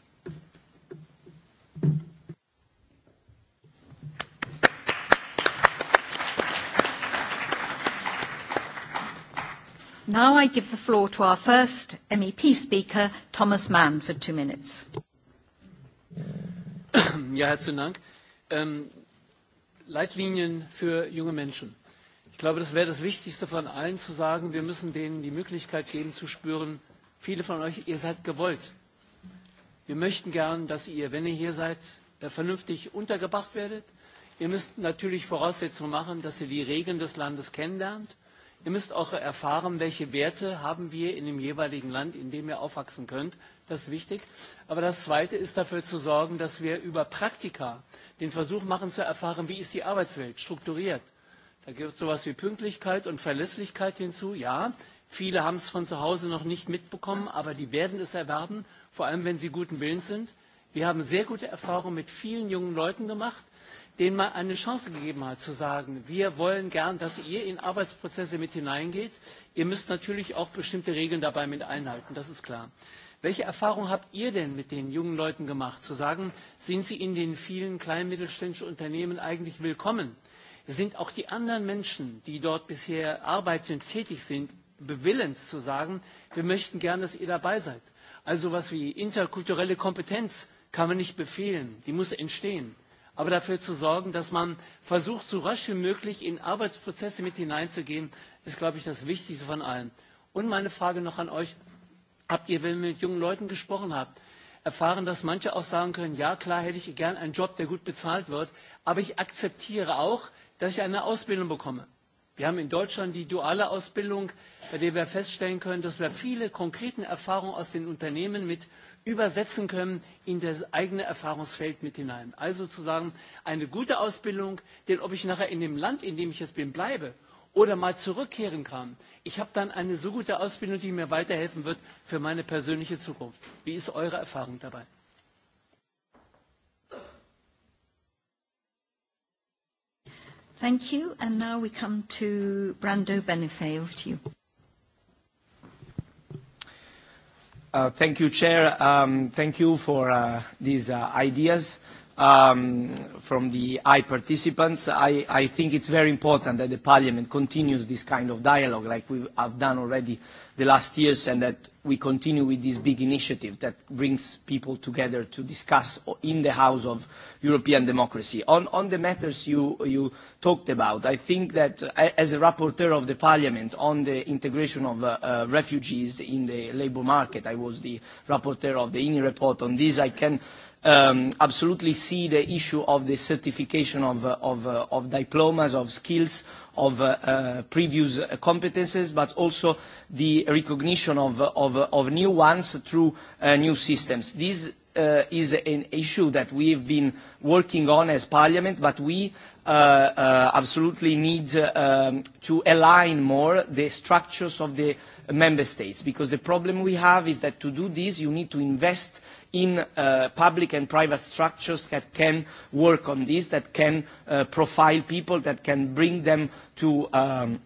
Speaker 1: Now I give the floor to our first MEP speaker, Thomas Mann, for two minutes.
Speaker 20: Ja, herzlichen Dank. Ähm, Leitlinien für junge Menschen. Ich glaube, das wäre das Wichtigste von allen zu sagen, wir müssen denen die Möglichkeit geben zu spüren, viele von euch, ihr seid gewollt. Wir möchten gern, dass ihr, wenn ihr hier seid, äh, vernünftig untergebracht werdet. Ihr müsst natürlich Voraussetzungen machen, dass ihr die Regeln des Landes kennenlernt Ihr müsst auch erfahren, welche Werte haben wir in dem jeweiligen Land, in dem ihr aufwachsen könnt. Das ist wichtig. Aber das Zweite ist dafür zu sorgen, dass wir über Praktika den Versuch machen zu erfahren, wie ist die Arbeitswelt strukturiert. Da gehört sowas wie Pünktlichkeit und Verlässlichkeit hinzu. Ja, viele haben es von zu Hause noch nicht mitbekommen, aber die werden es erwerben, vor allem wenn sie guten Willens sind. Wir haben sehr gute Erfahrungen mit vielen jungen Leuten gemacht, denen man eine Chance gegeben hat, zu sagen, wir wollen gern, dass ihr in Arbeitsprozesse mit hineingeht. Ihr müsst natürlich auch bestimmte Regeln dabei mit einhalten, das ist klar. Welche Erfahrung habt ihr denn mit den jungen Leuten gemacht? Zu sagen, sind sie in den vielen kleinen mittelständischen Unternehmen eigentlich willkommen? Sind auch die anderen Menschen, die dort bisher arbeiten tätig sind, bewillens zu sagen, wir möchten gern, dass ihr dabei seid? Also etwas wie interkulturelle Kompetenz kann man nicht befehlen, die muss entstehen aber dafür zu sorgen, dass man versucht, so rasch wie möglich in Arbeitsprozesse mit hineinzugehen, ist, glaube ich, das Wichtigste von allem. Und meine Frage noch an euch, habt ihr, wenn ihr mit jungen Leuten gesprochen habt, erfahren, dass manche auch sagen können, ja klar hätte ich gern einen Job, der gut bezahlt wird, aber ich akzeptiere auch, dass ich eine Ausbildung bekomme. Wir haben in Deutschland die duale Ausbildung, bei der wir feststellen können, dass wir viele konkreten Erfahrungen aus den Unternehmen mit übersetzen können in das eigene Erfahrungsfeld mit hinein. Also zu sagen, eine gute Ausbildung, denn ob ich nachher in dem Land, in dem ich jetzt bin, bleibe oder mal zurückkehren kann, ich habe dann eine so gute Ausbildung, die mir weiterhelfen wird für meine persönliche Zukunft. Wie ist eure Erfahrung dabei?
Speaker 1: Thank you. And now we come to Brando Benifei. Over to you.
Speaker 22: Uh, thank you, Chair. Um, thank you for uh, these uh, ideas um, from the I participants. I, I think it's very important that the Parliament continues this kind of dialogue like we have done already the last years and that we continue with this big initiative that brings people together to discuss in the house of European democracy. On, on the matters you, you talked about, I think that uh, as a rapporteur of the Parliament on the integration of uh, uh, refugees in the labour market, I was the rapporteur of the INI report on this, I can Um, absolutely see the issue of the certification of, uh, of, uh, of diplomas, of skills, of uh, uh, previous uh, competences, but also the recognition of, of, of new ones through uh, new systems. This uh, is an issue that we have been working on as Parliament, but we uh, uh, absolutely need uh, um, to align more the structures of the member states, because the problem we have is that to do this, you need to invest in uh, public and private structures that can work on this, that can uh, profile people, that can bring them to um,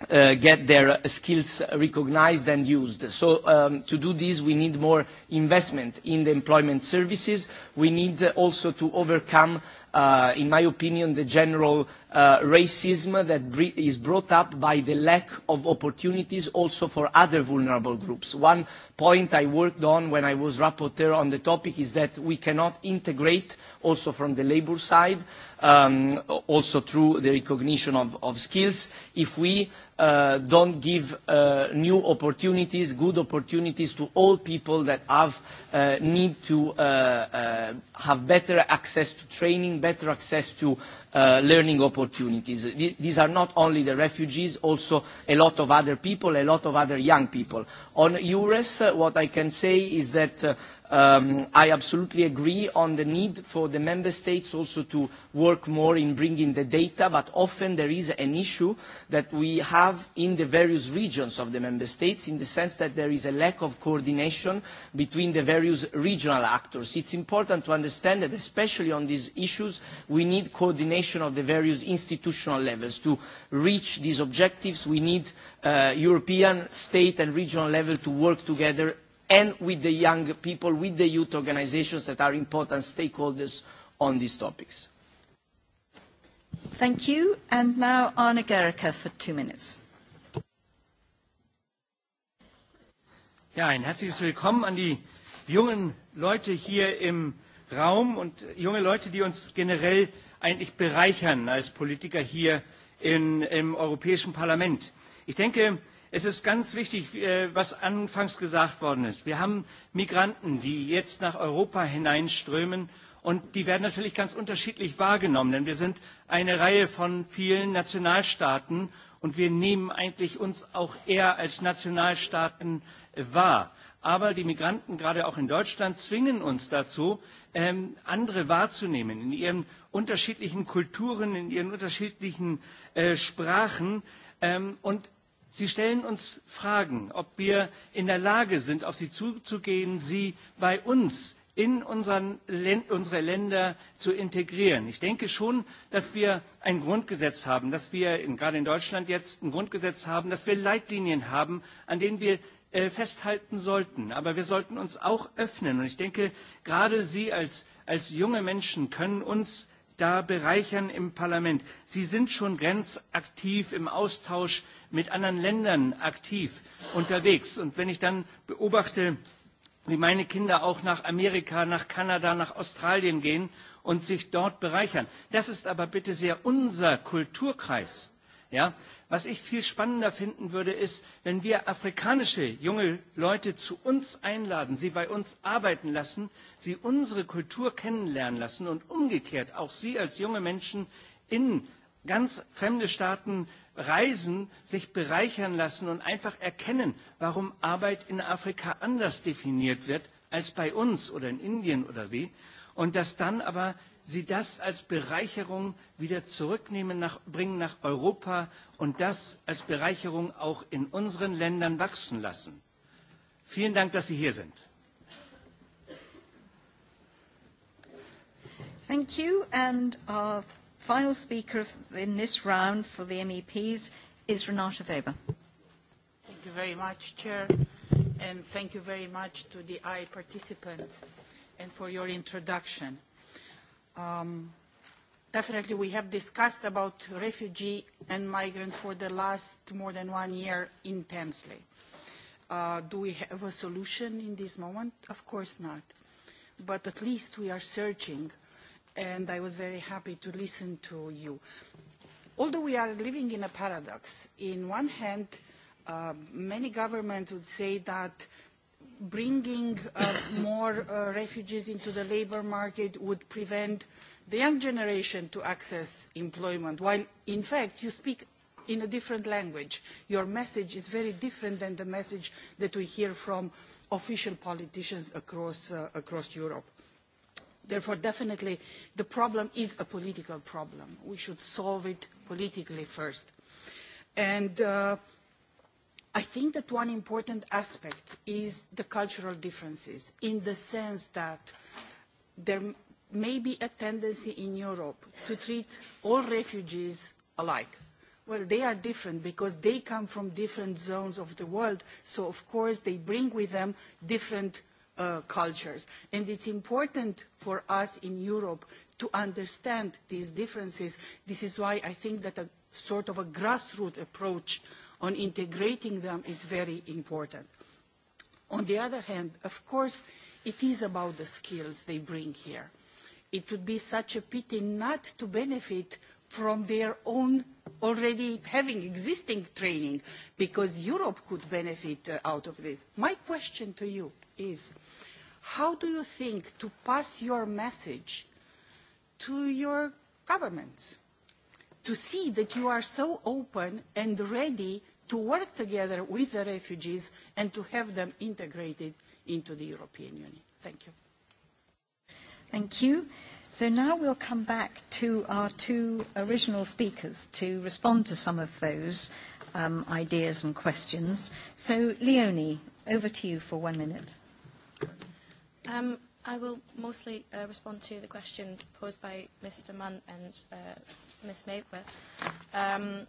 Speaker 22: Uh, get their skills recognized and used. So um, to do this, we need more investment in the employment services. We need also to overcome, uh, in my opinion, the general Uh, racism that is brought up by the lack of opportunities also for other vulnerable groups. One point I worked on when I was rapporteur on the topic is that we cannot integrate also from the labour side, um, also through the recognition of, of skills, if we uh, don't give uh, new opportunities, good opportunities to all people that have uh, need to uh, uh, have better access to training, better access to uh, learning opportunities. These are not only the refugees, also a lot of other people, a lot of other young people. On EURES, uh, what I can say is that uh, Um, I absolutely agree on the need for the member states also to work more in bringing the data, but often there is an issue that we have in the various regions of the member states in the sense that there is a lack of coordination between the various regional actors. It's important to understand that especially on these issues, we need coordination of the various institutional levels. To reach these objectives, we need uh, European, state and regional level to work together and with the young people, with the youth organizations that are important stakeholders on these topics.
Speaker 1: Thank you. And now Arne Gericke for two minutes.
Speaker 22: Ja, ein
Speaker 9: herzliches Willkommen an die jungen Leute hier im Raum und junge Leute, die uns generell eigentlich bereichern als Politiker hier in, im Europäischen Parlament. Ich denke, Es ist ganz wichtig, äh, was anfangs gesagt worden ist. Wir haben Migranten, die jetzt nach Europa hineinströmen und die werden natürlich ganz unterschiedlich wahrgenommen, denn wir sind eine Reihe von vielen Nationalstaaten und wir nehmen eigentlich uns auch eher als Nationalstaaten äh, wahr. Aber die Migranten, gerade auch in Deutschland, zwingen uns dazu, ähm, andere wahrzunehmen in ihren unterschiedlichen Kulturen, in ihren unterschiedlichen äh, Sprachen. Ähm, und Sie stellen uns Fragen, ob wir in der Lage sind, auf sie zuzugehen, sie bei uns in unseren, unsere Länder zu integrieren. Ich denke schon, dass wir ein Grundgesetz haben, dass wir in, gerade in Deutschland jetzt ein Grundgesetz haben, dass wir Leitlinien haben, an denen wir äh, festhalten sollten. Aber wir sollten uns auch öffnen. Und ich denke, gerade Sie als, als junge Menschen können uns da bereichern im Parlament. Sie sind schon grenzaktiv im Austausch mit anderen Ländern aktiv unterwegs. Und wenn ich dann beobachte, wie meine Kinder auch nach Amerika, nach Kanada, nach Australien gehen und sich dort bereichern. Das ist aber bitte sehr unser Kulturkreis. Ja? Was ich viel spannender finden würde, ist, wenn wir afrikanische junge Leute zu uns einladen, sie bei uns arbeiten lassen, sie unsere Kultur kennenlernen lassen und umgekehrt auch sie als junge Menschen in ganz fremde Staaten reisen, sich bereichern lassen und einfach erkennen, warum Arbeit in Afrika anders definiert wird als bei uns oder in Indien oder wie. Und dass dann aber sie das als Bereicherung wieder zurücknehmen, nach, bringen nach Europa und das als Bereicherung auch in unseren Ländern wachsen lassen. Vielen Dank, dass Sie hier sind.
Speaker 1: Thank you. And our final speaker in this round for the MEPs is Renata Weber.
Speaker 14: Thank you very much, Chair, and thank you very much to the I participants and for your introduction. Um, Definitely, we have discussed about refugee and migrants for the last more than one year intensely. Uh, do we have a solution in this moment? Of course not. But at least we are searching, and I was very happy to listen to you. Although we are living in a paradox, in one hand, uh, many governments would say that bringing uh, more uh, refugees into the labor market would prevent the young generation to access employment while in fact you speak in a different language. Your message is very different than the message that we hear from official politicians across, uh, across Europe. Therefore, definitely, the problem is a political problem. We should solve it politically first. And uh, I think that one important aspect is the cultural differences in the sense that there may be a tendency in Europe to treat all refugees alike. Well, they are different because they come from different zones of the world, so of course they bring with them different uh, cultures. And it's important for us in Europe to understand these differences. This is why I think that a sort of a grassroots approach on integrating them is very important. On the other hand, of course, it is about the skills they bring here it would be such a pity not to benefit from their own already having existing training because Europe could benefit uh, out of this. My question to you is how do you think to pass your message to your governments to see that you are so open and ready to work together with the refugees and to have them integrated into the European Union? Thank you.
Speaker 1: Thank you. So now we'll come back to our two original speakers to respond to some of those um, ideas and questions. So Leonie, over to you for one minute.
Speaker 21: Um, I will mostly uh, respond to the question posed by Mr. Munn and uh, Ms. Maidwell. Um,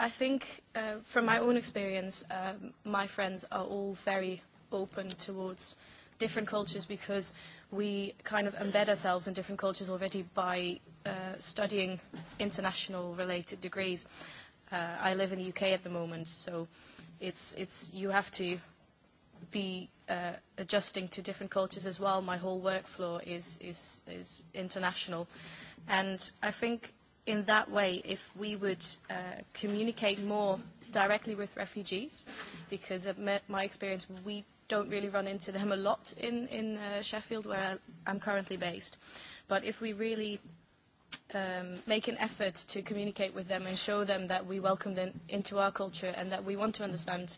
Speaker 21: I think uh, from my own experience, um, my friends are all very open towards different cultures because – we kind of embed ourselves in different cultures already by uh, studying international related degrees. Uh, I live in the UK at the moment, so it's, it's, you have to be uh, adjusting to different cultures as well. My whole workflow is, is, is international. And I think in that way, if we would uh, communicate more directly with refugees, because of my experience, we don't really run into them a lot in, in uh, Sheffield, where I'm currently based. But if we really um, make an effort to communicate with them and show them that we welcome them into our culture and that we want to understand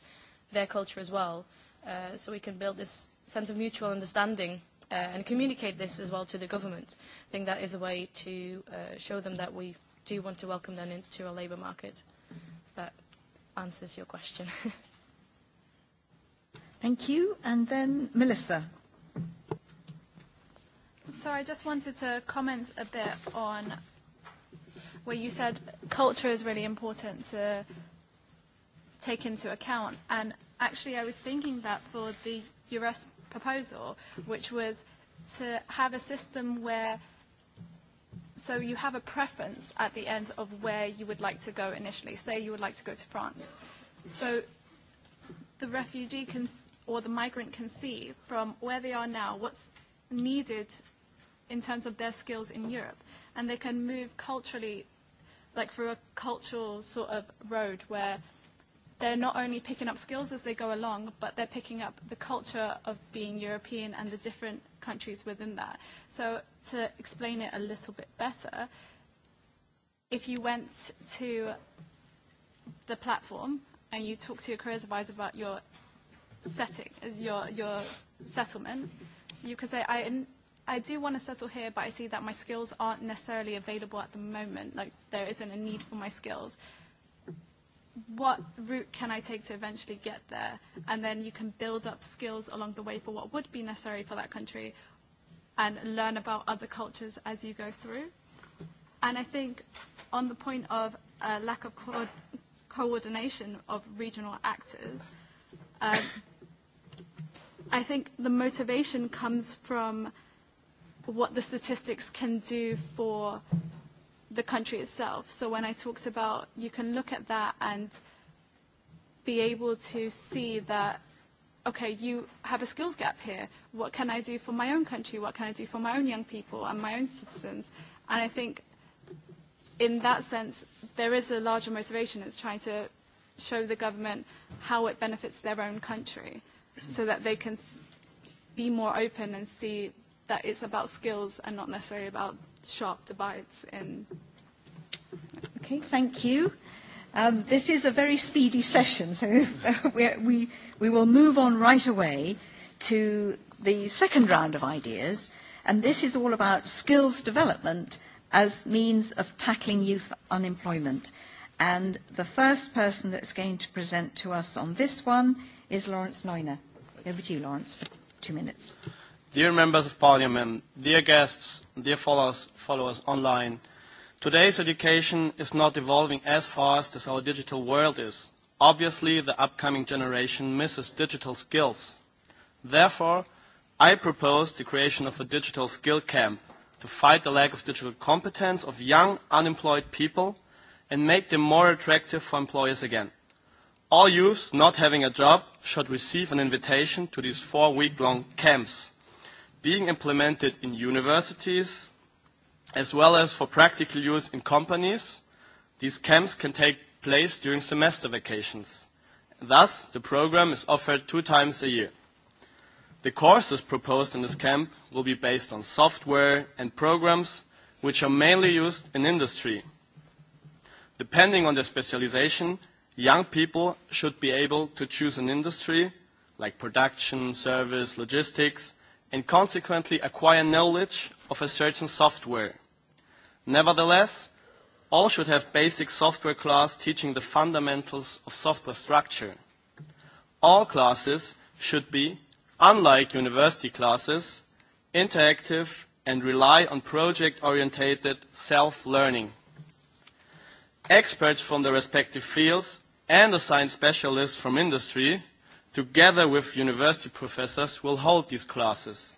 Speaker 21: their culture as well, uh, so we can build this sense of mutual understanding uh, and communicate this as well to the government. I think that is a way to uh, show them that we do want to welcome them into our labour market.
Speaker 1: If that answers your question. (laughs) Thank you. And then Melissa.
Speaker 13: So I just wanted to comment a bit on where you said culture is really important to take into account. And actually, I was thinking that for the US proposal, which was to have a system where so you have a preference at the end of where you would like to go initially. Say you would like to go to France. So the refugee can or the migrant can see from where they are now, what's needed in terms of their skills in Europe. And they can move culturally, like through a cultural sort of road where they're not only picking up skills as they go along, but they're picking up the culture of being European and the different countries within that. So to explain it a little bit better, if you went to the platform and you talk to your careers advisor about your setting, uh, your, your settlement, you could say, I, I do want to settle here, but I see that my skills aren't necessarily available at the moment. Like, there isn't a need for my skills. What route can I take to eventually get there? And then you can build up skills along the way for what would be necessary for that country and learn about other cultures as you go through. And I think on the point of a uh, lack of co- coordination of regional actors, um, I think the motivation comes from what the statistics can do for the country itself. So when I talked about, you can look at that and be able to see that, okay, you have a skills gap here. What can I do for my own country? What can I do for my own young people and my own citizens? And I think in that sense, there is a larger motivation. It's trying to show the government how it benefits their own country so that they can be more open and see that it's about skills and not necessarily about sharp divides in
Speaker 1: okay thank you um, this is a very speedy session so (laughs) we, we will move on right away to the second round of ideas and this is all about skills development as means of tackling youth unemployment and the first person that's going to present to us on this one is Lawrence Neuner. Over to you,
Speaker 12: Lawrence, for two minutes. Dear members of parliament, dear guests, dear followers, followers online, today's education is not evolving as fast as our digital world is. Obviously, the upcoming generation misses digital skills. Therefore, I propose the creation of a digital skill camp to fight the lack of digital competence of young unemployed people and make them more attractive for employers again. All youths not having a job should receive an invitation to these four week-long camps being implemented in universities as well as for practical use in companies. These camps can take place during semester vacations. Thus, the program is offered two times a year. The courses proposed in this camp will be based on software and programs which are mainly used in industry. Depending on their specialization, young people should be able to choose an industry like production, service, logistics, and consequently acquire knowledge of a certain software. Nevertheless, all should have basic software class teaching the fundamentals of software structure. All classes should be, unlike university classes, interactive and rely on project-orientated self-learning. Experts from the respective fields and assigned specialists from industry, together with university professors, will hold these classes.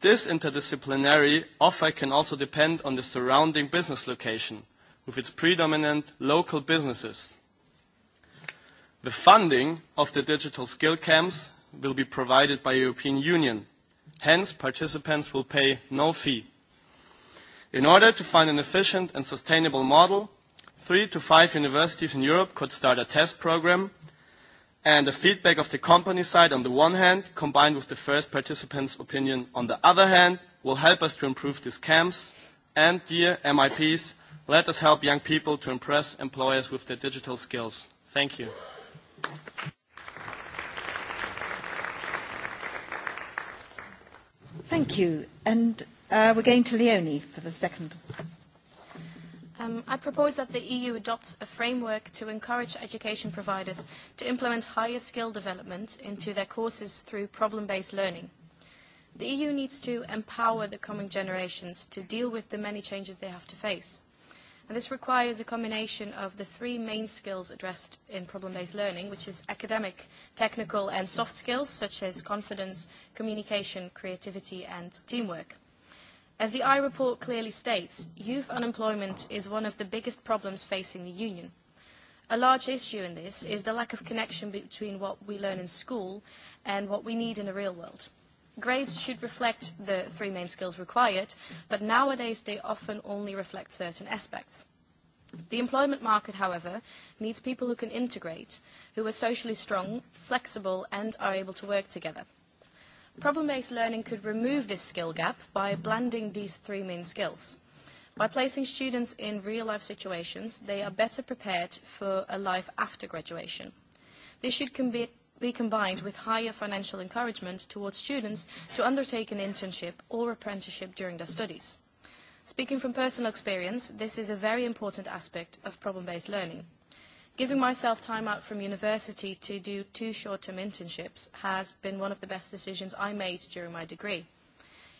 Speaker 12: This interdisciplinary offer can also depend on the surrounding business location, with its predominant local businesses. The funding of the digital skill camps will be provided by European Union. Hence, participants will pay no fee. In order to find an efficient and sustainable model, three to five universities in Europe could start a test program, and the feedback of the company side on the one hand, combined with the first participant's opinion on the other hand, will help us to improve these camps. And dear MIPs, let us help young people to impress employers with their digital skills. Thank you.
Speaker 1: Thank you. And uh, we're going to Leonie for the second
Speaker 21: Um, I propose that the EU adopts a framework to encourage education providers to implement higher skill development into their courses through problem-based learning. The EU needs to empower the coming generations to deal with the many changes they have to face. And this requires a combination of the three main skills addressed in problem-based learning, which is academic, technical, and soft skills, such as confidence, communication, creativity, and teamwork. As the I report clearly states, youth unemployment is one of the biggest problems facing the Union. A large issue in this is the lack of connection between what we learn in school and what we need in the real world. Grades should reflect the three main skills required, but nowadays they often only reflect certain aspects. The employment market, however, needs people who can integrate, who are socially strong, flexible, and are able to work together. Problem-based learning could remove this skill gap by blending these three main skills. By placing students in real-life situations, they are better prepared for a life after graduation. This should be, be combined with higher financial encouragement towards students to undertake an internship or apprenticeship during their studies. Speaking from personal experience, this is a very important aspect of problem-based learning. Giving myself time out from university to do two short-term internships has been one of the best decisions I made during my degree.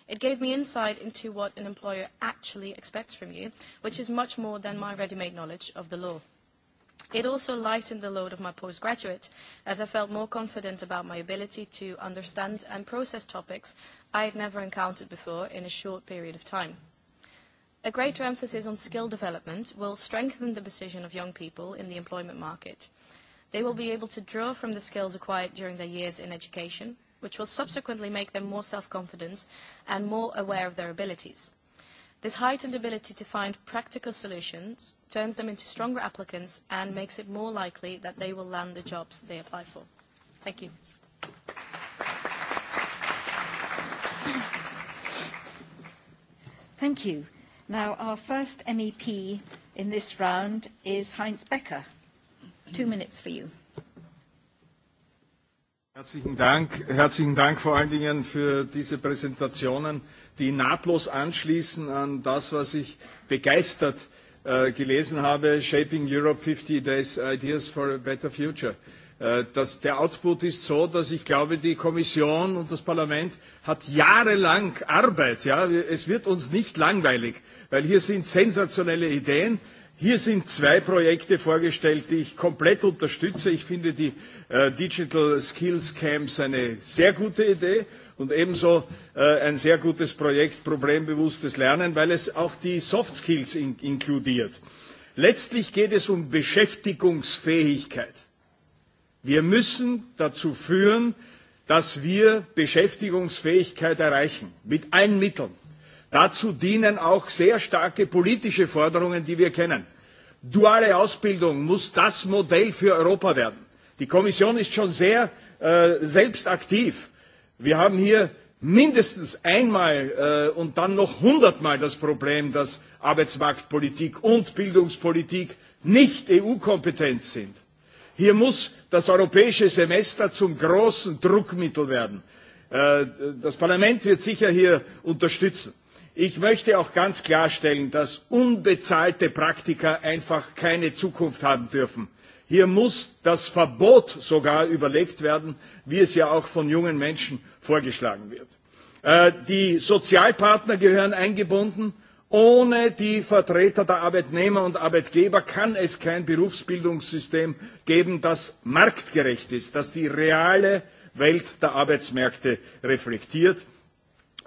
Speaker 21: It gave me insight into what an employer actually expects from you, which is much more than my ready-made knowledge of the law. It also lightened the load of my postgraduate, as I felt more confident about my ability to understand and process topics I had never encountered before in a short period of time. A greater emphasis on skill development will strengthen the position of young people in the employment market. They will be able to draw from the skills acquired during their years in education, which will subsequently make them more self-confident and more aware of their abilities. This heightened ability to find practical solutions turns them into stronger applicants and makes it more likely that they will land the jobs they apply for. Thank you.
Speaker 1: Thank you. Now, our first MEP in this round is Heinz Becker. Two minutes for you.
Speaker 23: Herzlichen Dank. Herzlichen Dank vor allen Dingen für diese Präsentationen, die nahtlos anschließen an das, was ich begeistert äh, gelesen habe, Shaping Europe 50 Days Ideas for a Better Future. Äh, Äh, dass der Output ist so, dass ich glaube, die Kommission und das Parlament hat jahrelang Arbeit. Ja? Es wird uns nicht langweilig, weil hier sind sensationelle Ideen. Hier sind zwei Projekte vorgestellt, die ich komplett unterstütze. Ich finde die äh, Digital Skills Camps eine sehr gute Idee und ebenso äh, ein sehr gutes Projekt Problembewusstes Lernen, weil es auch die Soft Skills in inkludiert. Letztlich geht es um Beschäftigungsfähigkeit. Wir müssen dazu führen, dass wir Beschäftigungsfähigkeit erreichen, mit allen Mitteln. Dazu dienen auch sehr starke politische Forderungen, die wir kennen. Duale Ausbildung muss das Modell für Europa werden. Die Kommission ist schon sehr äh, selbst aktiv. Wir haben hier mindestens einmal äh, und dann noch hundertmal das Problem, dass Arbeitsmarktpolitik und Bildungspolitik nicht EU-Kompetenz sind. Hier muss das europäische Semester zum großen Druckmittel werden. Äh, das Parlament wird sicher hier unterstützen. Ich möchte auch ganz klarstellen, dass unbezahlte Praktika einfach keine Zukunft haben dürfen. Hier muss das Verbot sogar überlegt werden, wie es ja auch von jungen Menschen vorgeschlagen wird. Äh, die Sozialpartner gehören eingebunden. Ohne die Vertreter der Arbeitnehmer und Arbeitgeber kann es kein Berufsbildungssystem geben, das marktgerecht ist, das die reale Welt der Arbeitsmärkte reflektiert.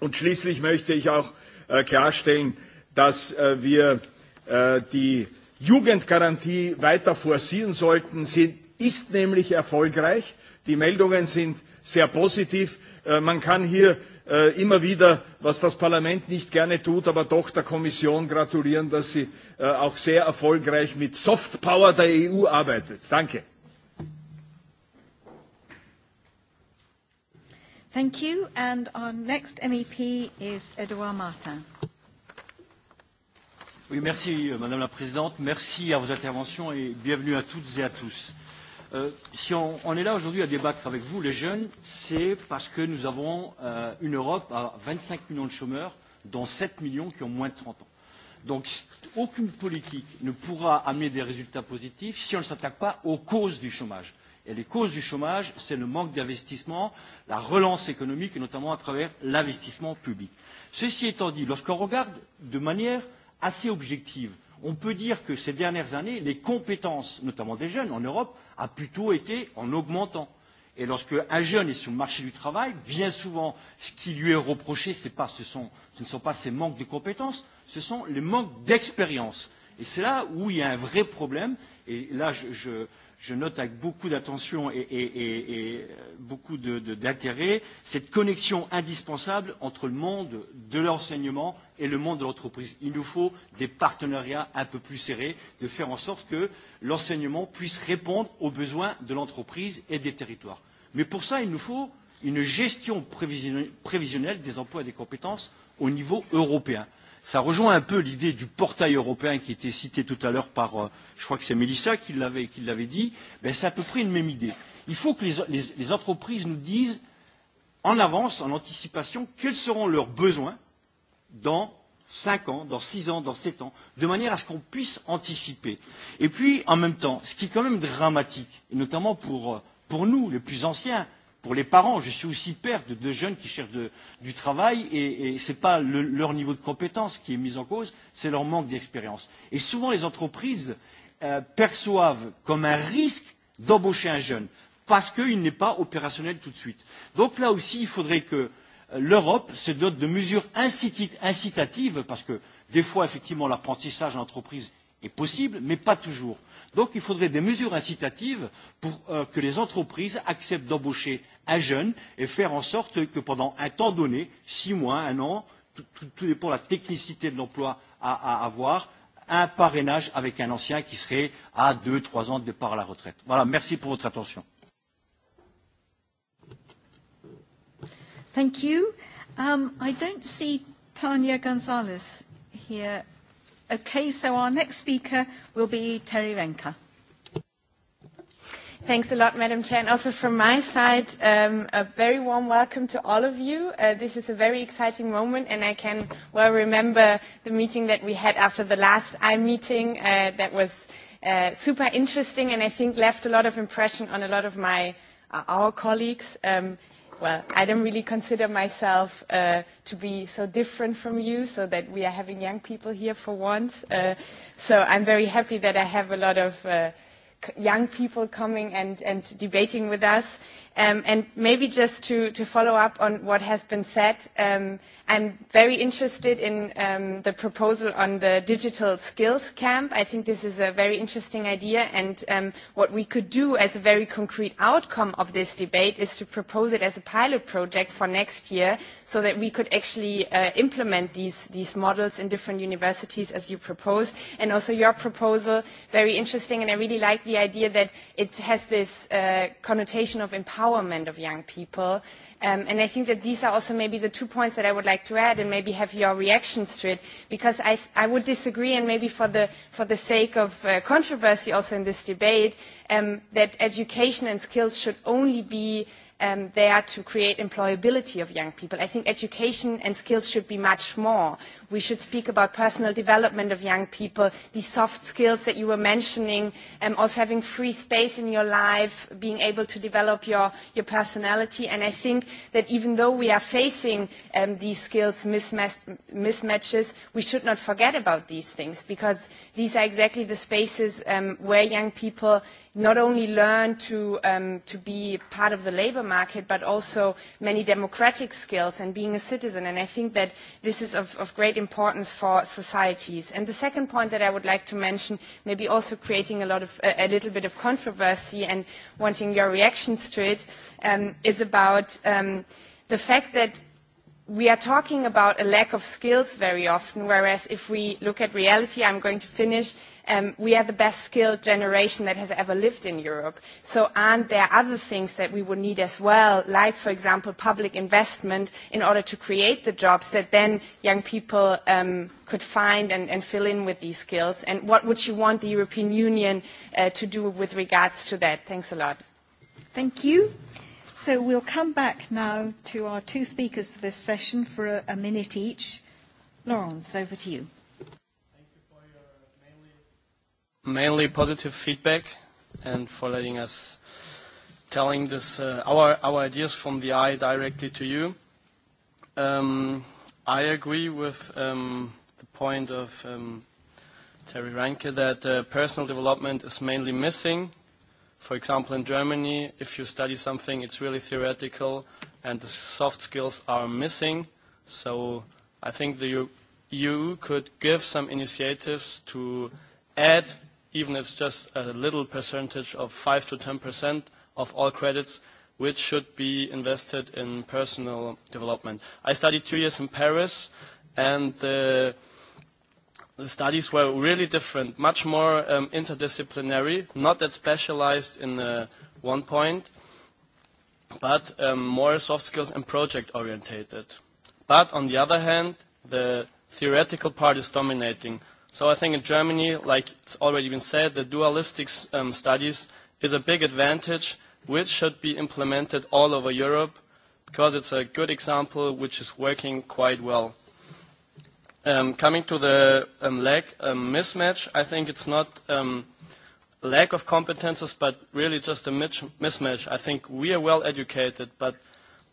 Speaker 23: Und schließlich möchte ich auch äh, klarstellen, dass äh, wir äh, die Jugendgarantie weiter forcieren sollten. Sie ist nämlich erfolgreich. Die Meldungen sind sehr positiv. Man kann hier Äh, immer wieder, was das Parlament nicht gerne tut, aber doch der Kommission gratulieren, dass sie äh, auch sehr erfolgreich mit Soft Power der EU arbeitet. Danke.
Speaker 1: Thank you. And our next MEP is Edouard Martin.
Speaker 8: Oui, merci euh, Madame la Présidente, merci à vos interventions et bienvenue à toutes et à tous. Euh, si on, on est là aujourd'hui à débattre avec vous, les jeunes, c'est parce que nous avons euh, une Europe à 25 millions de chômeurs, dont 7 millions qui ont moins de 30 ans. Donc aucune politique ne pourra amener des résultats positifs si on ne s'attaque pas aux causes du chômage. Et les causes du chômage, c'est le manque d'investissement, la relance économique, et notamment à travers l'investissement public. Ceci étant dit, lorsqu'on regarde de manière assez objective on peut dire que ces dernières années, les compétences, notamment des jeunes en Europe, a plutôt été en augmentant. Et lorsqu'un jeune est sur le marché du travail, bien souvent, ce qui lui est reproché, est pas, ce, sont, ce ne sont pas ses manques de compétences, ce sont les manques d'expérience. Et c'est là où il y a un vrai problème. Et là, je, je, euh, je note avec beaucoup d'attention et, et, et, et euh, beaucoup d'intérêt cette connexion indispensable entre le monde de l'enseignement et le monde de l'entreprise. Il nous faut des partenariats un peu plus serrés, de faire en sorte que l'enseignement puisse répondre aux besoins de l'entreprise et des territoires. Mais pour ça, il nous faut une gestion prévisionnelle des emplois et des compétences au niveau européen. Ça rejoint un peu l'idée du portail européen qui était cité tout à l'heure par, euh, je crois que c'est Mélissa qui l'avait, qui l'avait dit, ben c'est à peu près une même idée. Il faut que les, les, les entreprises nous disent en avance, en anticipation, quels seront leurs besoins dans 5 ans, dans 6 ans, dans 7 ans, de manière à ce qu'on puisse anticiper. Et puis, en même temps, ce qui est quand même dramatique, et notamment pour, euh, pour nous, les plus anciens, pour les parents. Je suis aussi père de deux jeunes qui cherchent de, du travail et, et ce n'est pas le, leur niveau de compétence qui est mis en cause, c'est leur manque d'expérience. Et souvent, les entreprises euh, perçoivent comme un risque d'embaucher un jeune parce qu'il n'est pas opérationnel tout de suite. Donc là aussi, il faudrait que euh, l'Europe se dote de mesures incitatives parce que des fois, effectivement, l'apprentissage en entreprise est possible, mais pas toujours. Donc il faudrait des mesures incitatives pour euh, que les entreprises acceptent d'embaucher un jeune et faire en sorte que pendant un temps donné, six mois, un an, tout, tout, tout dépend de la technicité de l'emploi à, à avoir, un parrainage avec un ancien qui serait à deux, trois ans de départ à la retraite. Voilà, merci pour votre attention.
Speaker 1: Thank you. Um, I don't see Tania Gonzalez here Okay, so our next speaker will be Terry Renka.
Speaker 24: Thanks a lot, Madam Chair. And also from my side, um, a very warm welcome to all of you. Uh, this is a very exciting moment, and I can well remember the meeting that we had after the last I meeting uh, that was uh, super interesting and I think left a lot of impression on a lot of my uh, our colleagues. Um, well, I don't really consider myself uh, to be so different from you, so that we are having young people here for once. Uh, so I'm very happy that I have a lot of uh, young people coming and, and debating with us. Um, and maybe just to, to follow up on what has been said, um, I'm very interested in um, the proposal on the digital skills camp. I think this is a very interesting idea, and um, what we could do as a very concrete outcome of this debate is to propose it as a pilot project for next year so that we could actually uh, implement these, these models in different universities as you proposed. And also your proposal, very interesting, and I really like the idea that it has this uh, connotation of empowerment empowerment of young people. Um, and I think that these are also maybe the two points that I would like to add and maybe have your reactions to it, because I, I would disagree, and maybe for the, for the sake of uh, controversy also in this debate, um, that education and skills should only be um, there to create employability of young people. I think education and skills should be much more. We should speak about personal development of young people, the soft skills that you were mentioning, um, also having free space in your life, being able to develop your, your personality. And I think that even though we are facing um, these skills mismatch, mismatches, we should not forget about these things because these are exactly the spaces um, where young people not only learn to, um, to be part of the labor market, but also many democratic skills and being a citizen. And I think that this is of, of great great importance for societies. And the second point that I would like to mention, maybe also creating a, lot of, uh, a little bit of controversy and wanting your reactions to it, um, is about um, the fact that we are talking about a lack of skills very often, whereas if we look at reality, I'm going to finish, um, we are the best skilled generation that has ever lived in Europe. So aren't there other things that we would need as well, like, for example, public investment in order to create the jobs that then young people um, could find and, and fill in with these skills? And what would you want the European Union uh, to do with regards to that? Thanks a lot.
Speaker 1: Thank you. So we'll come back now to our two speakers for this session for a, a minute each. Laurence, over to you.
Speaker 12: mainly positive feedback and for letting us telling this uh, our our ideas from the eye directly to you. Um, I agree with um, the point of um, Terry Ranke that uh, personal development is mainly missing. For example, in Germany, if you study something, it's really theoretical, and the soft skills are missing. So I think the EU could give some initiatives to add even if it's just a little percentage of 5 to 10% of all credits, which should be invested in personal development. I studied two years in Paris, and the, the studies were really different, much more um, interdisciplinary, not that specialized in uh, one point, but um, more soft skills and project orientated. But on the other hand, the theoretical part is dominating. So I think in Germany, like it's already been said, the dualistic um, studies is a big advantage which should be implemented all over Europe because it's a good example which is working quite well. Um, coming to the um, lack um, mismatch, I think it's not um, lack of competences, but really just a mismatch. I think we are well educated, but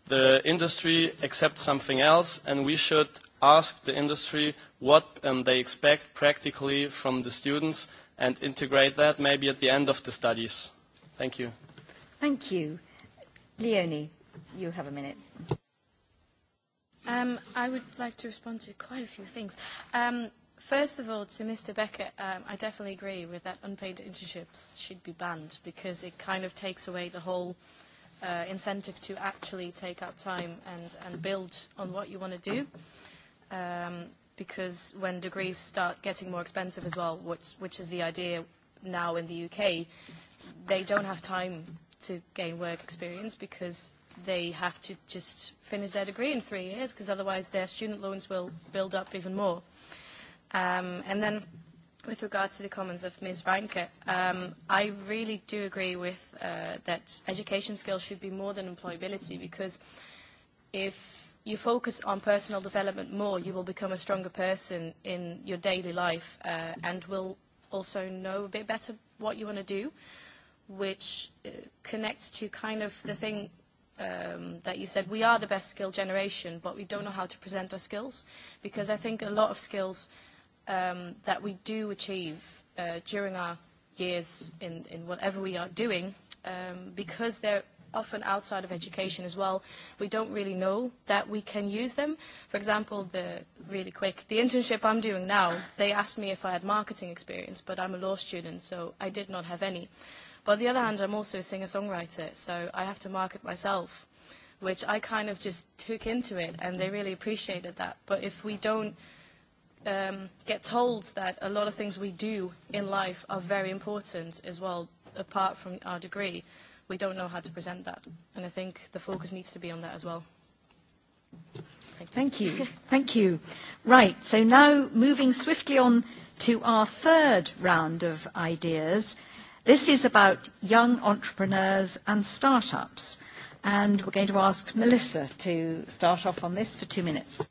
Speaker 12: the industry accepts something else, and we should – ask the industry what um, they expect practically from the students and integrate that maybe at the end of the studies. Thank you.
Speaker 1: Thank you. Leonie, you have a minute.
Speaker 21: Um, I would like to respond to quite a few things. Um, first of all, to Mr. Becker, um, I definitely agree with that unpaid internships should be banned because it kind of takes away the whole uh, incentive to actually take out time and, and build on what you want to do. Um, um, because when degrees start getting more expensive as well, which, which is the idea now in the UK, they don't have time to gain work experience because they have to just finish their degree in three years because otherwise their student loans will build up even more. Um, and then with regard to the comments of Ms. Reinke, um, I really do agree with uh, that education skills should be more than employability because if you focus on personal development more, you will become a stronger person in your daily life uh, and will also know a bit better what you want to do, which uh, connects to kind of the thing um, that you said, we are the best skill generation, but we don't know how to present our skills, because I think a lot of skills um, that we do achieve uh, during our years in, in whatever we are doing, um, because they're often outside of education as well. We don't really know that we can use them. For example, the really quick, the internship I'm doing now, they asked me if I had marketing experience, but I'm a law student, so I did not have any. But on the other hand, I'm also a singer-songwriter, so I have to market myself, which I kind of just took into it, and they really appreciated that. But if we don't um, get told that a lot of things we do in life are very important as well, apart from our degree, we don't know how to present that. And I think the focus needs to be on that as well.
Speaker 1: Thank you. Thank you. Thank you. Right, so now moving swiftly on to our third round of ideas. This is about young entrepreneurs and startups. And we're going to ask Melissa to start off on this for two minutes.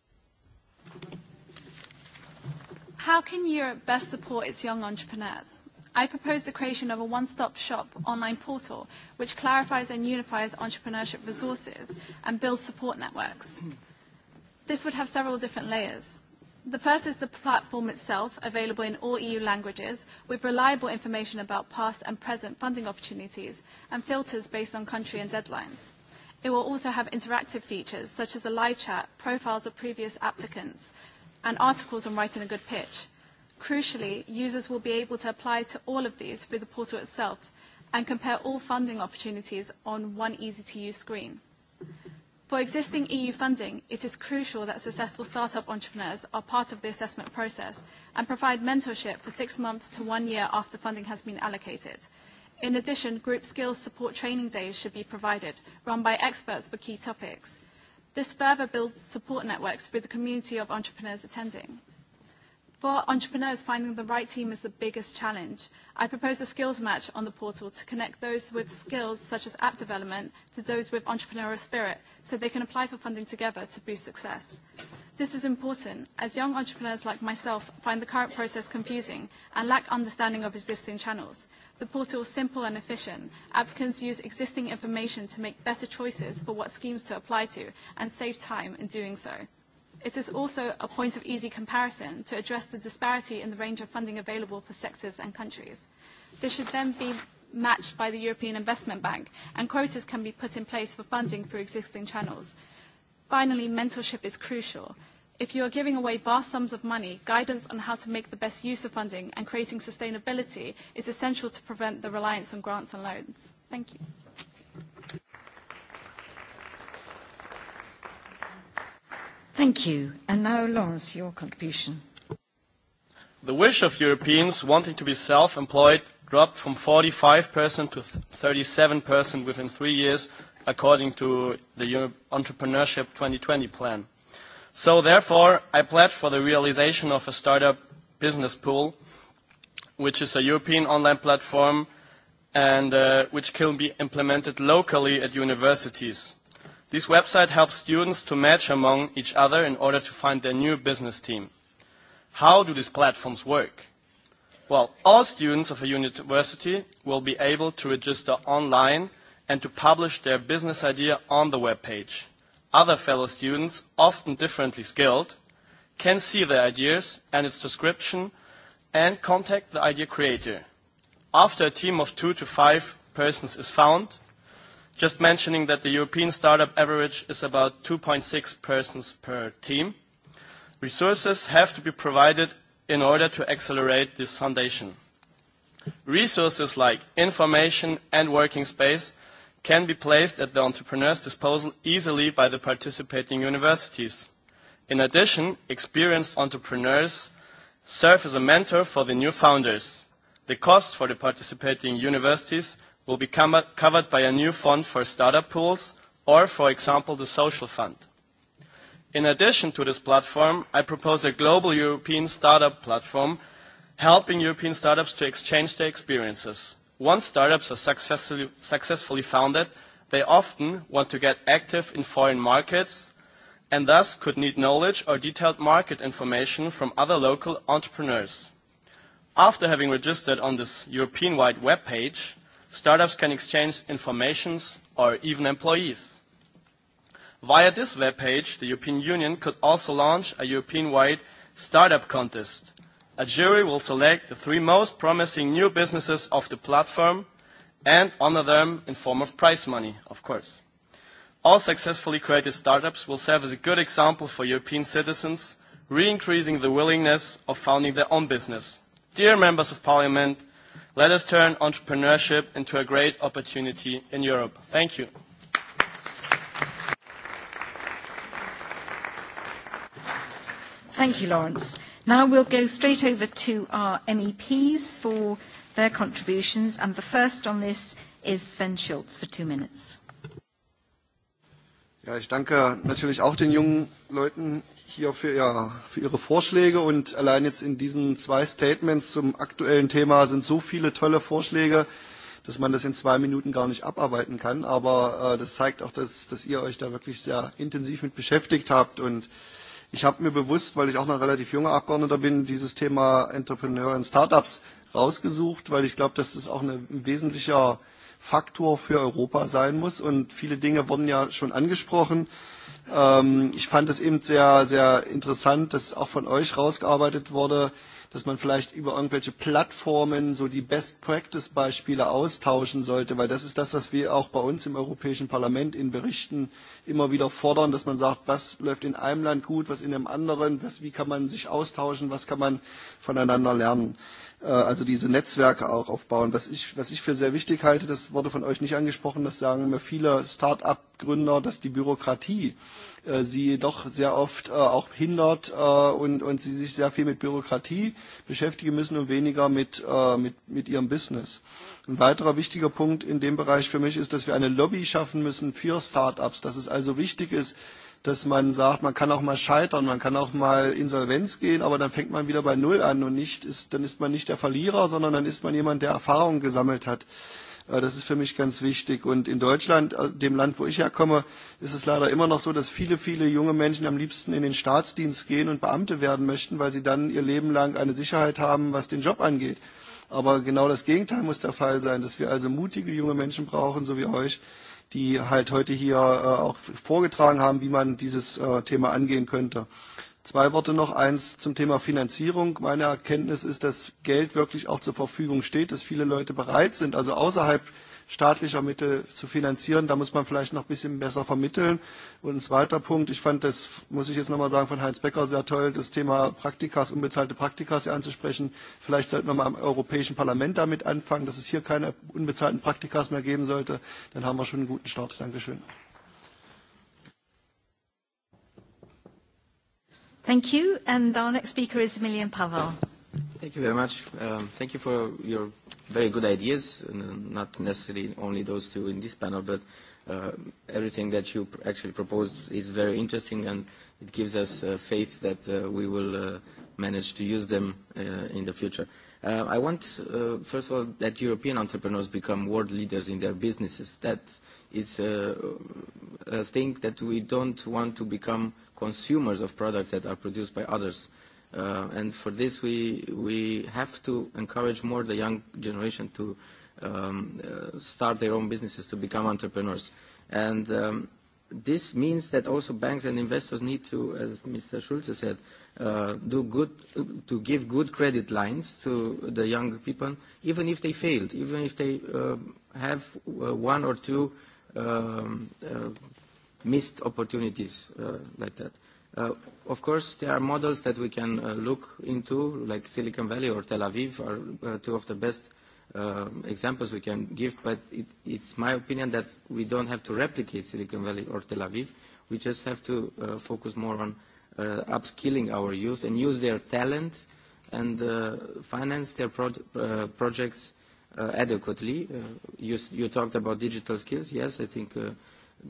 Speaker 13: How can Europe best support its young entrepreneurs? I propose the creation of a one-stop shop online portal which clarifies and unifies entrepreneurship resources and builds support networks. This would have several different layers. The first is the platform itself, available in all EU languages, with reliable information about past and present funding opportunities and filters based on country and deadlines. It will also have interactive features such as a live chat, profiles of previous applicants, and articles on writing a good pitch. Crucially, users will be able to apply to all of these through the portal itself and compare all funding opportunities on one easy-to-use screen. For existing EU funding, it is crucial that successful startup entrepreneurs are part of the assessment process and provide mentorship for six months to one year after funding has been allocated. In addition, group skills support training days should be provided, run by experts for key topics. This further builds support networks for the community of entrepreneurs attending. For entrepreneurs, finding the right team is the biggest challenge. I propose a skills match on the portal to connect those with skills such as app development to those with entrepreneurial spirit so they can apply for funding together to boost success. This is important as young entrepreneurs like myself find the current process confusing and lack understanding of existing channels. The portal is simple and efficient. Applicants use existing information to make better choices for what schemes to apply to and save time in doing so. It is also a point of easy comparison to address the disparity in the range of funding available for sectors and countries. This should then be matched by the European Investment Bank, and quotas can be put in place for funding through existing channels. Finally, mentorship is crucial. If you are giving away vast sums of money, guidance on how to make the best use of funding and creating sustainability is essential to prevent the reliance on grants and loans. Thank you.
Speaker 1: Thank you. And now, Lawrence, your contribution.
Speaker 12: The wish of Europeans wanting to be self-employed dropped from 45% to 37% within three years, according to the Entrepreneurship 2020 plan. So therefore, I pledge for the realization of a startup business pool, which is a European online platform and uh, which can be implemented locally at universities. This website helps students to match among each other in order to find their new business team. How do these platforms work? Well, all students of a university will be able to register online and to publish their business idea on the web page. Other fellow students, often differently skilled, can see their ideas and its description and contact the idea creator. After a team of two to five persons is found, Just mentioning that the European startup average is about 2.6 persons per team. Resources have to be provided in order to accelerate this foundation. Resources like information and working space can be placed at the entrepreneur's disposal easily by the participating universities. In addition, experienced entrepreneurs serve as a mentor for the new founders. The costs for the participating universities will be covered by a new fund for startup pools or, for example, the social fund. In addition to this platform, I propose a global European startup platform helping European startups to exchange their experiences. Once startups are successfully, successfully founded, they often want to get active in foreign markets and thus could need knowledge or detailed market information from other local entrepreneurs. After having registered on this European-wide web page, Startups can exchange information or even employees. Via this web page, the European Union could also launch a European-wide startup contest. A jury will select the three most promising new businesses of the platform and honor them in form of prize money, of course. All successfully created startups will serve as a good example for European citizens, re-increasing the willingness of founding their own business. Dear members of parliament, Let us turn entrepreneurship into a great opportunity in Europe. Thank you.
Speaker 1: Thank you, Lawrence. Now we'll go straight over to our MEPs for their contributions, and the first on this is Sven Schulz for two minutes.
Speaker 25: Ja, ich danke natürlich auch den jungen Leuten hier für, ja, für Ihre Vorschläge und allein jetzt in diesen zwei Statements zum aktuellen Thema sind so viele tolle Vorschläge, dass man das in zwei Minuten gar nicht abarbeiten kann. Aber äh, das zeigt auch, dass, dass ihr euch da wirklich sehr intensiv mit beschäftigt habt. Und ich habe mir bewusst, weil ich auch noch relativ junger Abgeordneter bin, dieses Thema Entrepreneur und Startups rausgesucht, weil ich glaube, dass das auch ein wesentlicher Faktor für Europa sein muss. Und viele Dinge wurden ja schon angesprochen. Ähm, ich fand es eben sehr, sehr interessant, dass auch von euch rausgearbeitet wurde, dass man vielleicht über irgendwelche Plattformen so die Best-Practice-Beispiele austauschen sollte, weil das ist das, was wir auch bei uns im Europäischen Parlament in Berichten immer wieder fordern, dass man sagt, was läuft in einem Land gut, was in einem anderen, was, wie kann man sich austauschen, was kann man voneinander lernen. Äh, also diese Netzwerke auch aufbauen. Was ich, was ich für sehr wichtig halte, das wurde von euch nicht angesprochen, das sagen mir viele Start-up-Gründer, dass die Bürokratie äh, sie doch sehr oft äh, auch hindert äh, und, und sie sich sehr viel mit Bürokratie beschäftigen müssen und weniger mit, äh, mit, mit ihrem Business. Ein weiterer wichtiger Punkt in dem Bereich für mich ist, dass wir eine Lobby schaffen müssen für Start-ups, dass es also wichtig ist, dass man sagt, man kann auch mal scheitern, man kann auch mal Insolvenz gehen, aber dann fängt man wieder bei Null an und nicht ist, dann ist man nicht der Verlierer, sondern dann ist man jemand, der Erfahrung gesammelt hat. Äh, das ist für mich ganz wichtig. Und in Deutschland, äh, dem Land, wo ich herkomme, ist es leider immer noch so, dass viele, viele junge Menschen am liebsten in den Staatsdienst gehen und Beamte werden möchten, weil sie dann ihr Leben lang eine Sicherheit haben, was den Job angeht. Aber genau das Gegenteil muss der Fall sein, dass wir also mutige junge Menschen brauchen, so wie euch, die halt heute hier äh, auch vorgetragen haben, wie man dieses äh, Thema angehen könnte. Zwei Worte noch, eins zum Thema Finanzierung. Meine Erkenntnis ist, dass Geld wirklich auch zur Verfügung steht, dass viele Leute bereit sind, also außerhalb äh, staatlicher Mittel zu finanzieren. Da muss man vielleicht noch ein bisschen besser vermitteln. Und ein zweiter Punkt, ich fand das, muss ich jetzt nochmal sagen, von Heinz Becker sehr toll, das Thema Praktikas, unbezahlte Praktikas hier anzusprechen. Vielleicht sollten wir mal im Europäischen Parlament damit anfangen, dass es hier keine unbezahlten Praktikas mehr geben sollte. Dann haben wir schon einen guten Start. Dankeschön.
Speaker 1: Thank you. And our next speaker is Emilian Pavel.
Speaker 26: Thank you very much. Um, thank you for your very good ideas, uh, not necessarily only those two in this panel, but uh, everything that you actually proposed is very interesting, and it gives us uh, faith that uh, we will uh, manage to use them uh, in the future. Uh, I want, uh, first of all, that European entrepreneurs become world leaders in their businesses. That is a, uh, a thing that we don't want to become consumers of products that are produced by others. Uh, Uh, and for this, we, we have to encourage more the young generation to um, uh, start their own businesses, to become entrepreneurs. And um, this means that also banks and investors need to, as Mr. Schulze said, uh, do good, to give good credit lines to the young people, even if they failed, even if they uh, have uh, one or two um, uh, missed opportunities uh, like that. Uh, of course, there are models that we can uh, look into, like Silicon Valley or Tel Aviv are uh, two of the best uh, examples we can give, but it, it's my opinion that we don't have to replicate Silicon Valley or Tel Aviv. We just have to uh, focus more on uh, upskilling our youth and use their talent and uh, finance their pro uh, projects uh, adequately. Uh, you, you talked about digital skills. Yes, I think uh,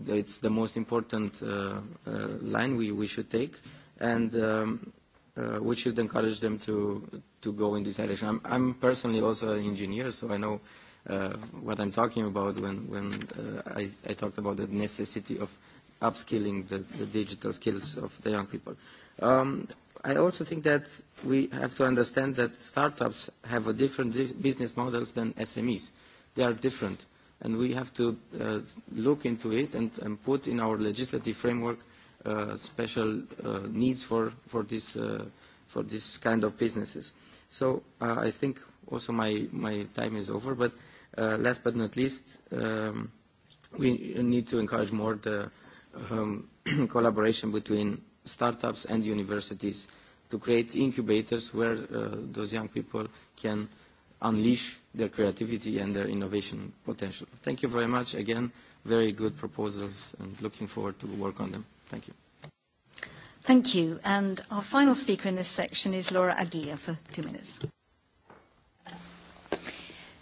Speaker 26: it's the most important uh, uh, line we, we should take, and um, uh, we should encourage them to to go in this direction. I'm, I'm personally also an engineer, so I know uh, what I'm talking about when when uh, I, I talked about the necessity of upskilling the, the digital skills of the young people. Um, I also think that we have to understand that startups have a different business models than SMEs. They are different and we have to uh, look into it and, and put in our legislative framework uh, special uh, needs for, for, this, uh, for this kind of businesses. So uh, I think also my, my time is over, but uh, last but not least, um, we need to encourage more the um, (clears throat) collaboration between startups and universities to create incubators where uh, those young people can unleash their creativity and their innovation potential. Thank you very much. Again, very good proposals and looking forward to work on them. Thank you.
Speaker 1: Thank you. And our final speaker in this section is Laura Aguirre for two minutes.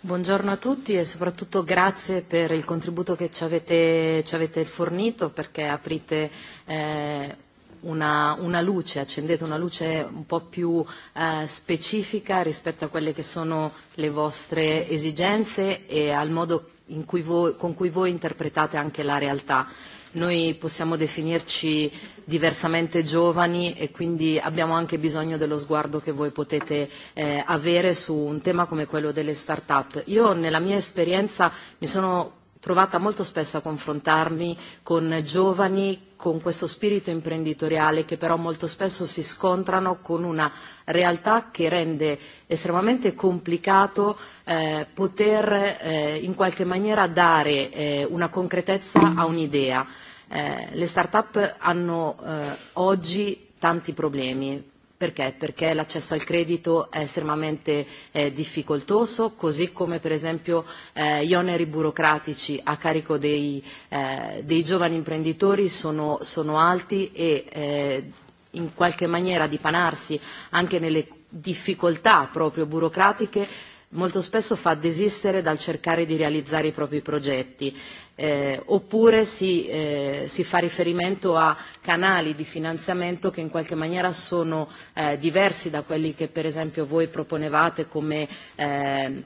Speaker 15: Buongiorno a tutti e soprattutto grazie per il contributo che ci avete, ci avete fornito perché aprite eh, una, una luce, accendete una luce un po' più eh, specifica rispetto a quelle che sono le vostre esigenze e al modo in cui voi, con cui voi interpretate anche la realtà. Noi possiamo definirci diversamente giovani e quindi abbiamo anche bisogno dello sguardo che voi potete eh, avere su un tema come quello delle start-up. Io nella mia esperienza mi sono trovata molto spesso a confrontarmi con giovani con questo spirito imprenditoriale che però molto spesso si scontrano con una realtà che rende estremamente complicato eh, poter eh, in qualche maniera dare eh, una concretezza a un'idea. Eh, le start-up hanno eh, oggi tanti problemi, Perché? Perché l'accesso al credito è estremamente eh, difficoltoso, così come per esempio eh, gli oneri burocratici a carico dei, eh, dei giovani imprenditori sono, sono alti e eh, in qualche maniera dipanarsi anche nelle difficoltà proprio burocratiche molto spesso fa desistere dal cercare di realizzare i propri progetti, eh, oppure si, eh, si fa riferimento a canali di finanziamento che in qualche maniera sono eh, diversi da quelli che per esempio voi proponevate come eh,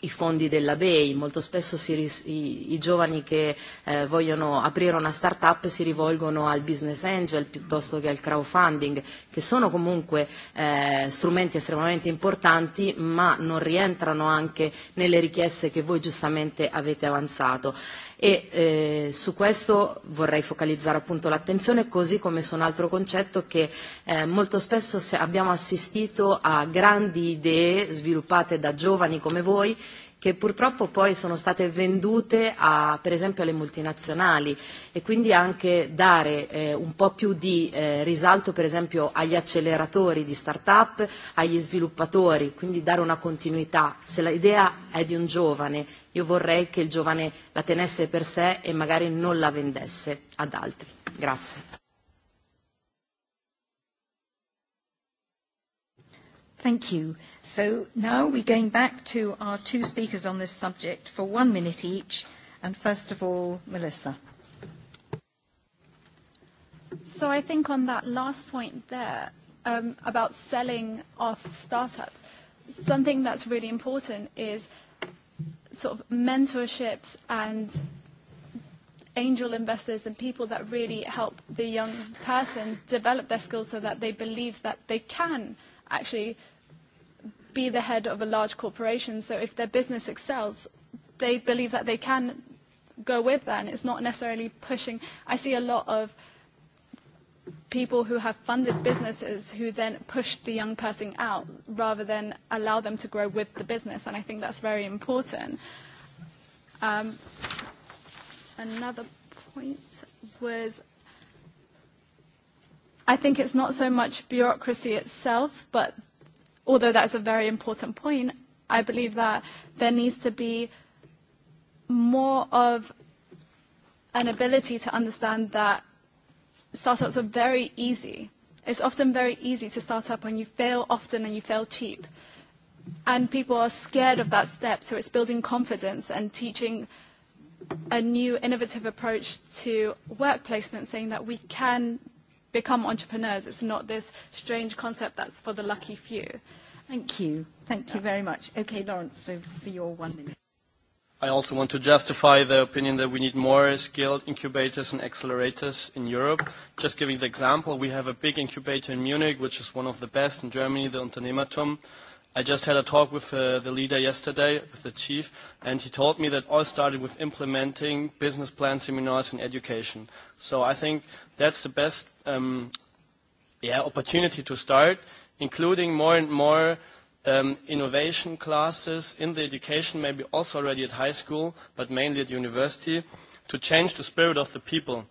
Speaker 15: i fondi della BEI, molto spesso si, i, i giovani che eh, vogliono aprire una start-up si rivolgono al business angel piuttosto che al crowdfunding, che sono comunque eh, strumenti estremamente importanti ma non rientrano anche nelle richieste che voi giustamente avete avanzato e eh, su questo vorrei focalizzare appunto l'attenzione così come su un altro concetto che eh, molto spesso abbiamo assistito a grandi idee sviluppate da giovani come voi che purtroppo poi sono state vendute a, per esempio alle multinazionali e quindi anche dare eh, un po' più di eh, risalto per esempio agli acceleratori di start-up, agli sviluppatori, quindi dare una continuità. Se l'idea è di un giovane, io vorrei che il giovane la tenesse per sé e magari non la vendesse ad altri. Grazie. Thank you.
Speaker 1: So now we're going back to our two speakers on this subject for one minute each. And first of all, Melissa.
Speaker 13: So I think on that last point there um, about selling off startups, something that's really important is sort of mentorships and angel investors and people that really help the young person develop their skills so that they believe that they can actually be the head of a large corporation. So if their business excels, they believe that they can go with that, and it's not necessarily pushing. I see a lot of people who have funded businesses who then push the young person out rather than allow them to grow with the business, and I think that's very important. Um, another point was I think it's not so much bureaucracy itself, but although that is a very important point, I believe that there needs to be more of an ability to understand that startups are very easy. It's often very easy to start up when you fail often and you fail cheap. And people are scared of that step, so it's building confidence and teaching a new innovative approach to work placement, saying that we can become entrepreneurs. It's not this strange concept that's for the lucky few. Thank you. Thank you very much. Okay, Lawrence, so for your one minute.
Speaker 12: I also want to justify the opinion that we need more skilled incubators and accelerators in Europe. Just giving the example, we have a big incubator in Munich, which is one of the best in Germany, the Unternehmertum. I just had a talk with uh, the leader yesterday, with the chief, and he told me that all started with implementing business plan seminars in education. So I think that's the best um, yeah, opportunity to start, including more and more um, innovation classes in the education, maybe also already at high school, but mainly at university, to change the spirit of the people.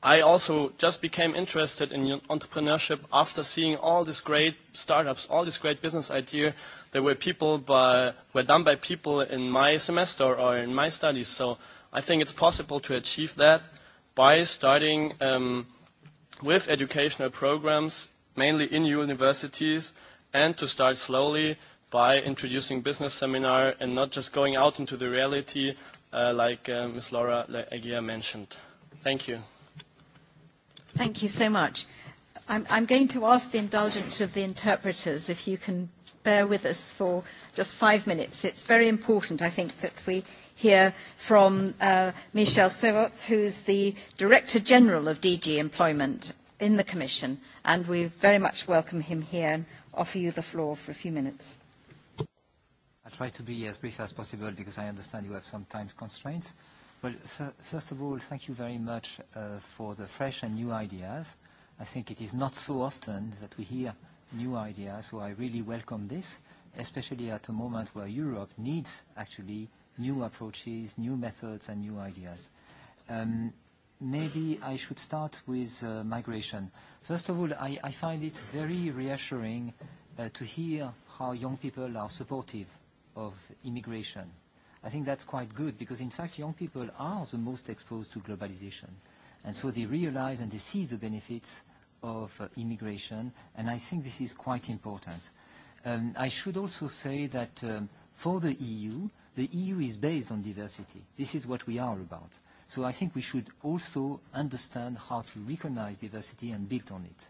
Speaker 12: I also just became interested in entrepreneurship after seeing all these great startups, all these great business ideas that were people by, were done by people in my semester or in my studies. So I think it's possible to achieve that by starting um, with educational programs, mainly in universities, and to start slowly by introducing business seminar and not just going out into the reality uh, like uh, Ms. Laura Aguirre mentioned. Thank you.
Speaker 1: Thank you so much. I'm, I'm going to ask the indulgence of the interpreters if you can bear with us for just five minutes. It's very important, I think, that we hear from uh, Michel Servots, who's the Director General of DG Employment in the Commission, and we very much welcome him here and offer you the floor for a few
Speaker 27: minutes. I'll try to be as brief as possible because I understand you have some time constraints. Well, so first of all, thank you very much uh, for the fresh and new ideas. I think it is not so often that we hear new ideas, so I really welcome this, especially at a moment where Europe needs actually new approaches, new methods, and new ideas. Um, maybe I should start with uh, migration. First of all, I, find it very reassuring uh, to hear how young people are supportive of immigration. I think that's quite good because, in fact, young people are the most exposed to globalization. And so they realize and they see the benefits of uh, immigration, and I think this is quite important. Um, I should also say that um, for the EU, The EU is based on diversity. This is what we are about. So I think we should also understand how to recognize diversity and build on it.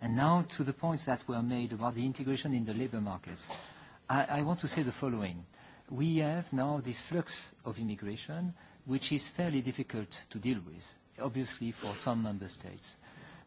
Speaker 27: And now to the points that were made about the integration in the labor markets. I, I want to say the following. We have now this flux of immigration, which is fairly difficult to deal with, obviously for some member states.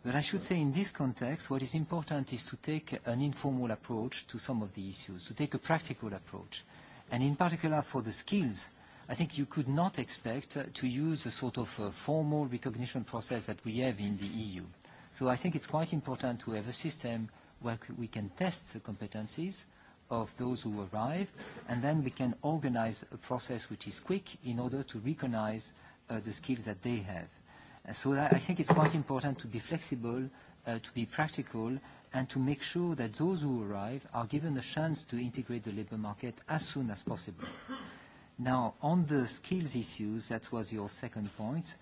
Speaker 27: But I should say in this context, what is important is to take an informal approach to some of the issues, to take a practical approach and in particular for the skills, I think you could not expect uh, to use the sort of uh, formal recognition process that we have in the EU. So I think it's quite important to have a system where we can test the competencies of those who arrive, and then we can organize a process which is quick in order to recognize uh, the skills that they have. And so that, I think it's quite important to be flexible, uh, to be practical, and to make sure that those who arrive are given a chance to integrate the labor market as soon as possible. Now, on the skills issues, that was your second point,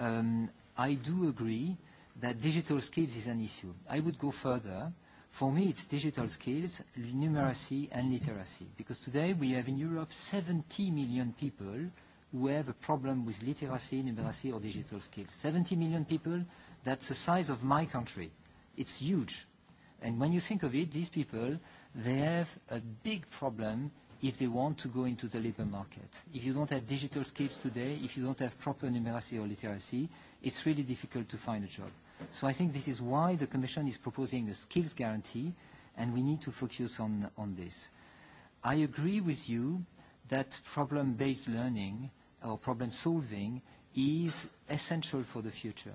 Speaker 27: um, I do agree that digital skills is an issue. I would go further. For me, it's digital skills, numeracy, and literacy, because today we have in Europe 70 million people who have a problem with literacy, numeracy, or digital skills. 70 million people, that's the size of my country. It's huge And when you think of it, these people, they have a big problem if they want to go into the labor market. If you don't have digital skills today, if you don't have proper numeracy or literacy, it's really difficult to find a job. So I think this is why the Commission is proposing a skills guarantee, and we need to focus on, on this. I agree with you that problem-based learning or problem-solving is essential for the future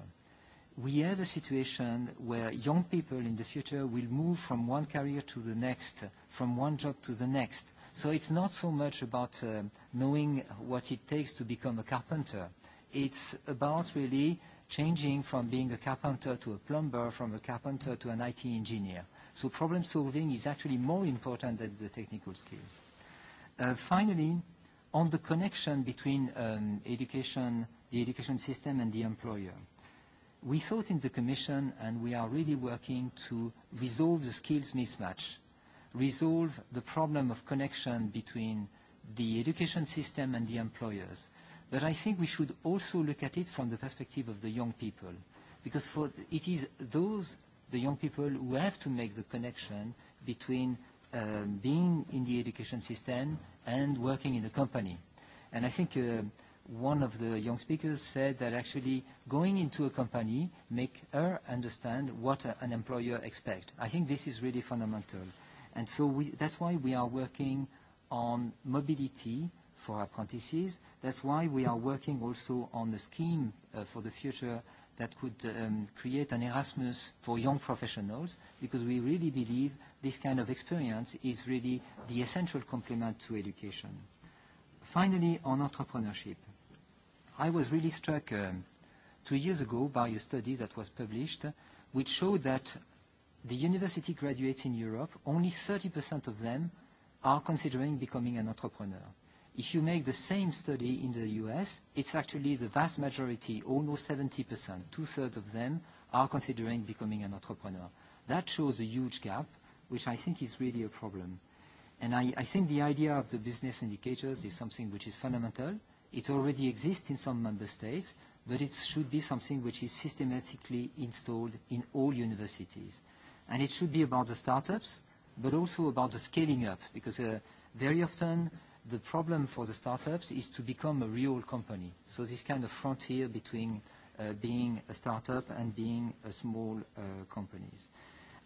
Speaker 27: we have a situation where young people in the future will move from one career to the next, from one job to the next. So it's not so much about uh, knowing what it takes to become a carpenter. It's about really changing from being a carpenter to a plumber, from a carpenter to an IT engineer. So problem solving is actually more important than the technical skills. Uh, finally, on the connection between um, education, the education system and the employer we thought in the Commission, and we are really working to resolve the skills mismatch, resolve the problem of connection between the education system and the employers. But I think we should also look at it from the perspective of the young people, because for it is those, the young people, who have to make the connection between um, being in the education system and working in a company. And I think uh, one of the young speakers said that actually going into a company make her understand what a, an employer expects. I think this is really fundamental. And so we, that's why we are working on mobility for apprentices. That's why we are working also on the scheme uh, for the future that could um, create an Erasmus for young professionals, because we really believe this kind of experience is really the essential complement to education. Finally, on entrepreneurship. I was really struck um, two years ago by a study that was published, uh, which showed that the university graduates in Europe, only 30% of them are considering becoming an entrepreneur. If you make the same study in the U.S., it's actually the vast majority, almost 70%, two-thirds of them are considering becoming an entrepreneur. That shows a huge gap, which I think is really a problem. And I, I think the idea of the business indicators is something which is fundamental, It already exists in some member states, but it should be something which is systematically installed in all universities. And it should be about the startups, but also about the scaling up, because uh, very often the problem for the startups is to become a real company. So this kind of frontier between uh, being a startup and being a small uh, companies.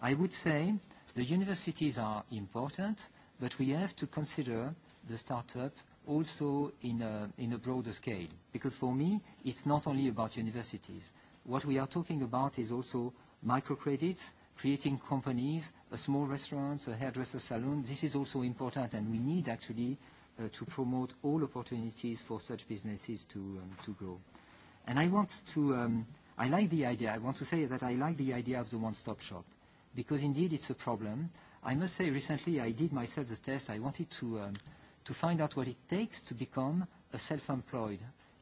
Speaker 27: I would say the universities are important, but we have to consider the startup also in a, in a broader scale. Because for me, it's not only about universities. What we are talking about is also microcredits, creating companies, a small restaurant, a hairdresser salon. This is also important, and we need actually uh, to promote all opportunities for such businesses to, um, to grow. And I want to, um, I like the idea, I want to say that I like the idea of the one-stop shop, because indeed it's a problem. I must say recently I did myself the test. I wanted to um, to find out what it takes to become a self-employed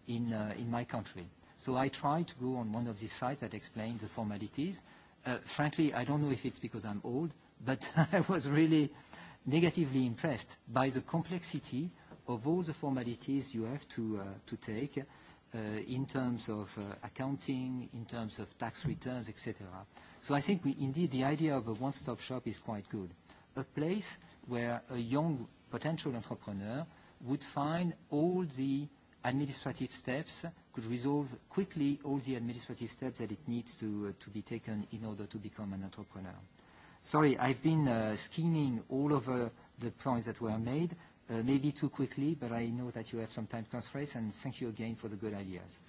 Speaker 27: in, uh, in my country. So I tried to go on one of these sites that explained the formalities. Uh, frankly, I don't know if it's because I'm old, but (laughs) I was really negatively impressed by the complexity of all the formalities you have to, uh, to take uh, in terms of uh, accounting, in terms of tax returns, etc. So I think we, indeed the idea of a one-stop shop is quite good. A place where a young potential entrepreneur would find all the administrative steps, could resolve quickly all the administrative steps that it needs to, uh, to be taken in order to become an entrepreneur. Sorry, I've been uh, skimming all over the points that were made, uh, maybe too quickly, but I know that you have some time constraints, and thank you again for the good ideas.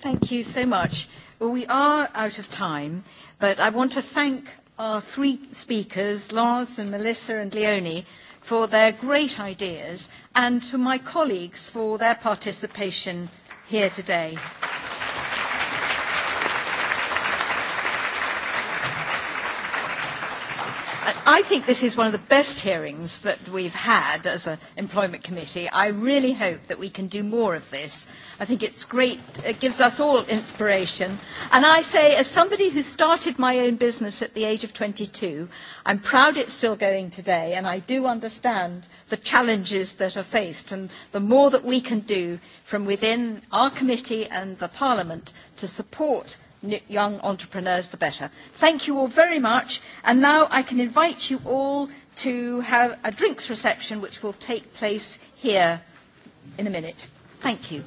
Speaker 1: Thank you so much. Well, we are out of time, but I want to thank our three speakers, Lars and Melissa and Leonie, for their great ideas and to my colleagues for their participation here today. I think this is one of the best hearings that we've had as an employment committee. I really hope that we can do more of this. I think it's great. It gives us all inspiration. And I say, as somebody who started my own business at the age of 22, I'm proud it's still going today, and I do understand the challenges that are faced. And the more that we can do from within our committee and the Parliament to support young entrepreneurs, the better. Thank you all very much. And now I can invite you all to have a drinks reception, which will take place here in a minute. Thank you.